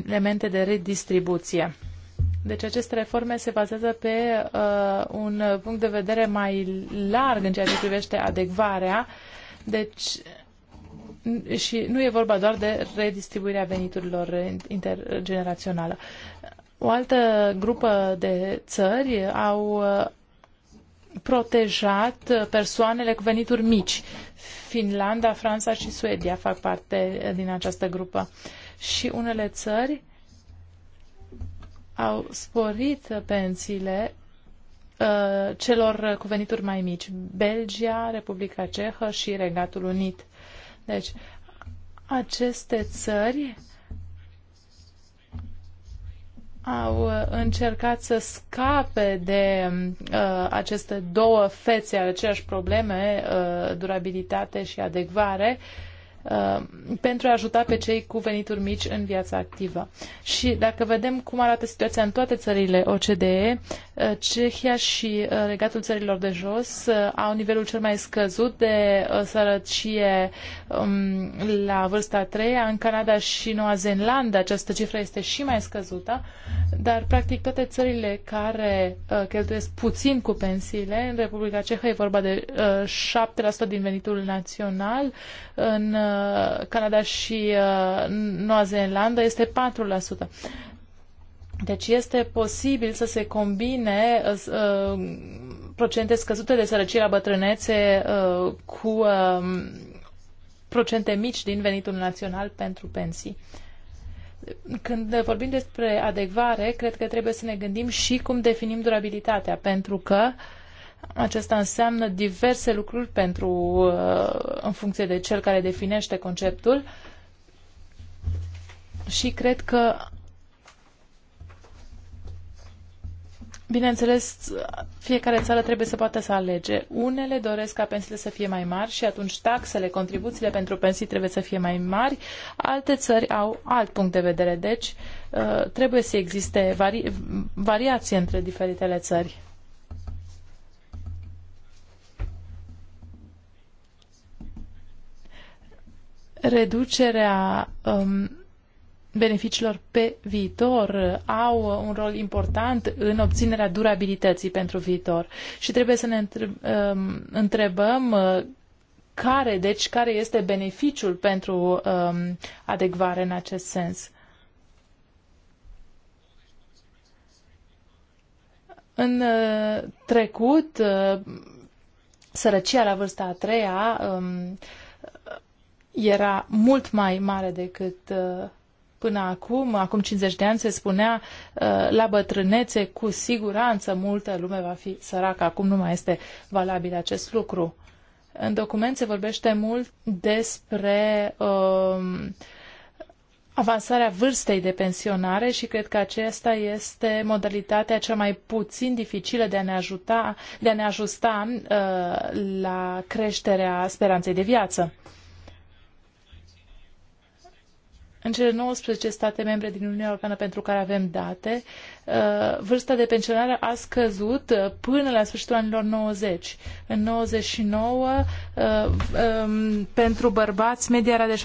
elemente de redistribuție. Deci aceste reforme se bazează pe uh, un punct de vedere mai larg în ceea ce privește adecvarea. Deci și nu e vorba doar de redistribuirea veniturilor intergeneraționale. O altă grupă de țări au uh, protejat persoanele cu venituri mici. Finlanda, Franța și Suedia fac parte din această grupă. Și unele țări au sporit pensiile uh, celor cu venituri mai mici. Belgia, Republica Cehă și Regatul Unit. Deci, aceste țări au încercat să scape de uh, aceste două fețe ale aceeași probleme, uh, durabilitate și adecvare, uh, Uh, pentru a ajuta pe cei cu venituri mici în viața activă. Și dacă vedem cum arată situația în toate țările OCDE, uh, Cehia și uh, regatul țărilor de jos au nivelul cel mai scăzut de sărăcie um, la vârsta 3 în Canada și Noua Zeelandă această cifră este și mai scăzută, dar practic toate țările care cheltuiesc puțin cu pensiile, în Republica Cehă e vorba de 7% din venitul național, în Uh, Canada și uh, Noua Zeelandă este 4%. Deci este posibil să se combine uh, procente scăzute de sărăcie la bătrânețe uh, cu uh, procente mici din venitul național pentru pensii. Când vorbim despre adecvare, cred că trebuie să ne gândim și cum definim durabilitatea, pentru că uh, acesta înseamnă diverse lucruri pentru, uh, în funcție de cel care definește conceptul și cred că Bineînțeles, fiecare țară trebuie să poată să alege. Unele doresc ca pensiile să fie mai mari și atunci taxele, contribuțiile pentru pensii trebuie să fie mai mari. Alte țări au alt punct de vedere, deci uh, trebuie să existe vari- variații între diferitele țări. reducerea um, beneficiilor pe viitor au un rol important în obținerea durabilității pentru viitor. Și trebuie să ne um, întrebăm uh, care, deci, care este beneficiul pentru um, adecvare în acest sens. În uh, trecut, uh, sărăcia la vârsta a treia um, era mult mai mare decât uh, până acum, acum 50 de ani se spunea uh, la bătrânețe, cu siguranță multă lume va fi săracă. Acum nu mai este valabil acest lucru. În document se vorbește mult despre um, avansarea vârstei de pensionare și cred că aceasta este modalitatea cea mai puțin dificilă de a ne, ajuta, de a ne ajusta uh, la creșterea speranței de viață. În cele 19 state membre din Uniunea Europeană pentru care avem date, uh, vârsta de pensionare a scăzut uh, până la sfârșitul anilor 90. În 99, uh, um, pentru bărbați, media era de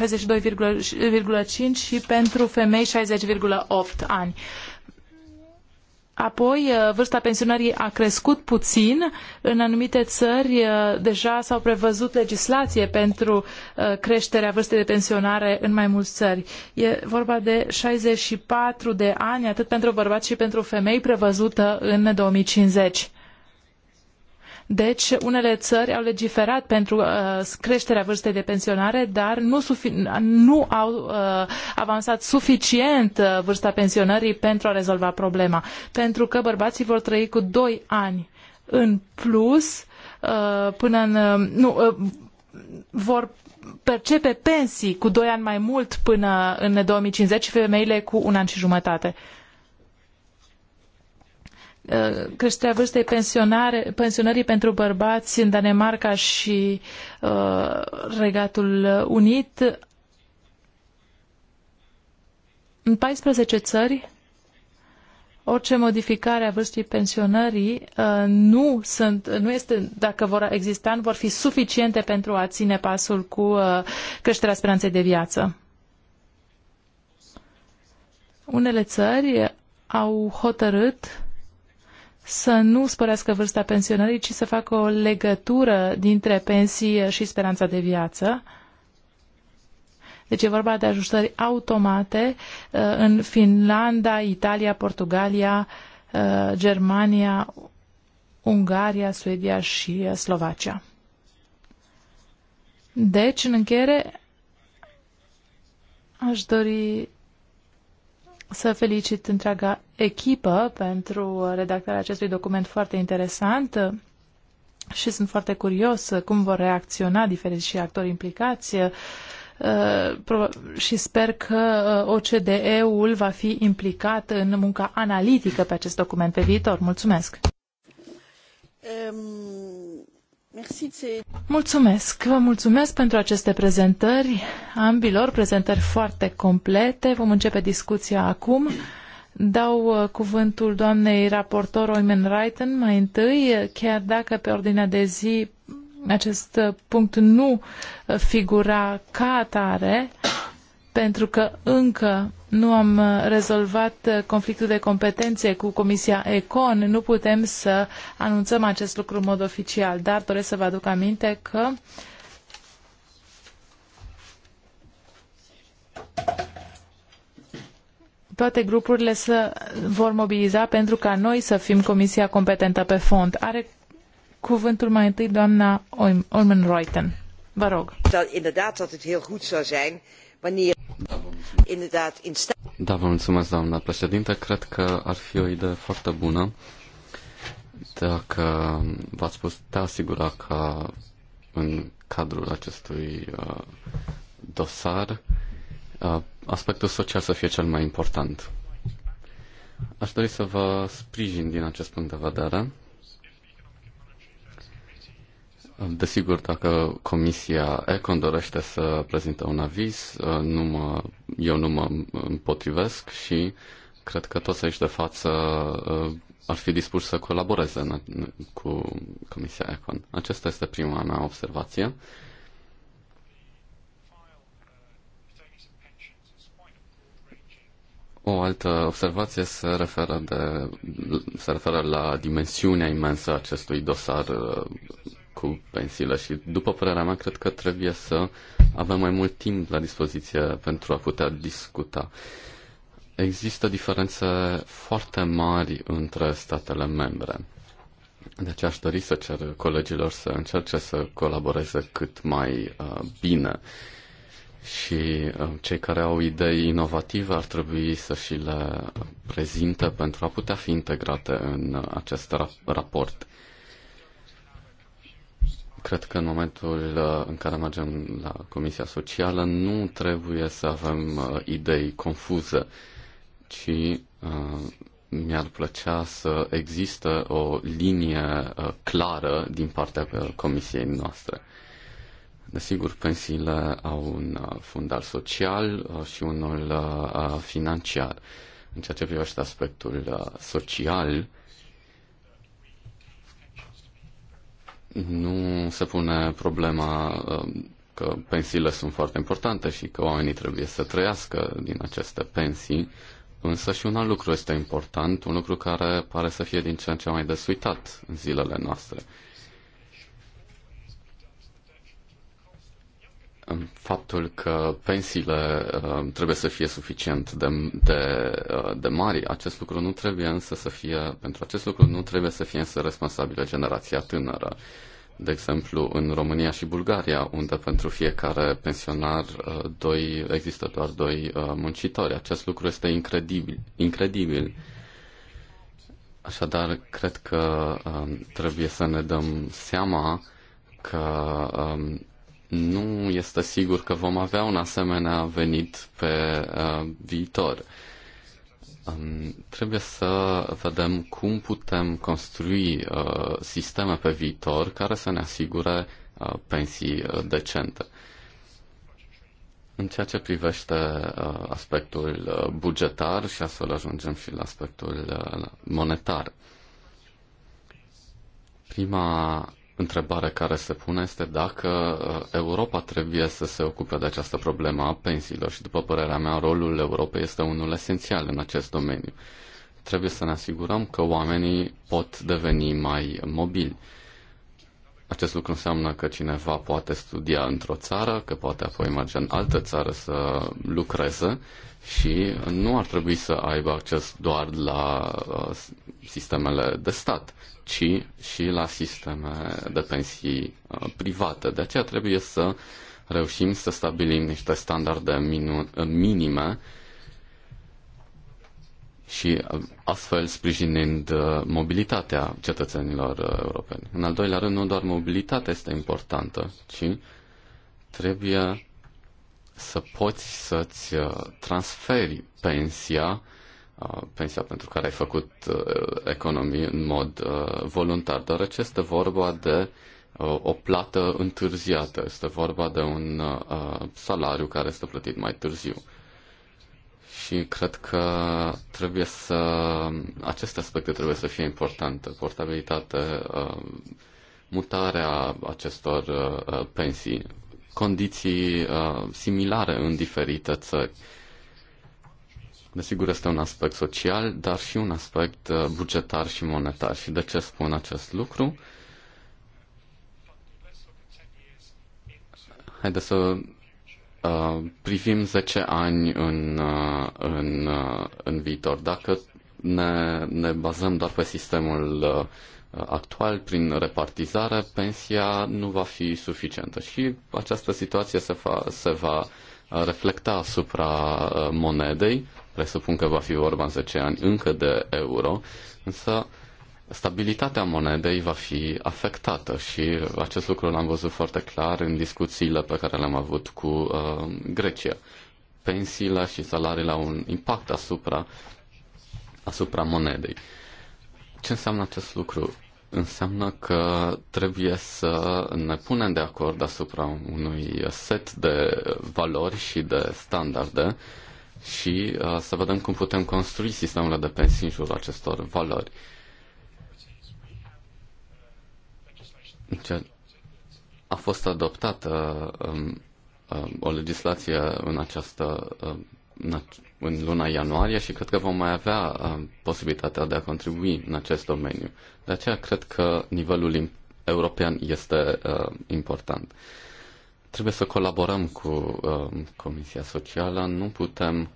62,5 și pentru femei 60,8 ani. Apoi, uh, vârsta pensionării a crescut puțin. În anumite țări uh, deja s-au prevăzut legislație pentru uh, creșterea vârstei de pensionare în mai mulți țări. E vorba de 64 de ani, atât pentru bărbați și pentru femei, prevăzută în 2050. Deci, unele țări au legiferat pentru uh, creșterea vârstei de pensionare, dar nu, nu au uh, avansat suficient uh, vârsta pensionării pentru a rezolva problema. Pentru că bărbații vor trăi cu 2 ani în plus uh, până în. Uh, nu, uh, vor percepe pensii cu 2 ani mai mult până în 2050 și femeile cu un an și jumătate. Uh, Uh, creșterea vârstei pensionare, pensionării pentru bărbați în Danemarca și uh, Regatul Unit. În 14 țări, orice modificare a vârstei pensionării uh, nu, sunt, nu este, dacă vor exista, vor fi suficiente pentru a ține pasul cu uh, creșterea speranței de viață. Unele țări au hotărât să nu sporească vârsta pensionării, ci să facă o legătură dintre pensie și speranța de viață. Deci e vorba de ajustări automate uh, în Finlanda, Italia, Portugalia, uh, Germania, Ungaria, Suedia și uh, Slovacia. Deci, în încheiere, aș dori să felicit întreaga echipă pentru redactarea acestui document foarte interesant și sunt foarte curios cum vor reacționa diferiți actori implicați uh, și sper că uh, OCDE-ul va fi implicat în munca analitică pe acest document pe viitor. Mulțumesc! Um... Mulțumesc! Vă mulțumesc pentru aceste prezentări, ambilor prezentări foarte complete. Vom începe discuția acum. Dau uh, cuvântul doamnei raportor Oimen Reiten mai întâi, chiar dacă pe ordinea de zi acest uh, punct nu uh, figura ca atare, pentru că încă nu am uh, rezolvat uh, conflictul de competențe cu Comisia Econ, nu putem să anunțăm acest lucru în mod oficial, dar doresc să vă aduc aminte că toate grupurile să vor mobiliza pentru ca noi să fim comisia competentă pe fond. Are cuvântul mai întâi doamna Olmen Reuten. Vă rog. Inderdaad dat het heel goed zou zijn wanneer inderdaad in staat. Da, vă mulțumesc, doamna președinte. Cred că ar fi o idee foarte bună dacă v-ați putea asigura că în cadrul acestui uh, dosar uh, aspectul social să fie cel mai important. Aș dori să vă sprijin din acest punct de vedere Desigur, dacă Comisia Econ dorește să prezinte un aviz, uh, nu mă, eu nu mă împotrivesc și cred că toți aici de față uh, ar fi dispuși să colaboreze cu Comisia Econ. Aceasta este prima mea observație. O altă observație se referă, de, se referă la dimensiunea imensă a acestui dosar uh, cu pensiile și, după părerea mea, cred că trebuie să avem mai mult timp la dispoziție pentru a putea discuta. Există diferențe foarte mari între statele membre. De deci aceea aș dori să cer colegilor să încerce să colaboreze cât mai uh, bine și uh, cei care au idei inovative ar trebui să și le prezinte pentru a putea fi integrate în uh, acest ra- raport. Cred că în momentul uh, în care mergem la Comisia Socială nu trebuie să avem uh, idei confuze, ci uh, mi-ar plăcea să există o linie uh, clară din partea uh, Comisiei noastre. Desigur, pensiile au un fundal social și unul financiar. În ceea ce privește aspectul social, nu se pune problema uh, că pensiile sunt foarte importante și că oamenii trebuie să trăiască din aceste pensii, însă și un alt lucru este important, un lucru care pare să fie din ce în ce mai desuitat în zilele noastre, faptul că pensiile uh, trebuie să fie suficient de, de, uh, de mari, acest lucru nu trebuie însă să fie, pentru acest lucru nu trebuie să fie însă responsabilă generația tânără. De exemplu, în România și Bulgaria, unde pentru fiecare pensionar uh, doi, există doar doi muncitori. Acest lucru este incredibil. incredibil. Așadar, cred că trebuie să ne dăm seama că um, nu este sigur că vom avea un asemenea venit pe uh, viitor. Um, trebuie să vedem cum putem construi uh, sisteme pe viitor care să ne asigure uh, pensii uh, decente. În ceea ce privește uh, aspectul uh, bugetar și astfel ajungem și la aspectul uh, monetar. Prima întrebare care se pune este dacă uh, Europa trebuie să se ocupe de această problemă a pensiilor și, după părerea mea, rolul Europei este unul esențial în acest domeniu. Trebuie să ne asigurăm că oamenii pot deveni mai mobili acest lucru înseamnă că cineva poate studia într-o țară, că poate apoi merge în altă țară să lucreze și nu ar trebui să aibă acces doar la uh, sistemele de stat, ci și la sisteme de pensii uh, private. De aceea trebuie să reușim să stabilim niște standarde minime și uh, astfel sprijinind uh, mobilitatea cetățenilor uh, europeni. În al doilea rând, nu doar mobilitatea este importantă, ci trebuie să poți să-ți transferi pensia, pensia pentru care ai făcut economii în mod voluntar, deoarece este vorba de o plată întârziată, este vorba de un salariu care este plătit mai târziu și cred că trebuie să aceste aspecte trebuie să fie importante, portabilitate, uh, mutarea acestor uh, uh, pensii, condiții similare în diferite țări. Desigur, este un aspect social, dar și un aspect bugetar și monetar. Și de ce spun acest lucru? Haideți să Uh, privim 10 ani în, uh, în, uh, în viitor. Dacă ne, ne bazăm doar pe sistemul actual, prin repartizare, pensia nu va fi suficientă și această situație se, fa, se va reflecta asupra monedei, presupun că va fi vorba în 10 ani încă de euro, însă stabilitatea monedei va fi afectată și acest lucru l-am văzut foarte clar în discuțiile pe care le-am avut cu uh, Grecia. Pensiile și salariile au un impact asupra, asupra monedei. Ce înseamnă acest lucru? Înseamnă că trebuie să ne punem de acord asupra unui set de valori și de standarde și uh, să vedem cum putem construi sistemele de pensii în jurul acestor valori. Uh, a fost adoptată um, um, o legislație în această um, în luna ianuarie și cred că vom mai avea posibilitatea de a contribui în acest domeniu. De aceea cred că nivelul european este uh, important. Trebuie să colaborăm cu Comisia Socială, nu putem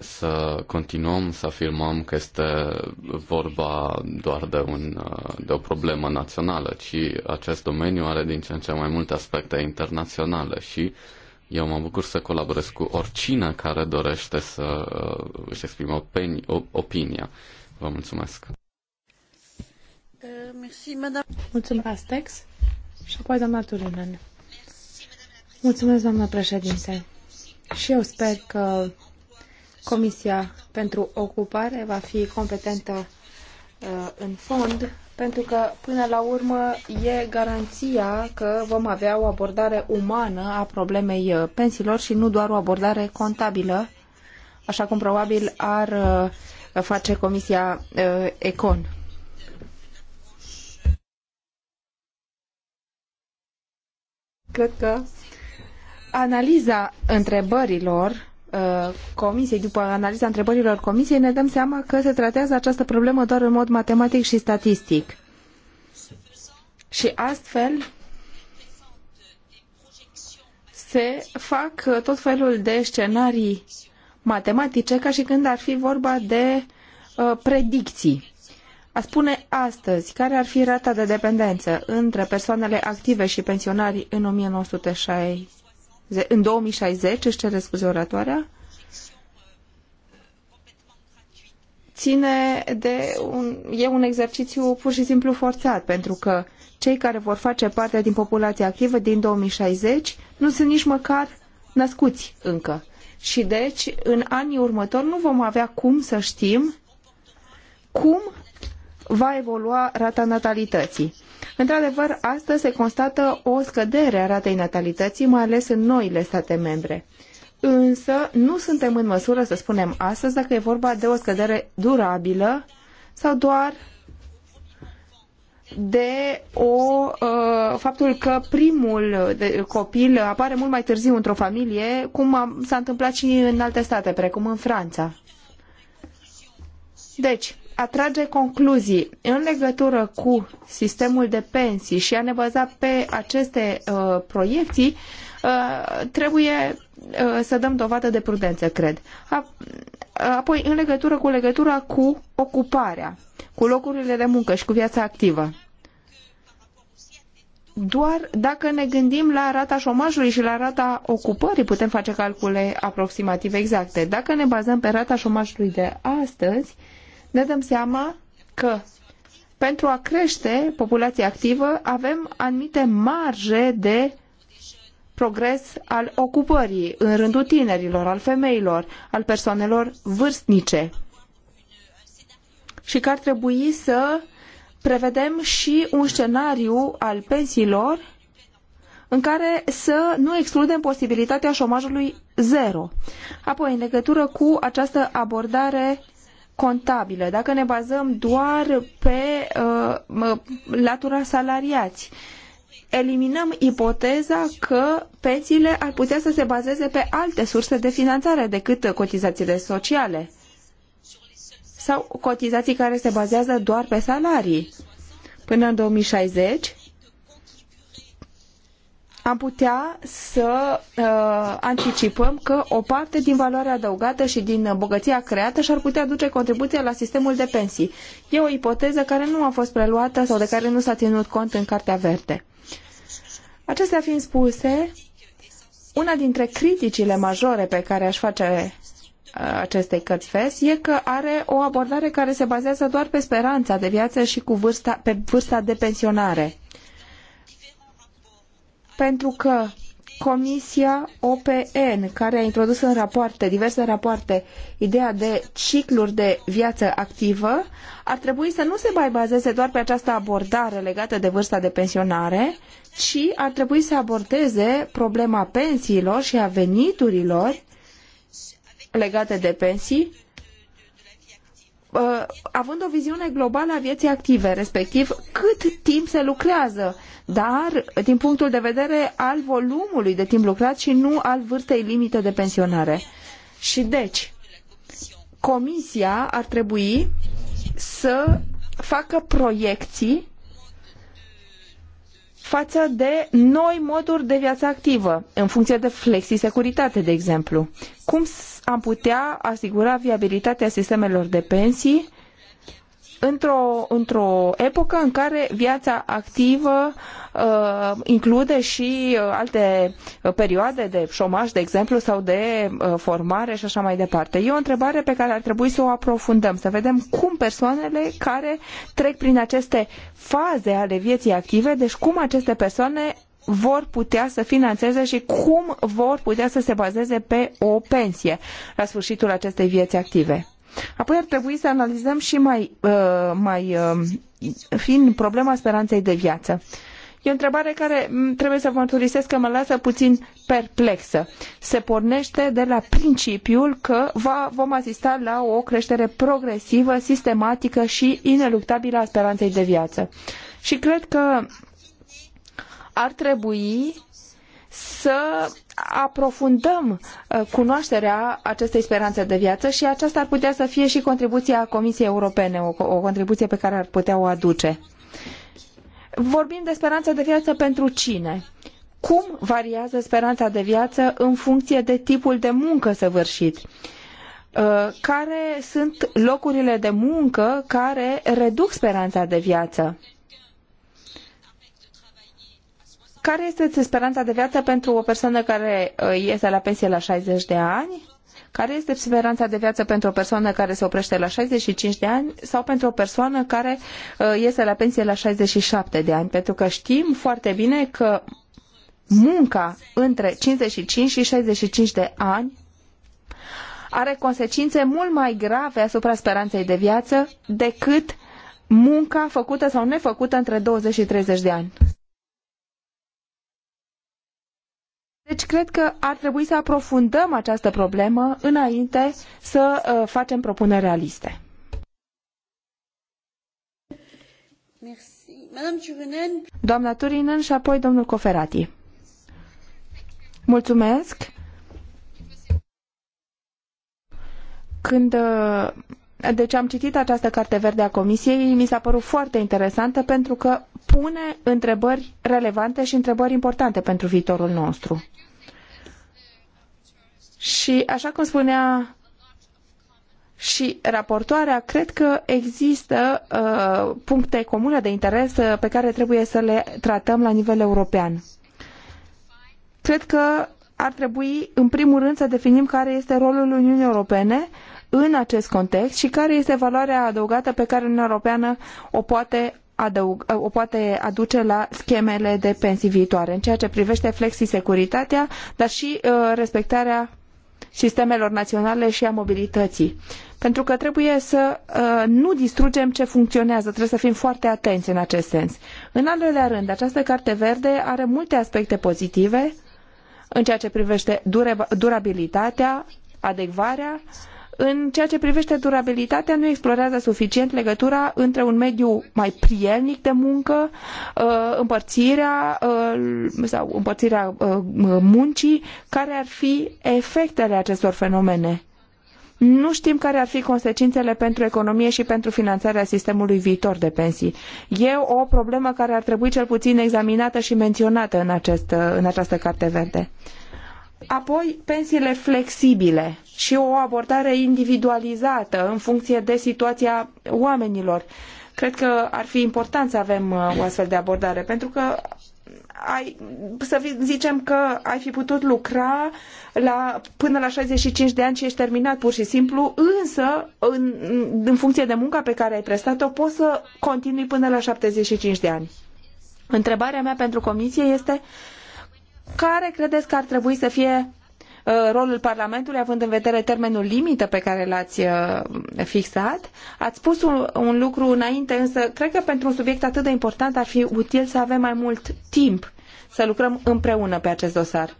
să continuăm să afirmăm că este vorba doar de, un, de o problemă națională, ci acest domeniu are din ce în ce mai multe aspecte internaționale și eu mă bucur să colaborez cu oricine care dorește să își exprime opini, opinia. Vă mulțumesc. Eh, mulțumesc, Tex. Și apoi doamna Turinen. Mulțumesc, doamna președinte. Și eu sper că Comisia pentru Ocupare va fi competentă uh, în fond, pentru că până la urmă e garanția că vom avea o abordare umană a problemei uh, pensiilor și nu doar o abordare contabilă, așa cum probabil ar uh, face Comisia Econ. Cred că analiza întrebărilor Uh, comisiei, după analiza întrebărilor comisiei, ne dăm seama că se tratează această problemă doar în mod matematic și statistic. Și astfel se fac tot felul de scenarii matematice ca și când ar fi vorba de uh, predicții. A spune astăzi care ar fi rata de dependență între persoanele active și pensionari în 1960 în 2060, își cere scuze oratoarea, ține de un, e un exercițiu pur și simplu forțat, pentru că cei care vor face parte din populația activă din 2060 nu sunt nici măcar născuți încă. Și deci, în anii următori, nu vom avea cum să știm cum va evolua rata natalității. Într-adevăr, astăzi se constată o scădere a ratei natalității, mai ales în noile state membre. Însă, nu suntem în măsură să spunem astăzi dacă e vorba de o scădere durabilă sau doar de o, uh, faptul că primul copil apare mult mai târziu într-o familie, cum s-a întâmplat și în alte state, precum în Franța. Deci, a trage concluzii în legătură cu sistemul de pensii și a ne baza pe aceste uh, proiecții, uh, trebuie uh, să dăm dovadă de prudență, cred. A, apoi, în legătură cu legătura cu ocuparea, cu locurile de muncă și cu viața activă. Doar dacă ne gândim la rata șomajului și la rata ocupării, putem face calcule aproximativ exacte. Dacă ne bazăm pe rata șomajului de astăzi, uh, ne dăm seama că pentru a crește populația activă avem anumite marje de progres al ocupării în rândul tinerilor, al femeilor, al persoanelor vârstnice. Și că ar trebui să prevedem și un scenariu al pensiilor în care să nu excludem posibilitatea șomajului zero. Apoi, în legătură cu această abordare contabilă. dacă ne bazăm doar pe uh, latura salariați, eliminăm ipoteza că pensiile ar putea să se bazeze pe alte surse de finanțare decât cotizațiile sociale sau cotizații care se bazează doar pe salarii. Până în 2060, am putea să uh, anticipăm că o parte din valoarea adăugată și din bogăția creată și-ar putea duce contribuția la sistemul de pensii. E o ipoteză care nu a fost preluată sau de care nu s-a ținut cont în Cartea Verde. Acestea fiind spuse, una dintre criticile majore pe care aș face uh, acestei cărți FES e că are o abordare care se bazează doar pe speranța de viață și cu vârsta, pe vârsta de pensionare pentru că Comisia OPN, care a introdus în rapoarte, diverse rapoarte, ideea de cicluri de viață activă, ar trebui să nu se mai bazeze doar pe această abordare legată de vârsta de pensionare, ci ar trebui să abordeze problema pensiilor și a veniturilor legate de pensii Uh, având o viziune globală a vieții active, respectiv cât timp se lucrează, dar din punctul de vedere al volumului de timp lucrat și nu al vârstei limită de pensionare. Și deci, Comisia ar trebui să facă proiecții față de noi moduri de viață activă, în funcție de flexi-securitate, de exemplu. Cum am putea asigura viabilitatea sistemelor de pensii într-o, într-o epocă în care viața activă uh, include și uh, alte perioade de șomaj, de exemplu, sau de uh, formare și așa mai departe. E o întrebare pe care ar trebui să o aprofundăm, să vedem cum persoanele care trec prin aceste faze ale vieții active, deci cum aceste persoane vor putea să financeze și cum vor putea să se bazeze pe o pensie la sfârșitul acestei vieți active. Apoi ar trebui să analizăm și mai, uh, mai uh, fin problema speranței de viață. E o întrebare care mm, trebuie să vă mărturisesc că mă lasă puțin perplexă. Se pornește de la principiul că va, vom asista la o creștere progresivă, sistematică și ineluctabilă a speranței de viață. Și cred că ar trebui să aprofundăm uh, cunoașterea acestei speranțe de viață și aceasta ar putea să fie și contribuția Comisiei Europene, o, o contribuție pe care ar putea o aduce. Vorbim de speranța de viață pentru cine? Cum variază speranța de viață în funcție de tipul de muncă săvârșit? Uh, care sunt locurile de muncă care reduc speranța de viață? Care este speranța de viață pentru o persoană care uh, iese la pensie la 60 de ani? Care este speranța de viață pentru o persoană care se oprește la 65 de ani sau pentru o persoană care uh, iese la pensie la 67 de ani? Pentru că știm foarte bine că munca între 55 și 65 de ani are consecințe mult mai grave asupra speranței de viață decât munca făcută sau nefăcută între 20 și 30 de ani. Deci cred că ar trebui să aprofundăm această problemă înainte să uh, facem propuneri realiste. Doamna Turinen și apoi domnul Coferati. Mulțumesc. Când uh, deci am citit această carte verde a Comisiei, mi s-a părut foarte interesantă pentru că pune întrebări relevante și întrebări importante pentru viitorul nostru. Și, așa cum spunea și raportoarea, cred că există uh, puncte comune de interes uh, pe care trebuie să le tratăm la nivel european. Cred că ar trebui, în primul rând, să definim care este rolul Uniunii Europene în acest context și care este valoarea adăugată pe care Uniunea Europeană o poate, adăug, uh, o poate aduce la schemele de pensii viitoare, în ceea ce privește flexisecuritatea, dar și uh, respectarea sistemelor naționale și a mobilității. Pentru că trebuie să uh, nu distrugem ce funcționează, trebuie să fim foarte atenți în acest sens. În al doilea rând, această carte verde are multe aspecte pozitive în ceea ce privește durabilitatea, adecvarea, uh, în ceea ce privește durabilitatea, nu explorează suficient legătura între un mediu mai prielnic de muncă, uh, împărțirea uh, sau împărțirea uh, muncii, care ar fi efectele acestor fenomene. Nu știm care ar fi consecințele pentru economie și pentru finanțarea sistemului viitor de pensii. E o problemă care ar trebui cel puțin examinată și menționată în, acest, în această carte verde. Apoi, pensiile flexibile și o abordare individualizată în funcție de situația oamenilor. Cred că ar fi important să avem uh, o astfel de abordare, pentru că ai, să zicem că ai fi putut lucra la, până la 65 de ani și ești terminat pur și simplu, însă în, în funcție de munca pe care ai prestat-o poți să continui până la 75 de ani. Întrebarea mea pentru comisie este uh, care credeți că ar trebui să fie uh, rolul Parlamentului, având în vedere termenul limită pe care l-ați uh, fixat. Ați spus un, un, lucru înainte, însă cred că pentru un subiect atât de important ar fi util să avem mai mult timp să lucrăm împreună pe acest dosar.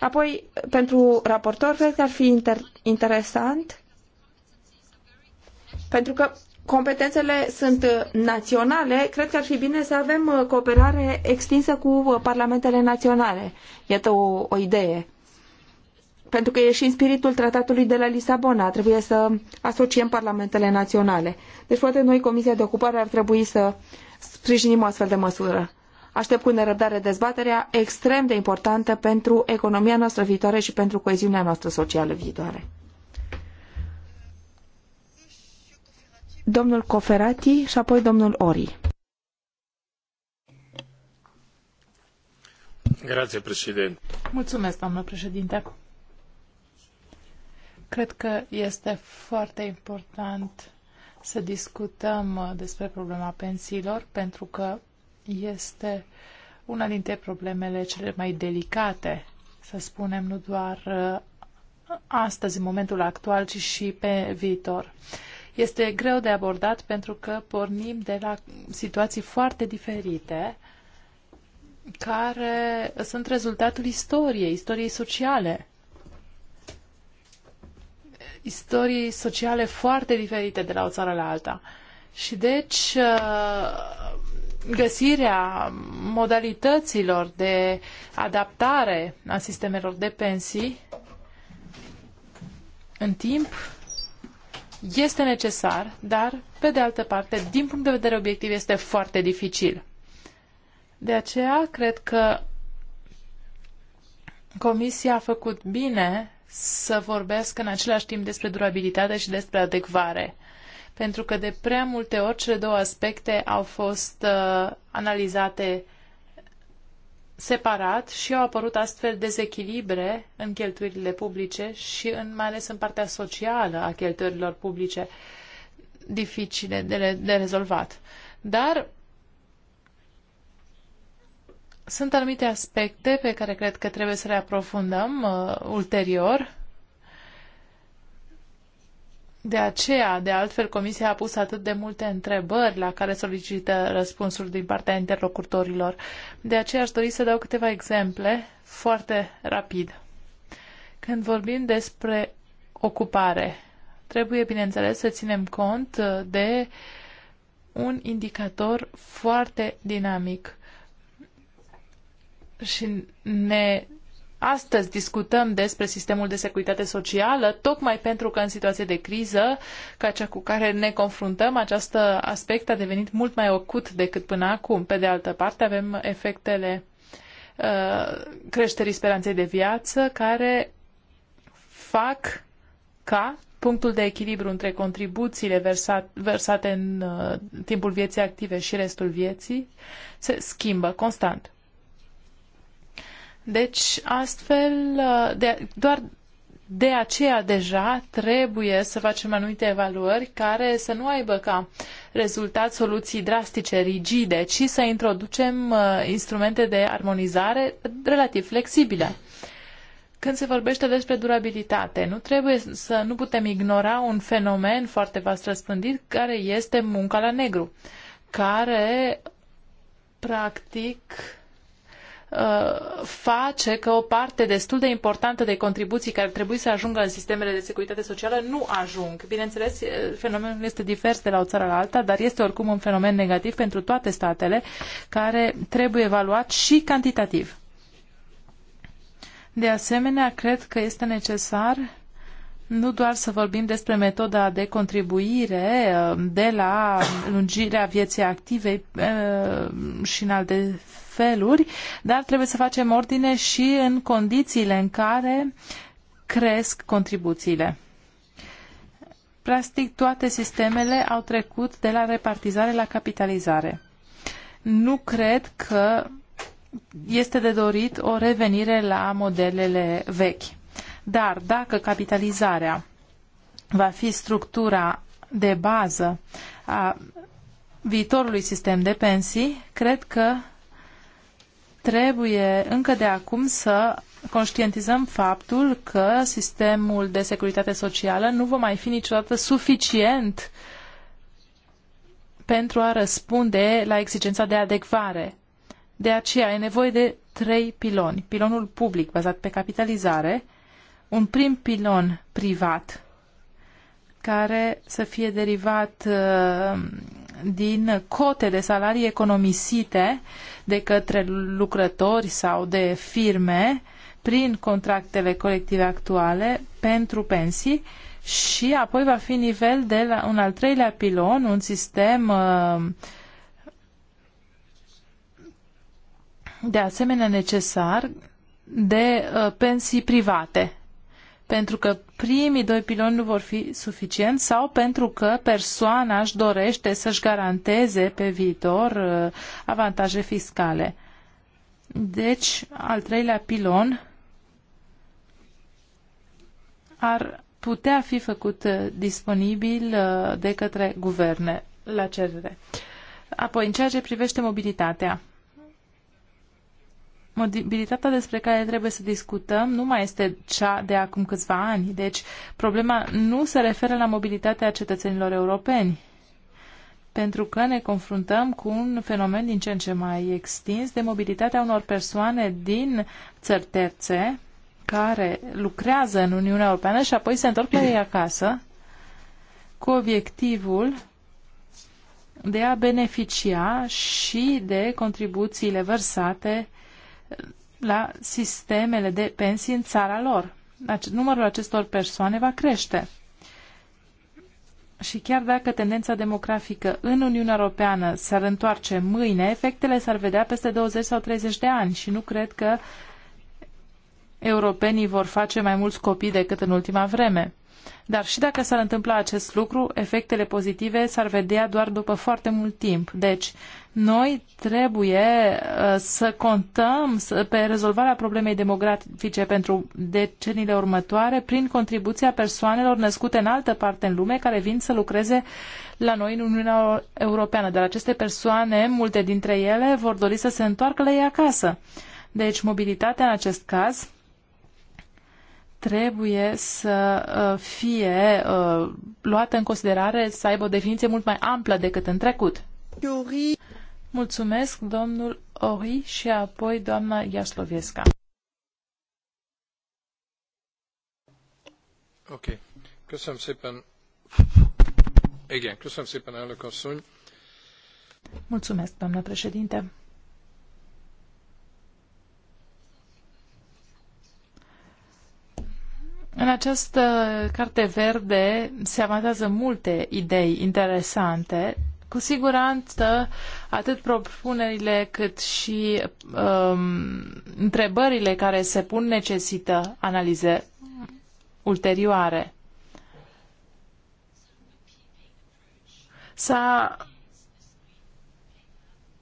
Apoi, pentru raportor, cred că ar fi inter interesant pentru că competențele sunt uh, naționale, cred că ar fi bine să avem uh, cooperare extinsă cu uh, parlamentele naționale. Iată o, o idee. Pentru că e și în spiritul tratatului de la Lisabona, trebuie să asociem parlamentele naționale. Deci poate noi, Comisia de Ocupare, ar trebui să sprijinim o astfel de măsură. Aștept cu nerăbdare dezbaterea extrem de importantă pentru economia noastră viitoare și pentru coeziunea noastră socială viitoare. domnul Coferati și apoi domnul Ori. președinte. Mulțumesc, doamnă președinte. Cred că este foarte important să discutăm despre problema pensiilor, pentru că este una dintre problemele cele mai delicate, să spunem, nu doar uh, astăzi, în momentul actual, ci și pe viitor este greu de abordat pentru că pornim de la situații foarte diferite care sunt rezultatul istoriei, istoriei sociale. Istorii sociale foarte diferite de la o țară la alta. Și deci uh, găsirea modalităților de adaptare a sistemelor de pensii în timp este necesar, dar, pe de altă parte, din punct de vedere obiectiv, este foarte dificil. De aceea, cred că Comisia a făcut bine să vorbesc în același timp despre durabilitate și despre adecvare. Pentru că de prea multe ori cele două aspecte au fost uh, analizate uh, separat și au apărut astfel dezechilibre în cheltuielile publice și în, mai ales în partea socială a cheltuielilor publice dificile de, de rezolvat. Dar sunt anumite aspecte pe care cred că trebuie să le aprofundăm uh, ulterior de aceea, de altfel, Comisia a pus atât de multe întrebări la care solicită răspunsuri din partea interlocutorilor. De aceea aș dori să dau câteva exemple foarte rapid. Când vorbim despre ocupare, trebuie, bineînțeles, să ținem cont de un indicator foarte dinamic și ne Astăzi discutăm despre sistemul de securitate socială, tocmai pentru că în situație de criză, ca cea cu care ne confruntăm, acest aspect a devenit mult mai ocut decât până acum. Pe de altă parte, avem efectele uh, creșterii speranței de viață, care fac ca punctul de echilibru între contribuțiile versat, versate în uh, timpul vieții active și restul vieții se schimbă constant. Deci, astfel, uh, de, doar de aceea deja trebuie să facem anumite evaluări care să nu aibă ca rezultat soluții drastice, rigide, ci să introducem uh, instrumente de armonizare relativ flexibile. Când se vorbește despre durabilitate, nu trebuie să nu putem ignora un fenomen foarte vast răspândit care este munca la negru, care practic Uh, face că o parte destul de importantă de contribuții care trebuie să ajungă în sistemele de securitate socială nu ajung. Bineînțeles, fenomenul este divers de la o țară la alta, dar este oricum un fenomen negativ pentru toate statele care trebuie evaluat și cantitativ. De asemenea, cred că este necesar nu doar să vorbim despre metoda de contribuire uh, de la lungirea vieții active uh, și în alte feluri, dar trebuie să facem ordine și în condițiile în care cresc contribuțiile. Practic, toate sistemele au trecut de la repartizare la capitalizare. Nu cred că este de dorit o revenire la modelele vechi. Dar dacă capitalizarea va fi structura de bază a viitorului sistem de pensii, cred că Trebuie încă de acum să conștientizăm faptul că sistemul de securitate socială nu va mai fi niciodată suficient pentru a răspunde la exigența de adecvare. De aceea e nevoie de trei piloni. Pilonul public bazat pe capitalizare, un prim pilon privat care să fie derivat uh, din cote de salarii economisite de către lucrători sau de firme prin contractele colective actuale pentru pensii și apoi va fi nivel de la un al treilea pilon, un sistem uh, de asemenea necesar de uh, pensii private pentru că primii doi piloni nu vor fi suficienți sau pentru că persoana își dorește să-și garanteze pe viitor uh, avantaje fiscale. Deci, al treilea pilon ar putea fi făcut uh, disponibil uh, de către guverne la cerere. Apoi, în ceea ce privește mobilitatea, mobilitatea despre care trebuie să discutăm nu mai este cea de acum câțiva ani. Deci, problema nu se referă la mobilitatea cetățenilor europeni, pentru că ne confruntăm cu un fenomen din ce în ce mai extins de mobilitatea unor persoane din țări terțe care lucrează în Uniunea Europeană și apoi se întorc la ei acasă cu obiectivul de a beneficia și de contribuțiile vărsate uh, la sistemele de pensii în țara lor. Numărul acestor persoane va crește. Și chiar dacă tendența demografică în Uniunea Europeană s-ar întoarce mâine, efectele s-ar vedea peste 20 sau 30 de ani și nu cred că europenii vor face mai mulți copii decât în ultima vreme. Dar și dacă s-ar întâmpla acest lucru, efectele pozitive s-ar vedea doar după foarte mult timp. Deci, noi trebuie uh, să contăm pe rezolvarea problemei demografice pentru deceniile următoare prin contribuția persoanelor născute în altă parte în lume care vin să lucreze la noi în Uniunea Europeană. Dar aceste persoane, multe dintre ele, vor dori să se întoarcă la ei acasă. Deci mobilitatea în acest caz trebuie să uh, fie uh, luată în considerare, să aibă o definiție mult mai amplă decât în trecut. Mulțumesc, domnul Ori și apoi doamna Iaslovieska. Ok. Köszönöm szépen. Igen, köszönöm szépen, elnök asszony. Mulțumesc, doamnă președinte. În această carte verde se amatează multe idei interesante cu siguranță, atât propunerile cât și um, întrebările care se pun necesită analize ulterioare. S-a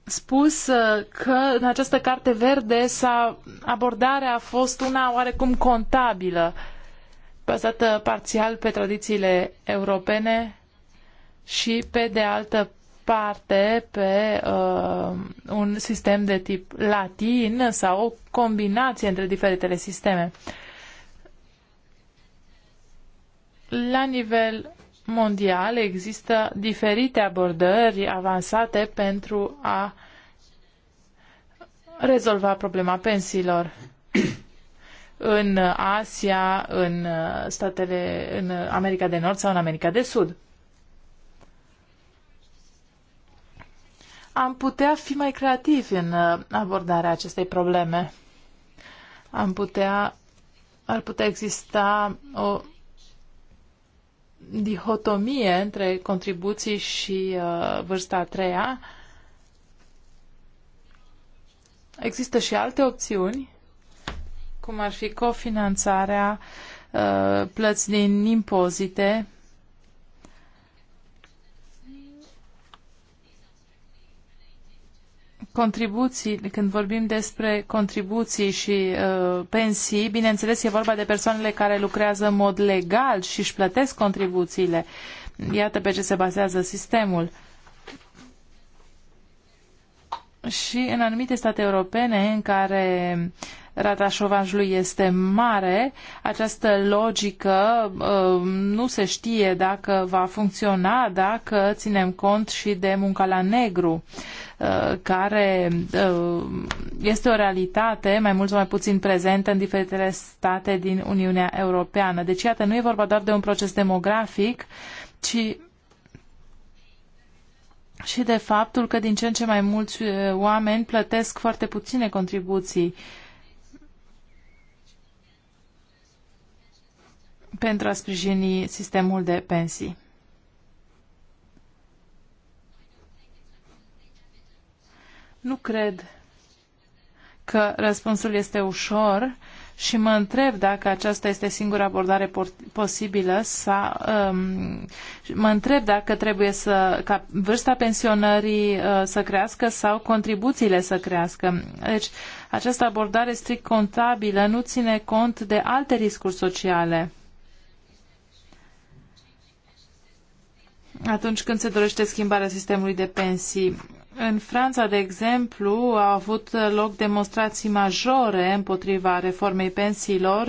spus uh, că în această carte verde sa abordarea a fost una oarecum contabilă, bazată parțial pe tradițiile europene și pe de altă parte pe uh, un sistem de tip latin sau o combinație între diferitele sisteme. La nivel mondial există diferite abordări avansate pentru a rezolva problema pensiilor. *clears throat* în Asia, în uh, statele, în America de Nord sau în America de Sud. am putea fi mai creativi în uh, abordarea acestei probleme. Am putea, ar putea exista o dihotomie între contribuții și uh, vârsta a treia. Există și alte opțiuni, cum ar fi cofinanțarea, uh, plăți din impozite, contribuții, când vorbim despre contribuții și uh, pensii, bineînțeles e vorba de persoanele care lucrează în mod legal și își plătesc contribuțiile. Iată pe ce se bazează sistemul. Și în anumite state europene în care uh, rata șovajului este mare, această logică uh, nu se știe dacă va funcționa, dacă ținem cont și de munca la negru, uh, care uh, este o realitate mai mult sau mai puțin prezentă în diferitele state din Uniunea Europeană. Deci, iată, nu e vorba doar de un proces demografic, ci și de faptul că din ce în ce mai mulți oameni plătesc foarte puține contribuții uh, pentru a sprijini sistemul de pensii. Nu cred că răspunsul este ușor și mă întreb dacă aceasta este singura abordare posibilă sau um, mă întreb dacă trebuie să ca vârsta pensionării uh, să crească sau contribuțiile să crească. Deci această abordare strict contabilă nu ține cont de alte riscuri sociale atunci când se dorește schimbarea sistemului de pensii. În Franța, de exemplu, au avut loc demonstrații majore împotriva reformei pensiilor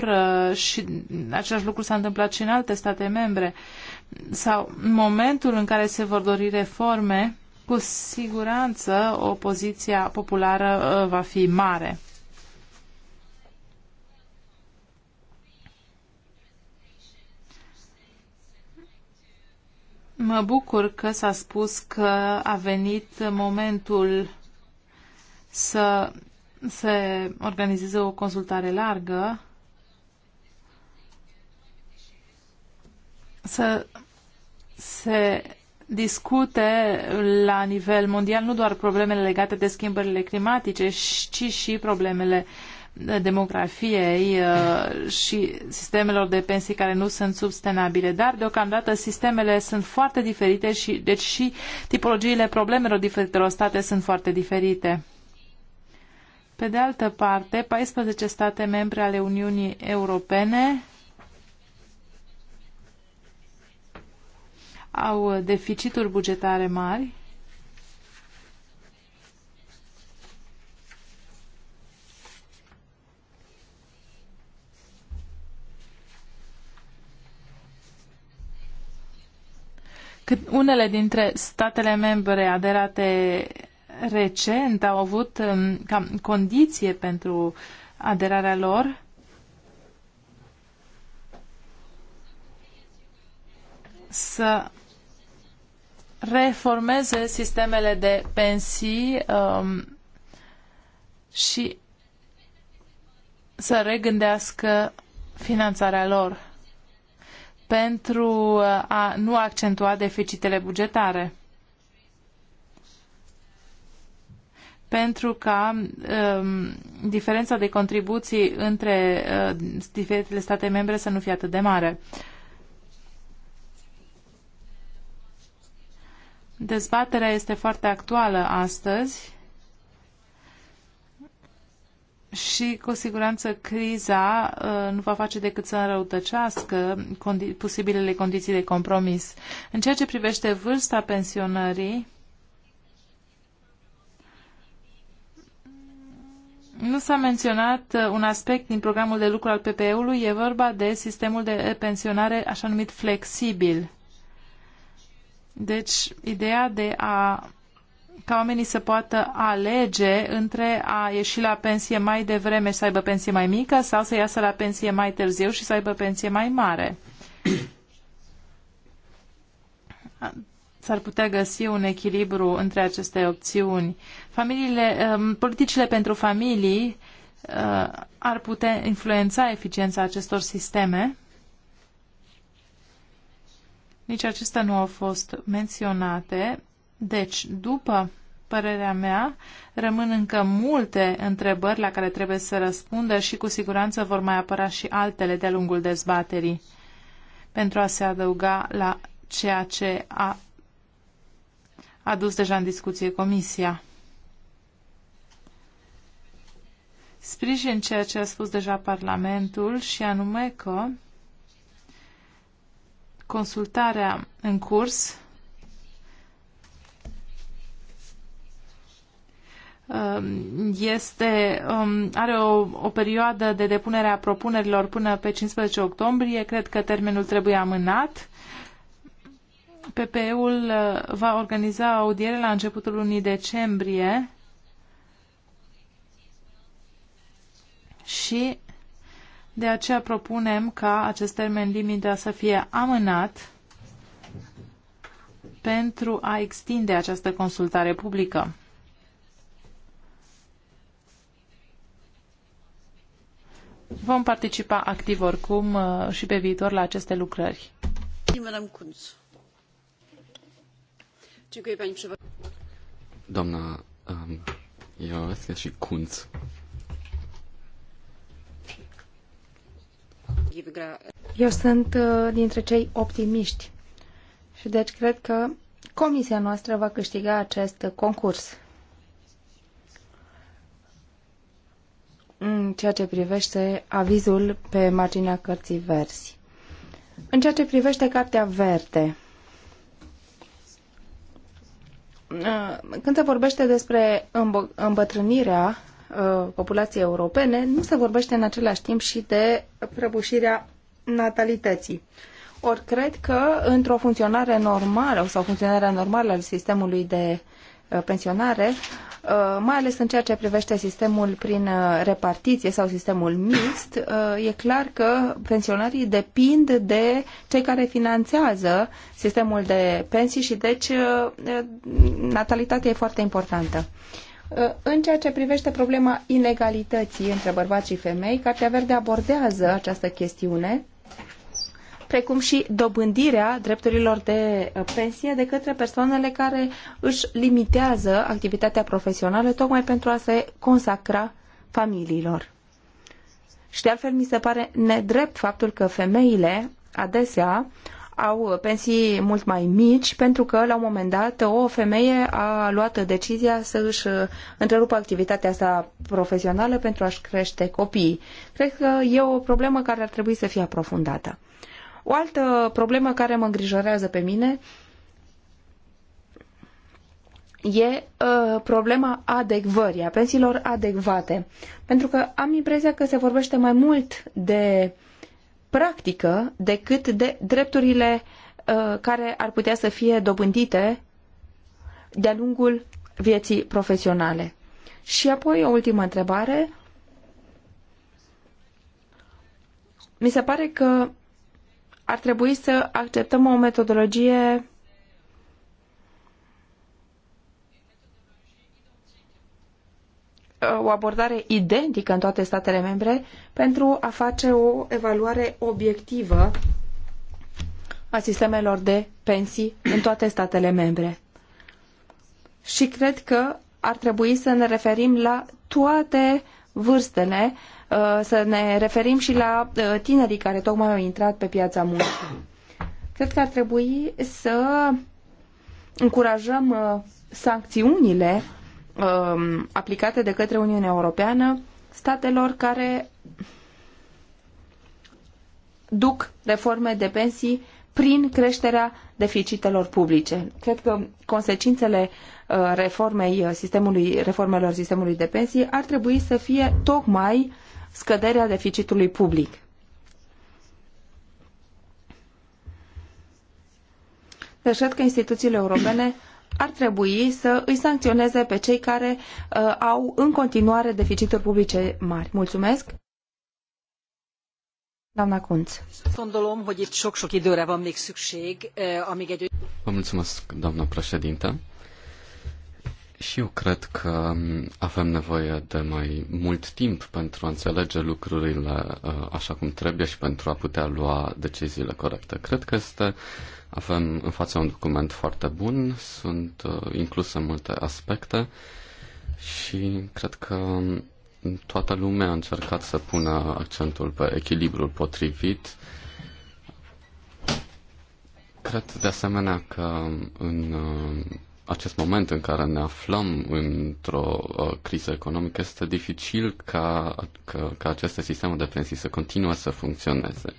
uh, și același lucru s-a întâmplat și în alte state membre. Sau în momentul în care se vor dori reforme, cu siguranță opoziția populară uh, va fi mare. Mă bucur că s-a spus că a venit momentul să se organizeze o consultare largă, să se discute la nivel mondial nu doar problemele legate de schimbările climatice, ci și problemele uh, demografiei uh, și sistemelor de pensii care nu sunt sustenabile, dar deocamdată sistemele sunt foarte diferite și deci și tipologiile problemelor diferitelor state sunt foarte diferite. Pe de altă parte, 14 state membre ale Uniunii Europene au deficituri bugetare mari Cât unele dintre statele membre aderate recent au avut um, ca condiție pentru aderarea lor să reformeze sistemele de pensii um, și să regândească finanțarea lor pentru uh, a nu accentua deficitele bugetare. pentru ca um, diferența de contribuții între uh, diferitele state membre să nu fie atât de mare. Dezbaterea este foarte actuală astăzi și cu siguranță criza uh, nu va face decât să înrăutăcească condi posibilele condiții de compromis. În ceea ce privește vârsta pensionării, Nu s-a menționat uh, un aspect din programul de lucru al PPE-ului, e vorba de sistemul de pensionare așa numit flexibil. Deci, ideea de a ca oamenii să poată alege între a ieși la pensie mai devreme și să aibă pensie mai mică sau să iasă la pensie mai târziu și să aibă pensie mai mare. S-ar putea găsi un echilibru între aceste opțiuni. Familiile, um, politicile pentru familii uh, ar putea influența eficiența acestor sisteme. Nici acestea nu au fost menționate. Deci, după părerea mea, rămân încă multe întrebări la care trebuie să răspundă și cu siguranță vor mai apăra și altele de-a lungul dezbaterii pentru a se adăuga la ceea ce a adus deja în discuție Comisia. Sprijin ceea ce a spus deja Parlamentul și anume că consultarea în curs Um, este, um, are o, o perioadă de depunere a propunerilor până pe 15 octombrie. Cred că termenul trebuie amânat. PPE-ul uh, va organiza audiere la începutul lunii decembrie și de aceea propunem ca acest termen limită să fie amânat pentru a extinde această consultare publică. Vom participa activ oricum uh, și pe viitor la aceste lucrări. Doamna um, Ioasca și Kunz. Eu sunt uh, dintre cei optimiști și deci cred că comisia noastră va câștiga acest concurs. în ceea ce privește avizul pe marginea cărții verzi. În ceea ce privește cartea verde, când se vorbește despre îmbătrânirea uh, populației europene, nu se vorbește în același timp și de prăbușirea natalității. Ori cred că într-o funcționare normală sau funcționarea normală al sistemului de uh, pensionare, Uh, mai ales în ceea ce privește sistemul prin uh, repartiție sau sistemul mixt, uh, e clar că pensionarii depind de cei care finanțează sistemul de pensii și deci natalitatea e foarte importantă. În ceea ce privește problema inegalității între bărbați și femei, Cartea Verde abordează această chestiune precum și dobândirea drepturilor de uh, pensie de către persoanele care își limitează activitatea profesională tocmai pentru a se consacra familiilor. Și de altfel mi se pare nedrept faptul că femeile adesea au pensii mult mai mici pentru că la un moment dat o femeie a luat decizia să își uh, întrerupă activitatea sa profesională pentru a-și crește copiii. Cred că e o problemă care ar trebui să fie aprofundată. O altă problemă care mă îngrijorează pe mine e uh, problema adecvării, a pensiilor adecvate. Pentru că am impresia că se vorbește mai mult de practică decât de drepturile uh, care ar putea să fie dobândite de-a lungul vieții profesionale. Și apoi o ultimă întrebare. Mi se pare că ar trebui să acceptăm o metodologie uh, o abordare identică în toate statele membre pentru a face o evaluare obiectivă a sistemelor de pensii în toate statele membre. Și cred că ar trebui să ne referim la toate uh, vârstele, uh, să ne referim și la uh, tinerii care tocmai au intrat pe piața muncii. Cred că ar trebui să încurajăm uh, sancțiunile um, aplicate de către Uniunea Europeană statelor care duc reforme de pensii prin creșterea deficitelor publice. Cred că consecințele reformei sistemului, reformelor sistemului de pensii ar trebui să fie tocmai scăderea deficitului public. Deci cred că instituțiile europene ar trebui să îi sancționeze pe cei care uh, au în continuare deficituri publice mari. Mulțumesc! Doamna Kunț. Eh, Vă mulțumesc, doamna președintă. Și eu cred că um, avem nevoie de mai mult timp pentru a înțelege lucrurile uh, așa cum trebuie și pentru a putea lua deciziile corecte. Cred că este, avem în fața un document foarte bun, sunt uh, incluse multe aspecte și cred că um, toată lumea a încercat să pună accentul pe echilibrul potrivit. Cred de asemenea că um, în uh, acest moment în care ne aflăm într-o uh, criză economică, este dificil ca, ca, ca aceste sisteme de pensii să continue să funcționeze.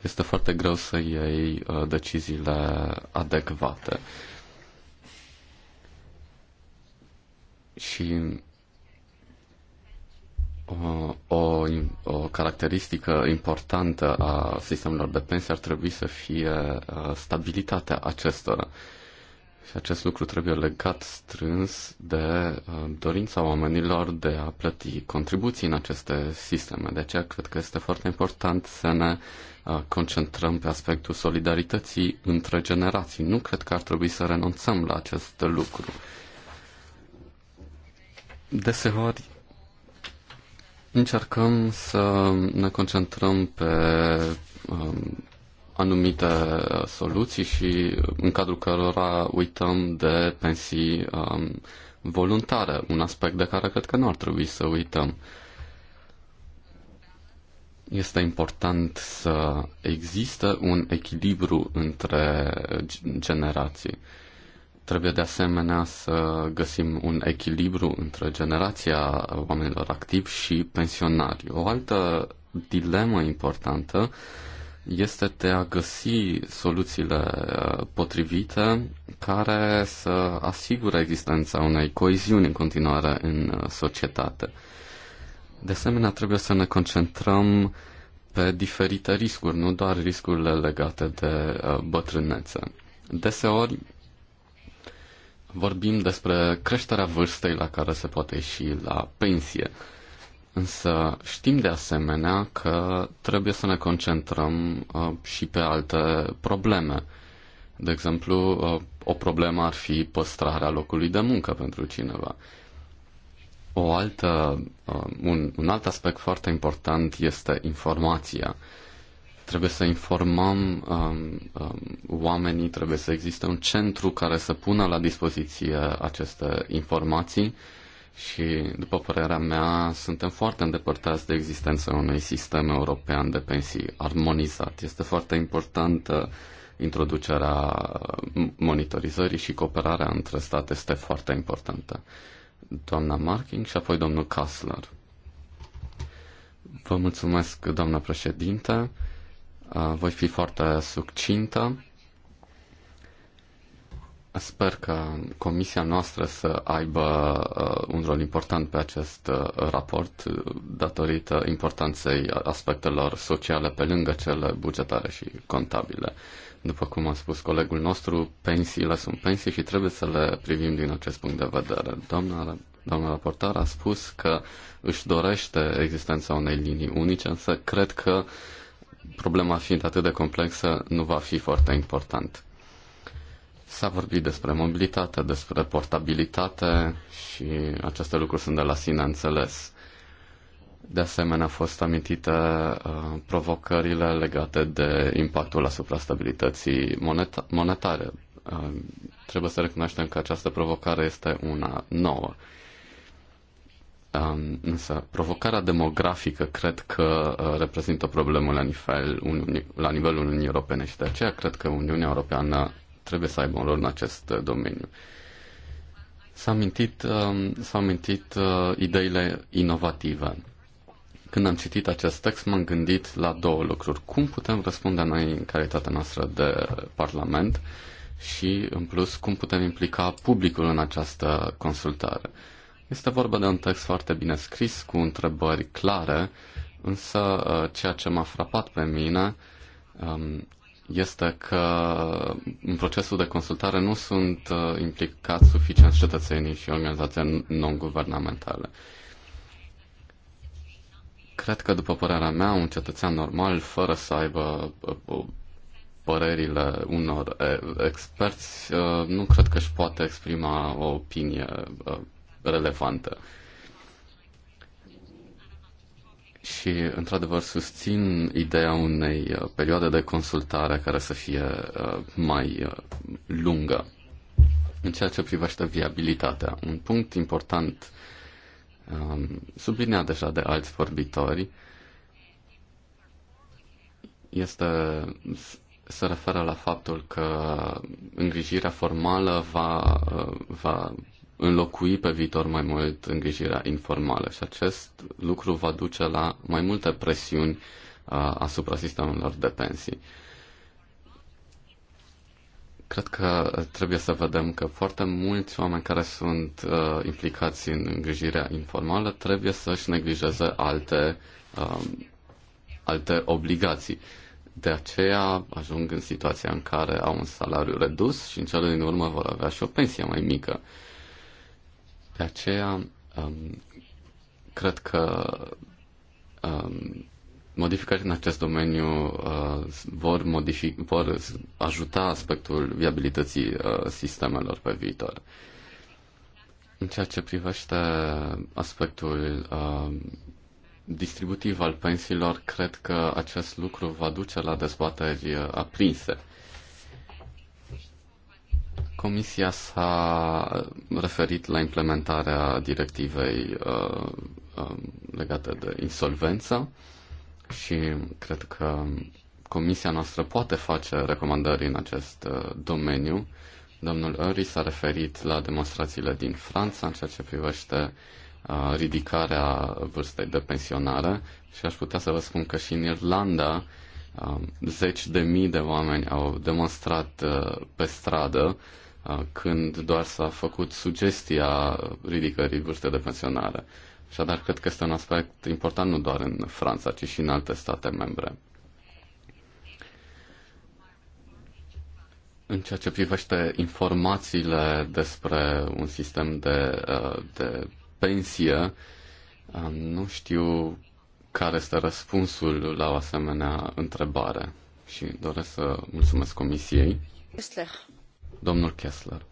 Este foarte greu să iei uh, deciziile adecvate. Și uh, o, o caracteristică importantă a sistemelor de pensie ar trebui să fie uh, stabilitatea acestora. Și acest lucru trebuie legat strâns de uh, dorința oamenilor de a plăti contribuții în aceste sisteme. De aceea cred că este foarte important să ne uh, concentrăm pe aspectul solidarității între generații. Nu cred că ar trebui să renunțăm la acest lucru. Deseori încercăm să ne concentrăm pe um, anumite uh, soluții și uh, în cadrul cărora uităm de pensii um, voluntare, un aspect de care cred că nu ar trebui să uităm. Este important să existe un echilibru între generații. Trebuie de asemenea să găsim un echilibru între generația oamenilor activi și pensionari. O altă dilemă importantă uh, este de a găsi soluțiile uh, potrivite care să asigure existența unei coeziuni în continuare în uh, societate. De asemenea, trebuie să ne concentrăm pe diferite riscuri, nu doar riscurile legate de uh, bătrânețe. Deseori vorbim despre creșterea vârstei la care se poate ieși la pensie. Însă știm de asemenea că trebuie să ne concentrăm uh, și pe alte probleme. De exemplu, uh, o problemă ar fi păstrarea locului de muncă pentru cineva. O altă, uh, un, un alt aspect foarte important este informația. Trebuie să informăm um, um, oamenii, trebuie să existe un centru care să pună la dispoziție aceste informații uh, și, după părerea mea, suntem foarte îndepărtați de existența unui sistem european de pensii armonizat. Este foarte importantă introducerea monitorizării și cooperarea între state este foarte importantă. Doamna Marking și apoi domnul Kassler. Vă mulțumesc, doamna președinte. Voi fi foarte succintă. Sper că comisia noastră să aibă uh, un rol important pe acest uh, raport uh, datorită importanței aspectelor sociale pe lângă cele bugetare și contabile. După cum a spus colegul nostru, pensiile sunt pensii și trebuie să le privim din acest punct de vedere. Doamna, doamna raportar a spus că își dorește existența unei linii unice, însă cred că problema fiind atât de complexă nu va fi foarte important S-a vorbit despre mobilitate, despre portabilitate și aceste lucruri sunt de la sine înțeles. De asemenea, au fost amintite uh, provocările legate de impactul asupra stabilității moneta- monetare. Uh, trebuie să recunoaștem că această provocare este una nouă. Um, însă, provocarea demografică cred că uh, reprezintă o problemă la, nivel, uni, la nivelul Uniunii Europene și de aceea cred că Uniunea Europeană trebuie să aibă un rol în acest uh, domeniu. Um, s-au mintit, s-au uh, mintit ideile inovative. Când am citit acest text, m-am gândit la două lucruri. Cum putem răspunde noi în calitatea noastră de Parlament și, în plus, cum putem implica publicul în această consultare. Este vorba de un text foarte bine scris, cu întrebări clare, însă uh, ceea ce m-a frapat pe mine um, este că în procesul de consultare nu sunt uh, implicați suficient cetățenii și organizații non-guvernamentale. Cred că, după părerea mea, un cetățean normal, fără să aibă uh, uh, părerile unor experți, nu cred că își poate exprima o opinie relevantă. Și, într-adevăr, susțin ideea unei uh, perioade de consultare care să fie uh, mai uh, lungă în ceea ce privește viabilitatea. Un punct important um, subliniat deja de alți vorbitori este se referă la faptul că îngrijirea formală va, va înlocui pe viitor mai mult îngrijirea informală și acest lucru va duce la mai multe presiuni uh, asupra sistemelor de pensii. Cred că trebuie să vedem că foarte mulți oameni care sunt uh, implicați în îngrijirea informală trebuie să-și neglijeze alte, uh, alte obligații. De aceea ajung în situația în care au un salariu redus și în cele din urmă vor avea și o pensie mai mică. Uh, de aceea, um, cred că um, modificări în acest domeniu uh, vor, modific- vor ajuta aspectul viabilității uh, sistemelor pe viitor. În ceea ce privește aspectul uh, distributiv al pensiilor, cred că acest lucru va duce la dezbateri uh, aprinse. Comisia s-a referit la implementarea directivei uh, uh, legate de insolvență și cred că Comisia noastră poate face recomandări în acest uh, domeniu. Domnul Ori s-a referit la demonstrațiile din Franța în ceea ce privește uh, ridicarea vârstei de pensionare și aș putea să vă spun că și în Irlanda uh, zeci de mii de oameni au demonstrat uh, pe stradă Uh, când doar s-a făcut sugestia ridicării vârstei de pensionare. Și dar cred că este un aspect important nu doar în Franța, ci și în alte state membre. În ceea ce privește informațiile despre un sistem de, uh, de pensie, uh, nu știu care este răspunsul la o asemenea întrebare și doresc să mulțumesc Comisiei domnul Kessler.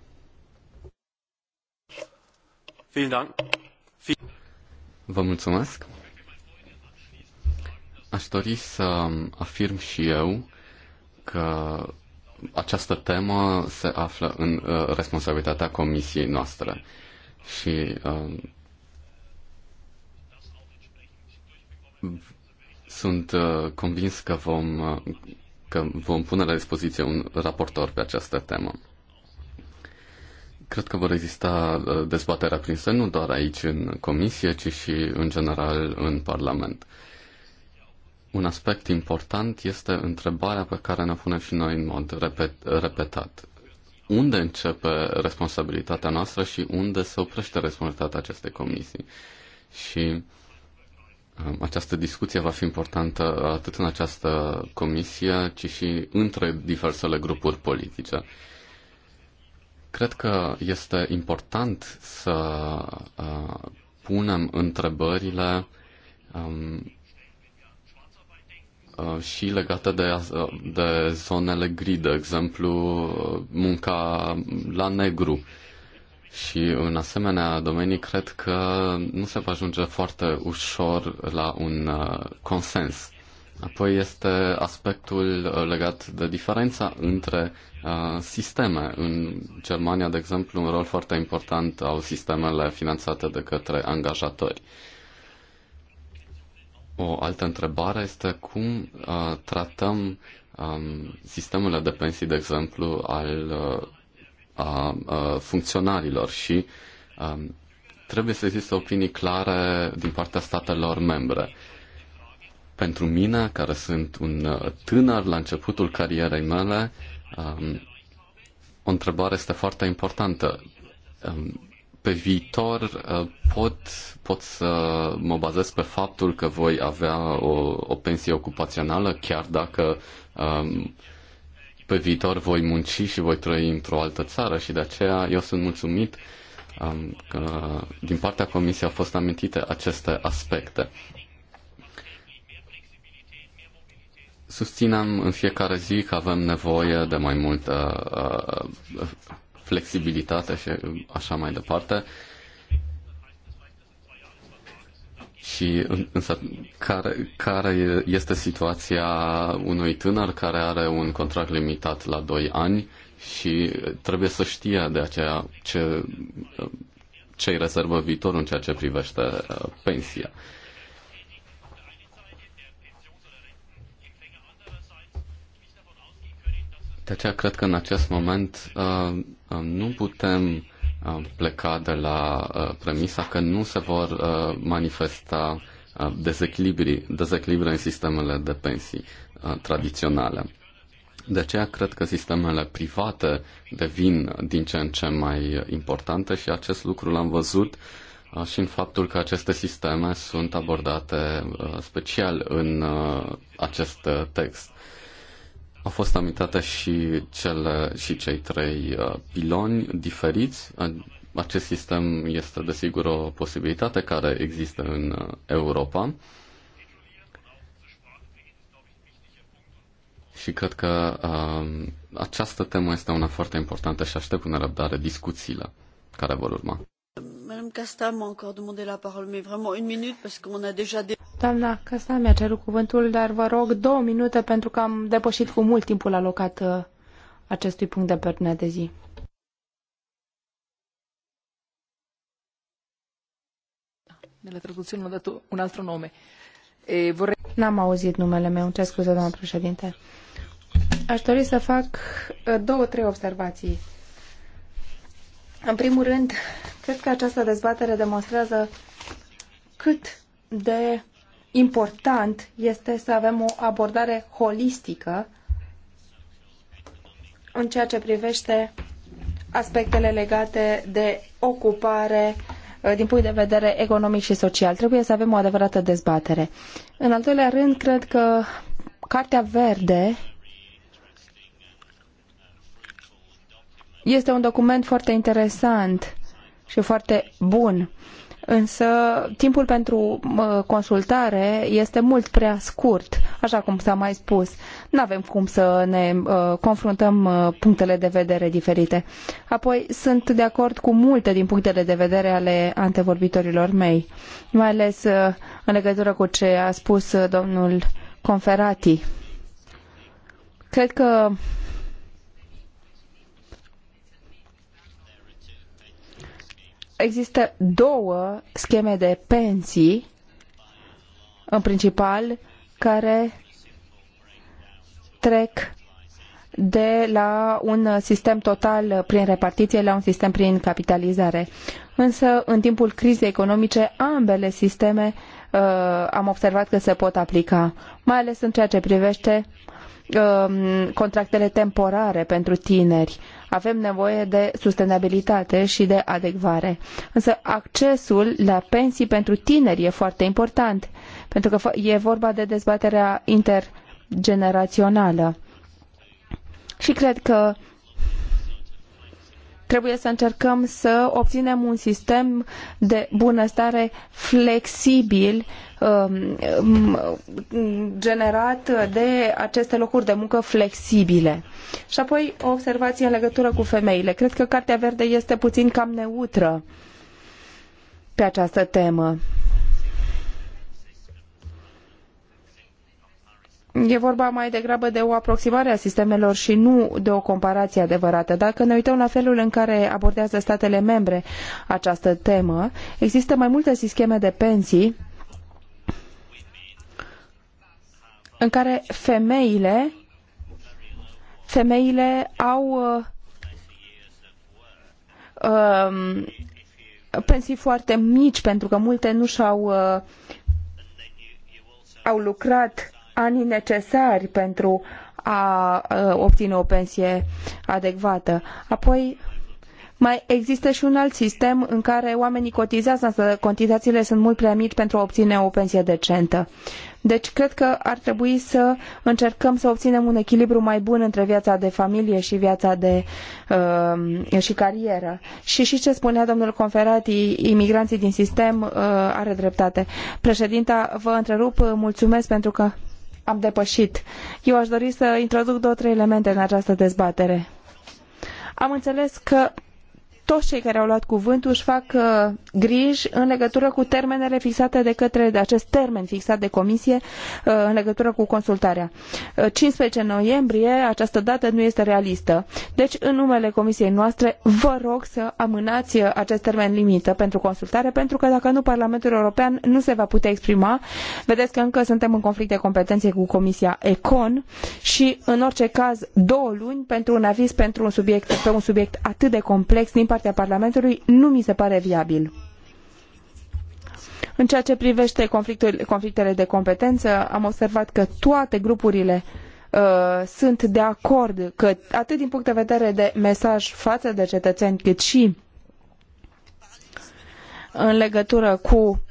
Vă mulțumesc. Aș dori să afirm și eu că această temă se află în uh, responsabilitatea comisiei noastre și uh, sunt uh, convins că vom, uh, că vom pune la dispoziție un raportor pe această temă. Cred că vor exista uh, dezbaterea aprinse nu doar aici în comisie, ci și în general în Parlament. Un aspect important este întrebarea pe care ne punem și noi în mod repet, repetat. Unde începe responsabilitatea noastră și unde se oprește responsabilitatea acestei comisii? Și um, această discuție va fi importantă atât în această comisie, ci și între diversele grupuri politice. Cred că este important să uh, punem întrebările um, uh, și legate de, uh, de zonele gri, de exemplu, uh, munca la negru. Și în asemenea domenii cred că nu se va ajunge foarte ușor la un consens. Apoi este aspectul legat de diferența între Uh, sisteme. În Germania, de exemplu, un rol foarte important au sistemele finanțate de către angajatori. O altă întrebare este cum uh, tratăm um, sistemele de pensii, de exemplu, al uh, a, uh, funcționarilor și um, trebuie să existe opinii clare din partea statelor membre. Pentru mine, care sunt un tânăr la începutul carierei mele, Um, o întrebare este foarte importantă. Um, pe viitor uh, pot, pot să mă bazez pe faptul că voi avea o, o pensie ocupațională, chiar dacă um, pe viitor voi munci și voi trăi într-o altă țară și de aceea eu sunt mulțumit um, că din partea Comisiei au fost amintite aceste aspecte. Susținem în fiecare zi că avem nevoie de mai multă uh, flexibilitate și așa mai departe. Și însă care, care este situația unui tânăr care are un contract limitat la 2 ani și trebuie să știe de aceea ce, ce îi rezervă viitorul în ceea ce privește uh, pensia. Uh, De aceea cred că în acest moment uh, uh, nu putem uh, pleca de la premisa că nu se vor manifesta dezechilibri, dezechilibre în sistemele de pensii tradiționale. De aceea cred că sistemele private devin din ce în ce mai importante și acest lucru l-am văzut și în faptul că aceste sisteme sunt abordate special în acest text. A fost amintate și, cele, și cei trei uh, piloni diferiți. Acest sistem este desigur o posibilitate care există în uh, Europa. Și cred că uh, această temă este una foarte importantă și aștept cu nerăbdare discuțiile care vor urma. Madame Casta a Doamna mi-a cerut cuvântul, dar vă rog două minute pentru că am depășit cu mult timpul alocat uh, acestui punct de pe de zi. Nella traduzione ho un alt nume. E N-am auzit numele meu, ce scuze, doamnă președinte. Aș dori să fac uh, două, trei observații în primul rând, cred că această dezbatere demonstrează cât de important este să avem o abordare holistică în ceea ce privește aspectele legate de ocupare uh, din punct de vedere economic și social. Trebuie să avem o adevărată dezbatere. În al doilea rând, cred că Cartea Verde Este un document foarte interesant și foarte bun, însă timpul pentru consultare este mult prea scurt, așa cum s-a mai spus. Nu avem cum să ne confruntăm punctele de vedere diferite. Apoi, sunt de acord cu multe din punctele de vedere ale antevorbitorilor mei, mai ales în legătură cu ce a spus domnul Conferati. Cred că există două scheme de pensii, în principal, care trec de la un sistem total prin repartiție la un sistem prin capitalizare. Însă, în timpul crizei economice, ambele sisteme uh, am observat că se pot aplica, mai ales în ceea ce privește uh, contractele temporare pentru tineri. Uh, avem nevoie de sustenabilitate și de adecvare. Însă accesul la pensii pentru tineri e foarte important, pentru că e vorba de dezbaterea intergenerațională. Și cred că Trebuie să încercăm să obținem un sistem de bunăstare flexibil um, um, generat de aceste locuri de muncă flexibile. Și apoi o observație în legătură cu femeile. Cred că Cartea Verde este puțin cam neutră pe această temă. E vorba mai degrabă de o aproximare a sistemelor și nu de o comparație adevărată. Dacă ne uităm la felul în care abordează statele membre această temă, există mai multe sisteme de pensii în care femeile femeile au uh, uh, pensii foarte mici pentru că multe nu și-au uh, au lucrat anii necesari pentru a obține o pensie adecvată. Apoi, mai există și un alt sistem în care oamenii cotizează, însă cotizațiile sunt mult prea mici pentru a obține o pensie decentă. Deci cred că ar trebui să încercăm să obținem un echilibru mai bun între viața de familie și viața de uh, și carieră. Și și ce spunea domnul Conferati, imigranții din sistem uh, are dreptate. Președinta, vă întrerup, mulțumesc pentru că am depășit. Eu aș dori să introduc două, trei elemente în această dezbatere. Am înțeles că toți cei care au luat cuvântul își fac uh, griji în legătură cu termenele fixate de către de acest termen fixat de comisie uh, în legătură cu consultarea. 15 uh, noiembrie, această dată nu este realistă. Deci, în numele comisiei noastre, vă rog să amânați uh, acest termen limită pentru consultare, pentru că dacă nu, Parlamentul European nu se va putea exprima. Vedeți că încă suntem în conflict de competențe cu comisia Econ și, în orice caz, două luni pentru un aviz pentru un subiect, pe un subiect atât de complex din partea Parlamentului nu mi se pare viabil. În ceea ce privește conflictele de competență, am observat că toate grupurile uh, sunt de acord că atât din punct de vedere de mesaj față de cetățeni cât și în legătură cu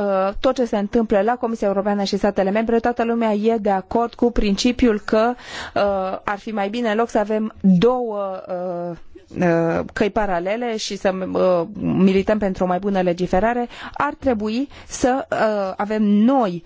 Uh, tot ce se întâmplă la Comisia Europeană și statele membre, toată lumea e de acord cu principiul că uh, ar fi mai bine în loc să avem două uh, căi paralele și să milităm pentru o mai bună legiferare, ar trebui să avem noi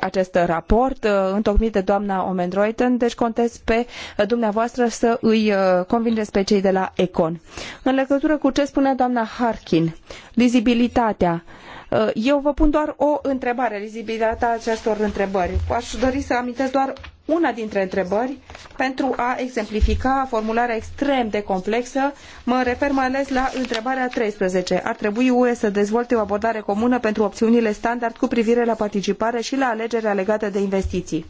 acest raport întocmit de doamna Omenroiten, deci contez pe dumneavoastră să îi convingeți pe cei de la Econ. În legătură cu ce spunea doamna Harkin, lizibilitatea, Eh, eu vă pun doar o întrebare, lizibilitatea acestor întrebări. Aș dori să amintesc doar una dintre întrebări pentru a exemplifica formularea extrem de complexă. Mă refer mai ales la întrebarea 13. Ar trebui UE să dezvolte o abordare comună pentru opțiunile standard cu privire la participare și la alegerea legată de investiții.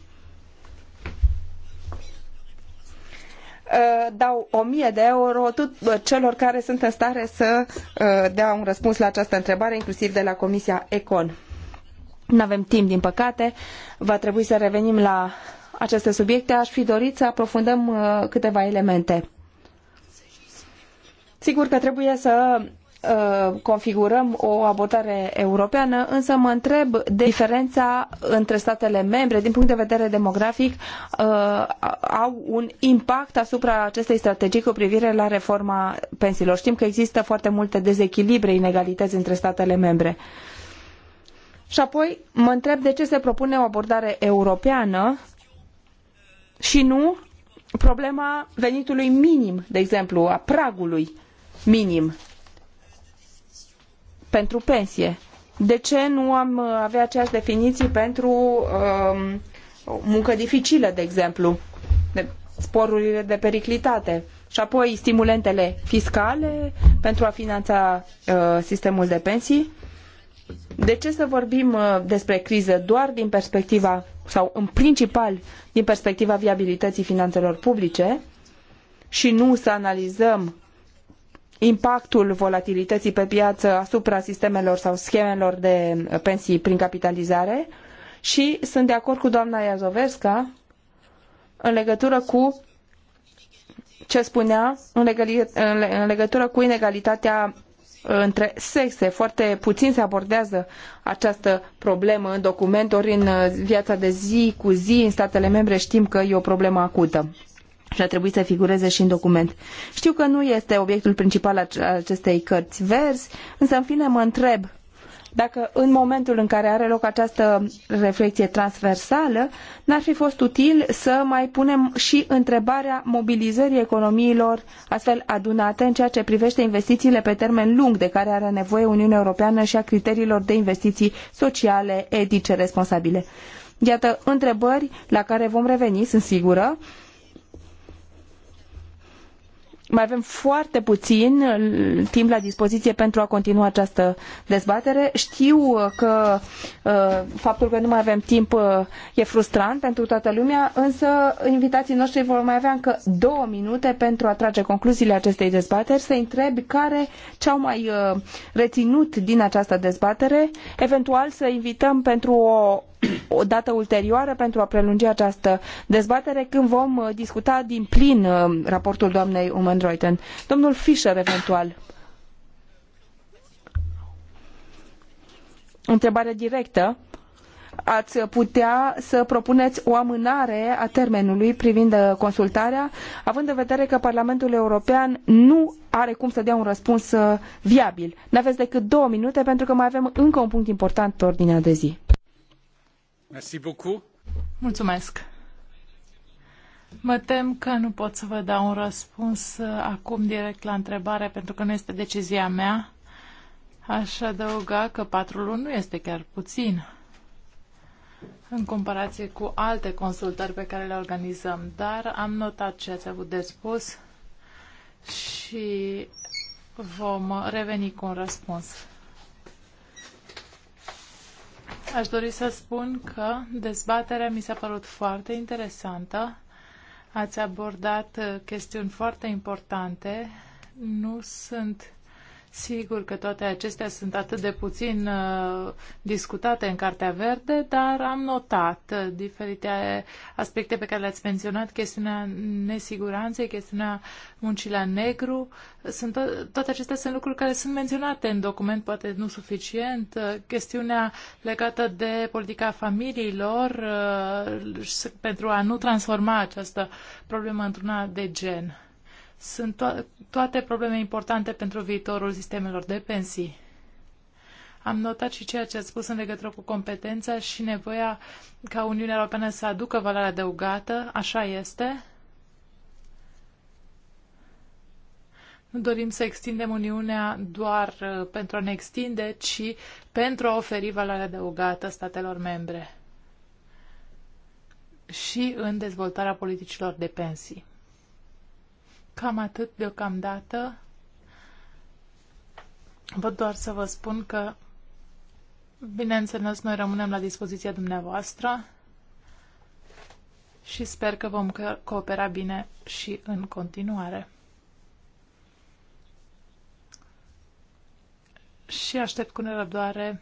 Uh, dau o mie de euro uh, celor care sunt în stare să uh, dea un răspuns la această întrebare, inclusiv de la Comisia Econ. Nu avem timp, din păcate. Va trebui să revenim la aceste subiecte. Aș fi dorit să aprofundăm câteva elemente. Sigur că trebuie să Uh, configurăm o abordare europeană, însă mă întreb de diferența între statele membre din punct de vedere demografic uh, au un impact asupra acestei strategii cu privire la reforma pensiilor. Știm că există foarte multe dezechilibre, inegalități între statele membre. Și apoi mă întreb de ce se propune o abordare europeană și nu problema venitului minim, de exemplu, a pragului minim pentru pensie. De ce nu am uh, avea aceeași definiție pentru um, muncă dificilă, de exemplu, de sporurile de periclitate și apoi stimulentele fiscale pentru a finanța uh, sistemul de pensii? De ce să vorbim uh, despre criză doar din perspectiva sau în principal din perspectiva viabilității finanțelor publice și nu să analizăm impactul volatilității pe piață asupra sistemelor sau schemelor de pensii prin capitalizare și sunt de acord cu doamna Iazovesca în legătură cu ce spunea în, legătură cu inegalitatea între sexe. Foarte puțin se abordează această problemă în document, ori în viața de zi cu zi în statele membre știm că e o problemă acută și a trebuit să figureze și în document. Știu că nu este obiectul principal al acestei cărți verzi, însă în fine mă întreb dacă în momentul în care are loc această reflexie transversală, n-ar fi fost util să mai punem și întrebarea mobilizării economiilor astfel adunate în ceea ce privește investițiile pe termen lung de care are nevoie Uniunea Europeană și a criteriilor de investiții sociale, etice, responsabile. Iată întrebări la care vom reveni, sunt sigură, mai avem foarte puțin uh, timp la dispoziție pentru a continua această dezbatere. Știu uh, că uh, faptul că nu mai avem timp e frustrant pentru toată lumea, însă invitații noștri vor mai avea încă două minute pentru a trage concluziile acestei dezbateri, să întrebi care ce-au mai reținut din această dezbatere, eventual să invităm pentru o o dată ulterioară pentru a prelungi această dezbatere când vom uh, discuta din plin uh, raportul doamnei Omenreuten. Domnul Fischer, eventual. Întrebare directă ați putea să propuneți o amânare a termenului privind uh, consultarea, având în vedere că Parlamentul European nu are cum să dea un răspuns viabil. Ne aveți decât două minute pentru că mai avem încă un punct important pe ordinea de zi. Mulțumesc. Mă tem că nu pot să vă dau un răspuns uh, acum direct la întrebare, pentru că nu este decizia mea. Aș adăuga că patru luni nu este chiar puțin în comparație cu alte consultări pe care le organizăm, dar am notat ce ați avut de spus și vom reveni cu un răspuns. Aș dori să spun că dezbaterea mi s-a părut foarte interesantă. Ați abordat uh, chestiuni foarte importante. Nu sunt Sigur că toate acestea sunt atât de puțin uh, discutate în Cartea Verde, dar am notat uh, diferite aspecte pe care le-ați menționat, chestiunea nesiguranței, chestiunea muncii la negru. Sunt to- toate acestea sunt lucruri care sunt menționate în document, poate nu suficient. Uh, chestiunea legată de politica familiilor uh, pentru a nu transforma această problemă într-una de gen sunt to- toate probleme importante pentru viitorul sistemelor de pensii. Am notat și ceea ce ați spus în legătură cu competența și nevoia ca Uniunea Europeană să aducă valoarea adăugată. Așa este. Nu dorim să extindem Uniunea doar uh, pentru a ne extinde, ci pentru a oferi valoare adăugată statelor membre și în dezvoltarea politicilor de pensii. Cam atât deocamdată. Văd doar să vă spun că, bineînțeles, noi rămânem la dispoziția dumneavoastră și sper că vom coopera bine și în continuare. Și aștept cu nerăbdoare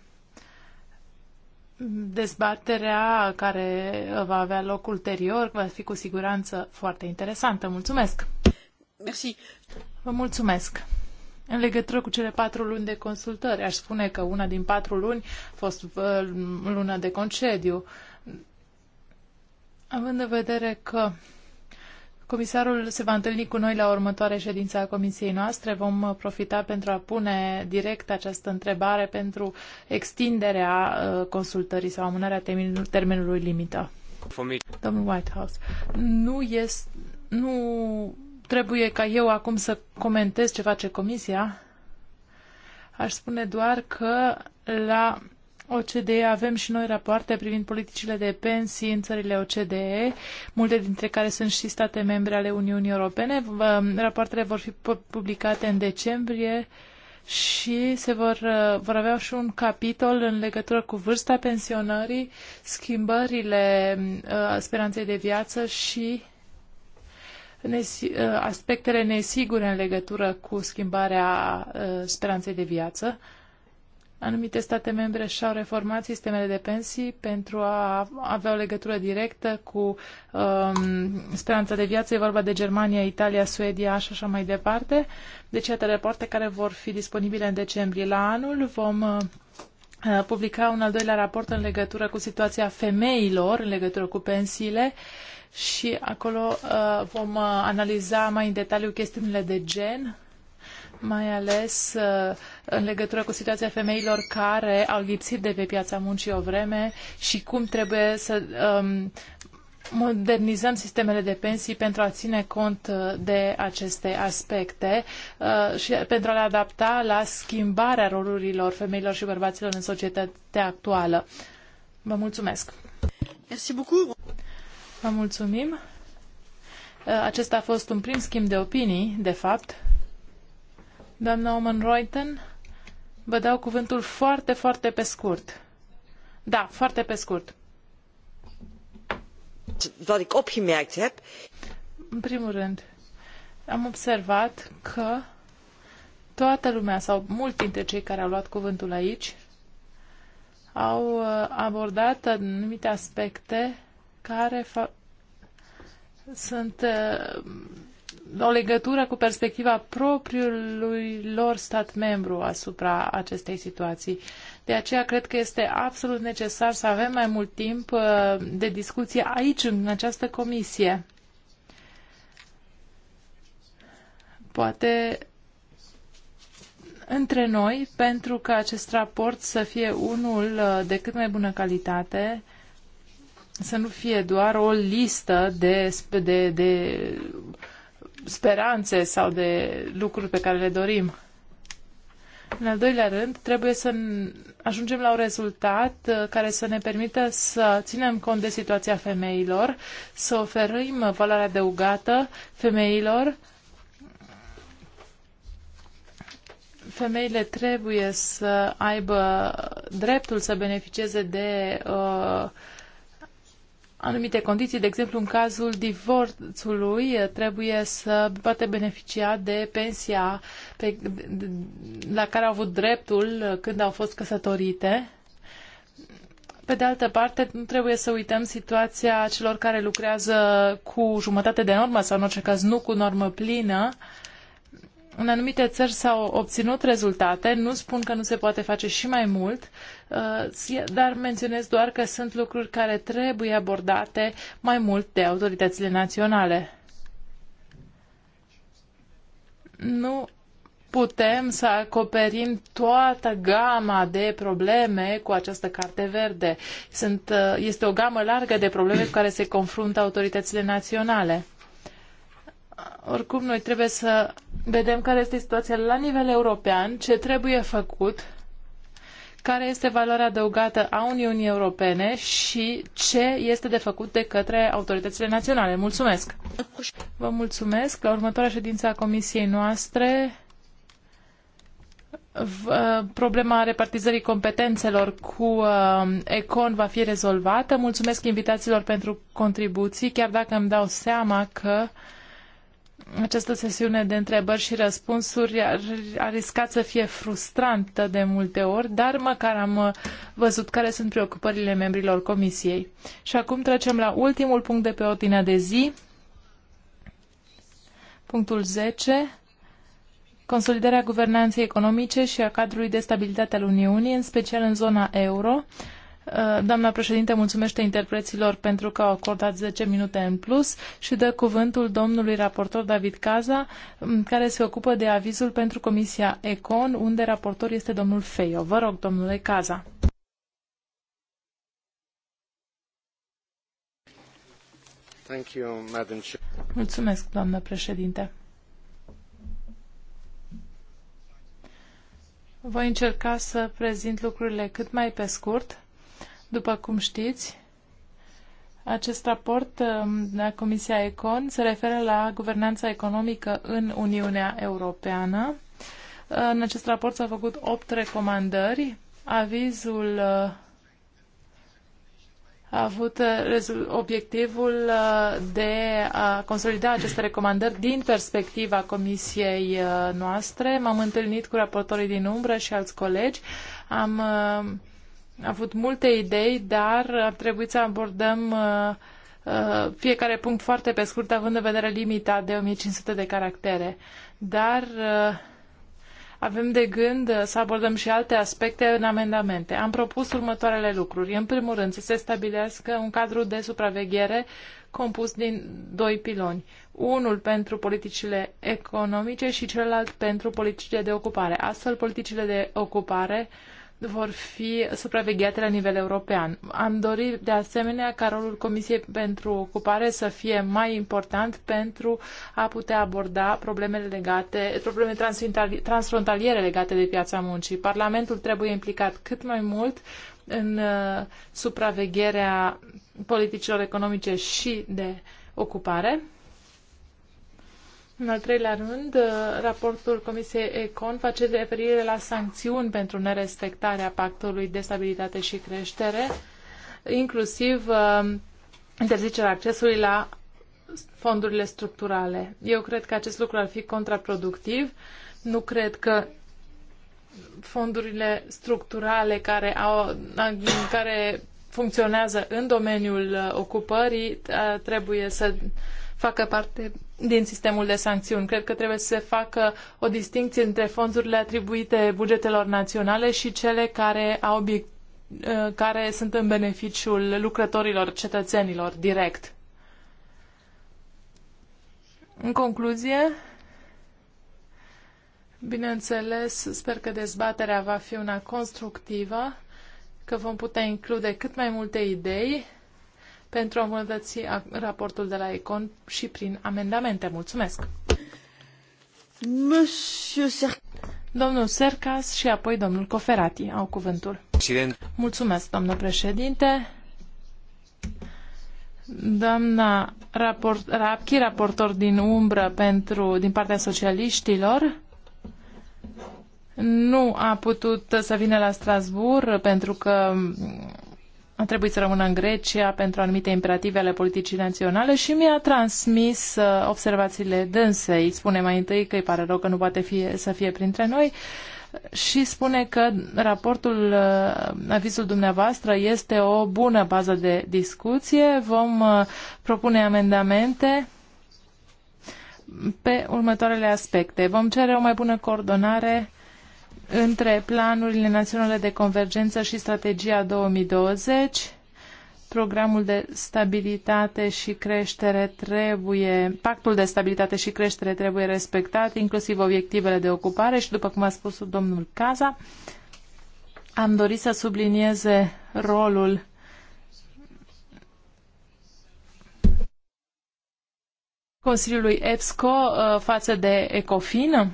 dezbaterea care va avea loc ulterior, va fi cu siguranță foarte interesantă. Mulțumesc! Vă mulțumesc. În legătură cu cele patru luni de consultări, aș spune că una din patru luni a fost luna de concediu. Având în vedere că comisarul se va întâlni cu noi la următoarea ședință a comisiei noastre, vom profita pentru a pune direct această întrebare pentru extinderea uh, consultării sau amânarea termenului limită. Domnul Whitehouse, nu, este, nu trebuie ca eu acum să comentez ce face Comisia. Aș spune doar că la OCDE avem și noi rapoarte privind politicile de pensii în țările OCDE, multe dintre care sunt și state membre ale Uniunii Europene. Um, rapoartele vor fi publicate în decembrie și se vor, uh, vor avea și un capitol în legătură cu vârsta pensionării, schimbările uh, speranței de viață și Uh, aspectele nesigure în legătură cu schimbarea uh, speranței de viață. Anumite state membre și-au reformat sistemele de pensii pentru a avea o legătură directă cu um, speranța de viață. E vorba de Germania, Italia, Suedia și așa mai departe. Deci, iată rapoarte care vor fi disponibile în decembrie la anul. Vom uh, publica un al doilea raport în legătură cu situația femeilor, în legătură cu pensiile. Uh, și acolo uh, vom uh, analiza mai în detaliu chestiunile de gen, mai ales uh, în legătură cu situația femeilor care au lipsit de pe piața muncii o vreme și cum trebuie să um, modernizăm sistemele de pensii pentru a ține cont uh, de aceste aspecte uh, și pentru a le adapta la schimbarea rolurilor femeilor și bărbaților în societatea actuală. Vă mulțumesc! Merci beaucoup. Vă mulțumim. Acesta a fost un prim schimb de opinii, de fapt. Doamna Oman Reuten, vă dau cuvântul foarte, foarte pe scurt. Da, foarte pe scurt. Wat ik opgemerkt heb. În primul rând, am observat că toată lumea sau mulți dintre cei care au luat cuvântul aici au uh, abordat anumite aspecte care sunt o uh, legătură cu perspectiva propriului lor stat membru asupra acestei situații. De aceea cred că este absolut necesar să avem mai mult timp uh, de discuție aici, în această comisie. Poate între noi, pentru ca acest raport să fie unul uh, de cât mai bună calitate, să nu fie doar o listă de, de, de speranțe sau de lucruri pe care le dorim. În al doilea rând, trebuie să ajungem la un rezultat uh, care să ne permită să ținem cont de situația femeilor, să oferim valoare adăugată femeilor. Femeile trebuie să aibă dreptul să beneficieze de uh, anumite condiții, de exemplu în cazul divorțului eh, trebuie să poate beneficia de pensia pe, la care au avut dreptul eh, când au fost căsătorite. Pe de altă parte, nu trebuie să uităm situația celor care lucrează cu jumătate de normă sau în orice caz nu cu normă plină. În anumite țări s-au obținut rezultate, nu spun că nu se poate face și mai mult, Uh, dar menționez doar că sunt lucruri care trebuie abordate mai mult de autoritățile naționale. Nu putem să acoperim toată gama de probleme cu această carte verde. Sunt, uh, este o gamă largă de probleme cu care se confruntă autoritățile naționale. Oricum, noi trebuie să vedem care este situația la nivel european, ce trebuie făcut care este valoarea adăugată a Uniunii Europene și ce este de făcut de către autoritățile naționale. Mulțumesc! Vă mulțumesc! La următoarea ședință a comisiei noastre problema repartizării competențelor cu uh, Econ va fi rezolvată. Mulțumesc invitațiilor pentru contribuții, chiar dacă îmi dau seama că această sesiune de întrebări și răspunsuri ar, ar riscat să fie frustrantă de multe ori, dar măcar am uh, văzut care sunt preocupările membrilor comisiei. Și acum trecem la ultimul punct de pe ordinea de zi, punctul 10, consolidarea guvernanței economice și a cadrului de stabilitate al Uniunii, în special în zona euro, Uh, doamna președinte mulțumește interpreților pentru că au acordat 10 minute în plus și dă cuvântul domnului raportor David Caza, um, care se ocupă de avizul pentru Comisia Econ, unde raportor este domnul Feio. Vă rog, domnule Caza. Thank you, Madam Mulțumesc, doamnă președinte. Voi încerca să prezint lucrurile cât mai pe scurt după cum știți, acest raport um, la Comisia Econ se referă la guvernanța economică în Uniunea Europeană. În acest raport s-au făcut opt recomandări. Avizul uh, a avut uh, obiectivul uh, de a consolida aceste recomandări din perspectiva comisiei noastre. M-am întâlnit cu raportorii din umbră și alți colegi. Am a avut multe idei, dar a trebuit să abordăm uh, uh, fiecare punct foarte pe scurt, având în vedere limita de 1500 de caractere. Dar uh, avem de gând uh, să abordăm și alte aspecte în amendamente. Am propus următoarele lucruri. În primul rând, să se stabilească un cadru de supraveghere compus din doi piloni. Unul pentru politicile economice și celălalt pentru politicile de ocupare. Astfel, politicile de ocupare uh, vor fi supravegheate la nivel european. Am dorit de asemenea ca rolul Comisiei pentru Ocupare să fie mai important pentru a putea aborda problemele legate, probleme transfrontaliere legate de piața muncii. Parlamentul trebuie implicat cât mai mult în uh, supravegherea politicilor economice și de ocupare. În al treilea rând, uh, raportul Comisiei Econ face referire la sancțiuni pentru nerespectarea pactului de stabilitate și creștere, inclusiv uh, interzicerea accesului la fondurile structurale. Eu cred că acest lucru ar fi contraproductiv. Nu cred că fondurile structurale care, au, care funcționează în domeniul uh, ocupării trebuie să facă parte din sistemul de sancțiuni. Cred că trebuie să se facă o distinție între fondurile atribuite bugetelor naționale și cele care au obiect uh, care sunt în beneficiul lucrătorilor, cetățenilor, direct. În concluzie, bineînțeles, sper că dezbaterea va fi una constructivă, că vom putea include cât mai multe idei pentru a îmbunătăți raportul de la Econ și prin amendamente. Mulțumesc! Monsieur... Domnul Sercas și apoi domnul Coferati au cuvântul. Mulțumesc, domnul președinte. Doamna raport, Rapchi, raportor din umbră pentru, din partea socialiștilor, nu a putut să vină la Strasbourg pentru că a trebuit să rămână în Grecia pentru anumite imperative ale politicii naționale și mi-a transmis uh, observațiile dânsei. Spune mai întâi că îi pare rău că nu poate fi, să fie printre noi și spune că raportul, uh, avizul dumneavoastră este o bună bază de discuție. Vom uh, propune amendamente pe următoarele aspecte. Vom cere o mai bună coordonare între planurile naționale de convergență și strategia 2020. Programul de stabilitate și creștere trebuie, pactul de stabilitate și creștere trebuie respectat, inclusiv obiectivele de ocupare și, după cum a spus domnul Caza, am dorit să sublinieze rolul Consiliului EPSCO uh, față de ECOFIN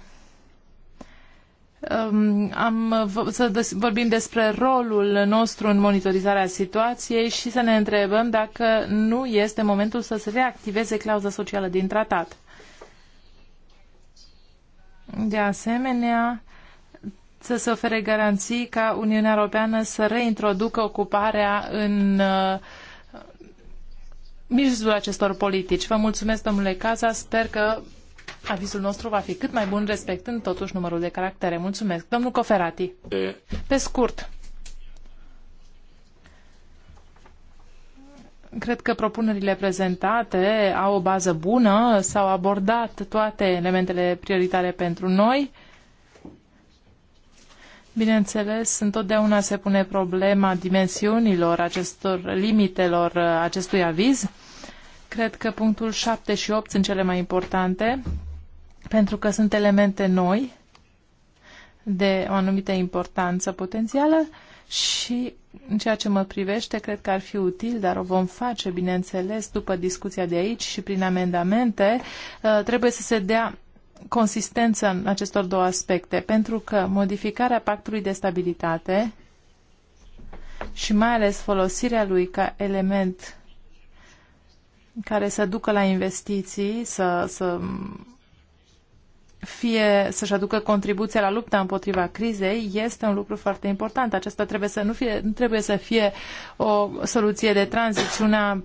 am, să vorbim despre rolul nostru în monitorizarea situației și să ne întrebăm dacă nu este momentul să se reactiveze clauza socială din tratat. De asemenea, să se ofere garanții ca Uniunea Europeană să reintroducă ocuparea în uh, mijlocul acestor politici. Vă mulțumesc, domnule Caza, sper că avizul nostru va fi cât mai bun, respectând totuși numărul de caractere. Mulțumesc. Domnul Coferati, pe scurt, cred că propunerile prezentate au o bază bună, s-au abordat toate elementele prioritare pentru noi. Bineînțeles, întotdeauna se pune problema dimensiunilor acestor limitelor acestui aviz. Cred că punctul 7 și 8 sunt cele mai importante pentru că sunt elemente noi de o anumită importanță potențială și în ceea ce mă privește, cred că ar fi util, dar o vom face, bineînțeles, după discuția de aici și prin amendamente, uh, trebuie să se dea consistență în acestor două aspecte, pentru că modificarea pactului de stabilitate și mai ales folosirea lui ca element care să ducă la investiții, să, să fie să-și aducă contribuția la lupta împotriva crizei este un lucru foarte important. Aceasta trebuie să nu, fie, nu trebuie să fie o soluție de tranziție,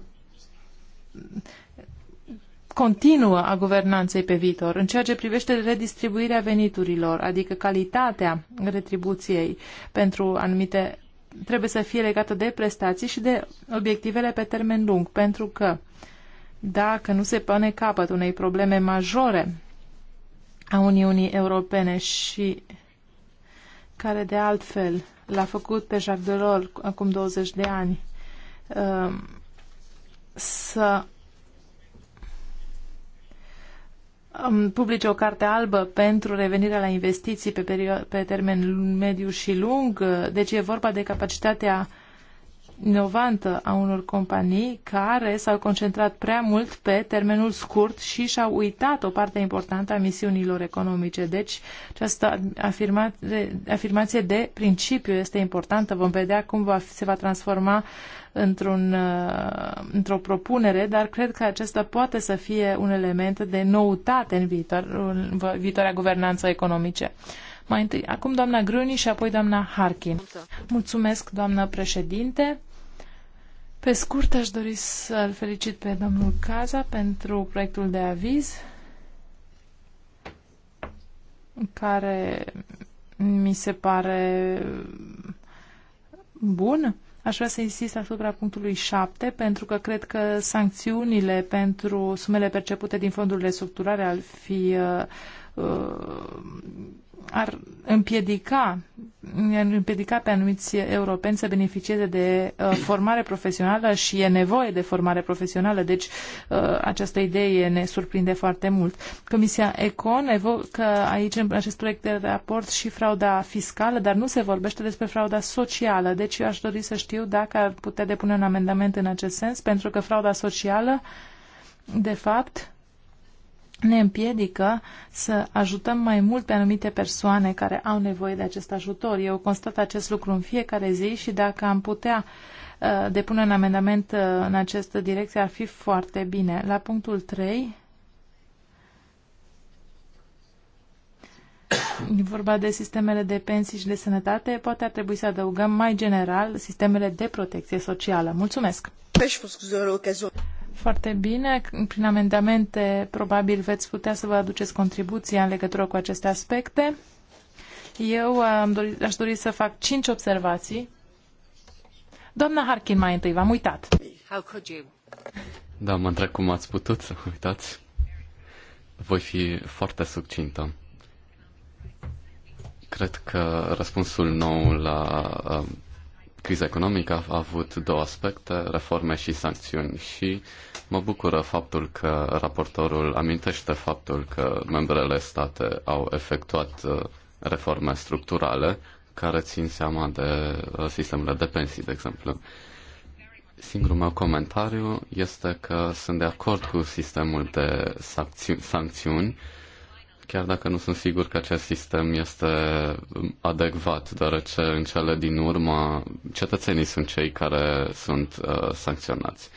continuă a guvernanței pe viitor. În ceea ce privește redistribuirea veniturilor, adică calitatea retribuției pentru anumite trebuie să fie legată de prestații și de obiectivele pe termen lung, pentru că dacă nu se pune capăt unei probleme majore a Uniunii Europene și care de altfel l-a făcut pe Jacques Delors acum 20 de ani um, să um, publice o carte albă pentru revenirea la investiții pe, perio- pe termen mediu și lung. Deci e vorba de capacitatea inovantă a unor companii care s-au concentrat prea mult pe termenul scurt și și-au uitat o parte importantă a misiunilor economice. Deci, această afirma, afirmație de principiu este importantă. Vom vedea cum va, se va transforma într-un, uh, într-o propunere, dar cred că acesta poate să fie un element de noutate în, viitor, în viitoarea guvernanță economice. Mai întâi, acum doamna Gruni și apoi doamna Harkin. Mulțumesc, doamnă președinte. Pe scurt, aș dori să-l felicit pe domnul Caza pentru proiectul de aviz care mi se pare bun. Aș vrea să insist asupra punctului 7, pentru că cred că sancțiunile pentru sumele percepute din fondurile structurale ar fi uh, uh ar împiedica, ar împiedica pe anumiți europeni să beneficieze de uh, formare profesională și e nevoie de formare profesională, deci uh, această idee ne surprinde foarte mult. Comisia Econ evocă aici în acest proiect de raport și frauda fiscală, dar nu se vorbește despre frauda socială, deci eu aș dori să știu dacă ar putea depune un amendament în acest sens, pentru că frauda socială, de fapt, ne împiedică să ajutăm mai mult pe anumite persoane care au nevoie de acest ajutor. Eu constat acest lucru în fiecare zi și dacă am putea uh, depune un amendament uh, în această direcție, ar fi foarte bine. La punctul 3, e vorba de sistemele de pensii și de sănătate, poate ar trebui să adăugăm mai general sistemele de protecție socială. Mulțumesc! Păi foarte bine. Prin amendamente probabil veți putea să vă aduceți contribuția în legătură cu aceste aspecte. Eu uh, am dori, aș dori să fac cinci observații. Doamna Harkin, mai întâi, v-am uitat. How could you? Da, mă întreb cum ați putut să uitați. Voi fi foarte succintă. Cred că răspunsul nou la uh, criza economică a avut două aspecte, reforme și sancțiuni și mă bucură faptul că raportorul amintește faptul că membrele state au efectuat uh, reforme structurale care țin seama de uh, sistemele de pensii, de exemplu. Singurul meu comentariu este că sunt de acord cu sistemul de sancțiuni chiar dacă nu sunt sigur că acest sistem este um, adecvat, deoarece în cele din urmă cetățenii sunt cei care sunt uh, sancționați.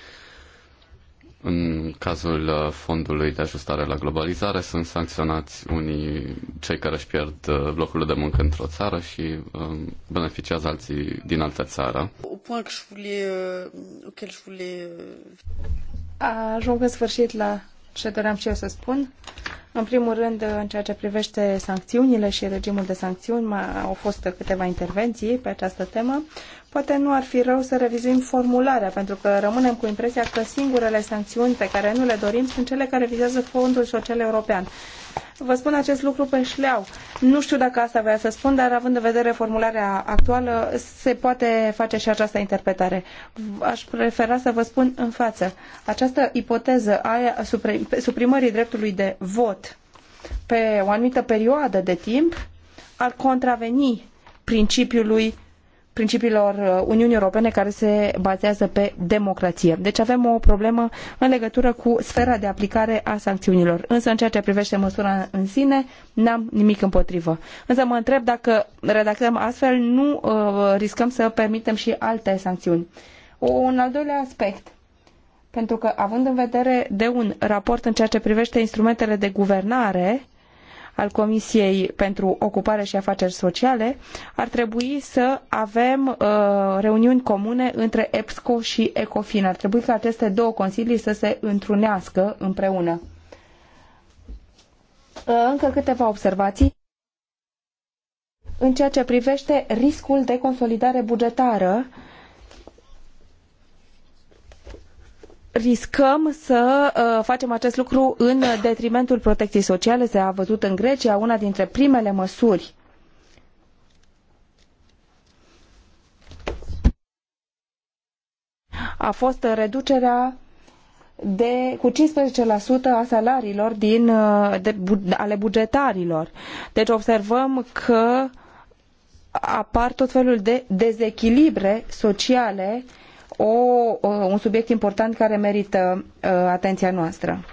În cazul uh, fondului de ajustare la globalizare sunt sancționați unii cei care își pierd uh, locul de muncă într-o țară și um, beneficiază alții din altă țară. Euh, euh, Ajung în sfârșit la ce doream și eu să spun. În primul rând, în ceea ce privește sancțiunile și regimul de sancțiuni, au fost câteva intervenții pe această temă. Poate nu ar fi rău să revizuim formularea, pentru că rămânem cu impresia că singurele sancțiuni pe care nu le dorim sunt cele care vizează Fondul Social European. Vă spun acest lucru pe șleau. Nu știu dacă asta vrea să spun, dar având în vedere formularea actuală, se poate face și această interpretare. Aș prefera să vă spun în față. Această ipoteză a suprimării dreptului de vot pe o anumită perioadă de timp ar contraveni principiului principiilor uh, Uniunii Europene care se bazează pe democrație. Deci avem o problemă în legătură cu sfera de aplicare a sancțiunilor. Însă în ceea ce privește măsura în sine, n-am nimic împotrivă. Însă mă întreb dacă redactăm astfel, nu uh, riscăm să permitem și alte sancțiuni. Un al doilea aspect pentru că având în vedere de un raport în ceea ce privește instrumentele de guvernare, al Comisiei pentru Ocupare și Afaceri Sociale, ar trebui să avem uh, reuniuni comune între EPSCO și ECOFIN. Ar trebui ca aceste două consilii să se întrunească împreună. Uh, încă câteva observații în ceea ce privește riscul de consolidare bugetară uh, riscăm să uh, facem acest lucru în detrimentul protecției sociale. S-a văzut în Grecia una dintre primele măsuri a fost reducerea de cu 15% a salariilor din, uh, de, ale bugetarilor. Deci observăm că apar tot felul de dezechilibre sociale uh, o, un subiect important care merită uh, atenția noastră.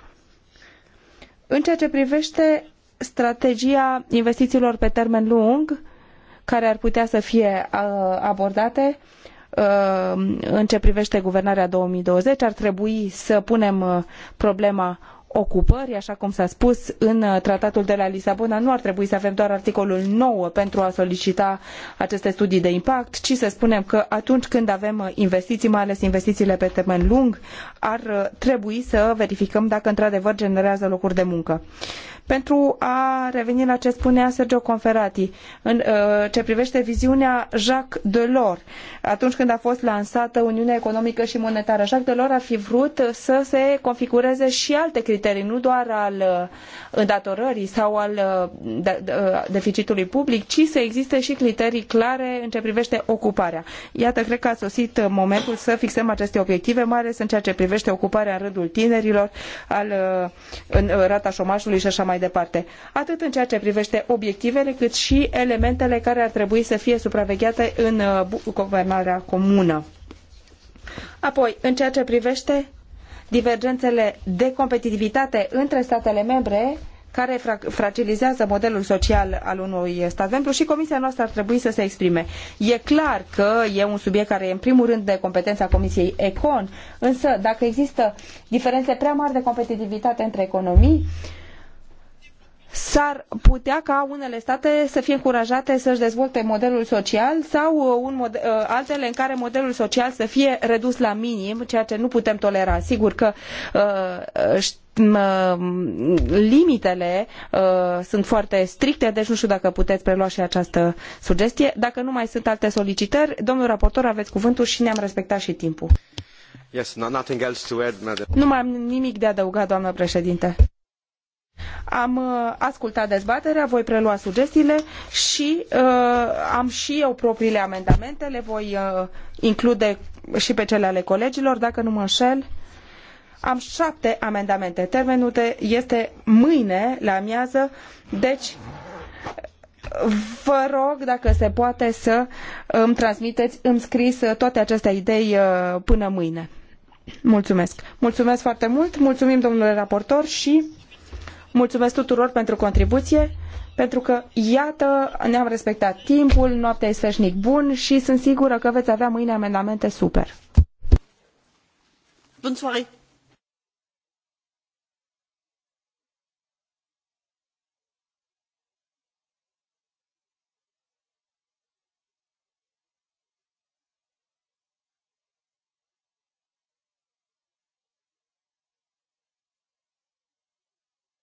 În ceea ce privește strategia investițiilor pe termen lung, care ar putea să fie uh, abordate uh, în ceea ce privește guvernarea 2020, ar trebui să punem problema ocupări, așa cum s-a spus în uh, tratatul de la Lisabona, nu ar trebui să avem doar articolul 9 pentru a solicita aceste studii de impact, ci să spunem că atunci când avem uh, investiții, mai ales investițiile pe termen lung, ar uh, trebui să verificăm dacă într-adevăr generează locuri de muncă pentru a reveni la ce spunea Sergio Conferati în uh, ce privește viziunea Jacques Delors atunci când a fost lansată Uniunea Economică și Monetară. Jacques Delors ar fi vrut să se configureze și alte criterii, nu doar al uh, îndatorării sau al uh, deficitului public, ci să existe și criterii clare în ce privește ocuparea. Iată, cred că a sosit momentul să fixăm aceste obiective, mai ales în ceea ce privește ocuparea în rândul tinerilor, al, în rata șomajului și așa mai mai departe, atât în ceea ce privește obiectivele, cât și elementele care ar trebui să fie supravegheate în uh, guvernarea comună. Apoi, în ceea ce privește divergențele de competitivitate între statele membre, care fragilizează modelul social al unui stat membru și comisia noastră ar trebui să se exprime. E clar că e un subiect care e în primul rând de competența comisiei Econ, însă dacă există diferențe prea mari de competitivitate între economii, uh, s-ar putea ca unele state să fie încurajate să-și dezvolte modelul social sau uh, un model, uh, altele în care modelul social să fie redus la minim, ceea ce nu putem tolera. Sigur că uh, limitele uh, sunt foarte stricte, deci nu știu dacă puteți prelua și această sugestie. Dacă nu mai sunt alte solicitări, domnul raportor, aveți cuvântul și ne-am respectat și timpul. Yes, no, add, nu mai am nimic de adăugat, doamnă președinte. Am uh, ascultat dezbaterea, voi prelua sugestiile și uh, am și eu propriile amendamente, le voi uh, include și pe cele ale colegilor, dacă nu mă înșel. Am șapte amendamente. Termenul este mâine la amiază, deci vă rog dacă se poate să îmi transmiteți în scris uh, toate aceste idei uh, până mâine. Mulțumesc. Mulțumesc foarte mult, mulțumim domnule raportor și Mulțumesc tuturor pentru contribuție, pentru că, iată, ne-am respectat timpul, noaptea e sfeșnic bun și sunt sigură că veți avea mâine amendamente super. Bună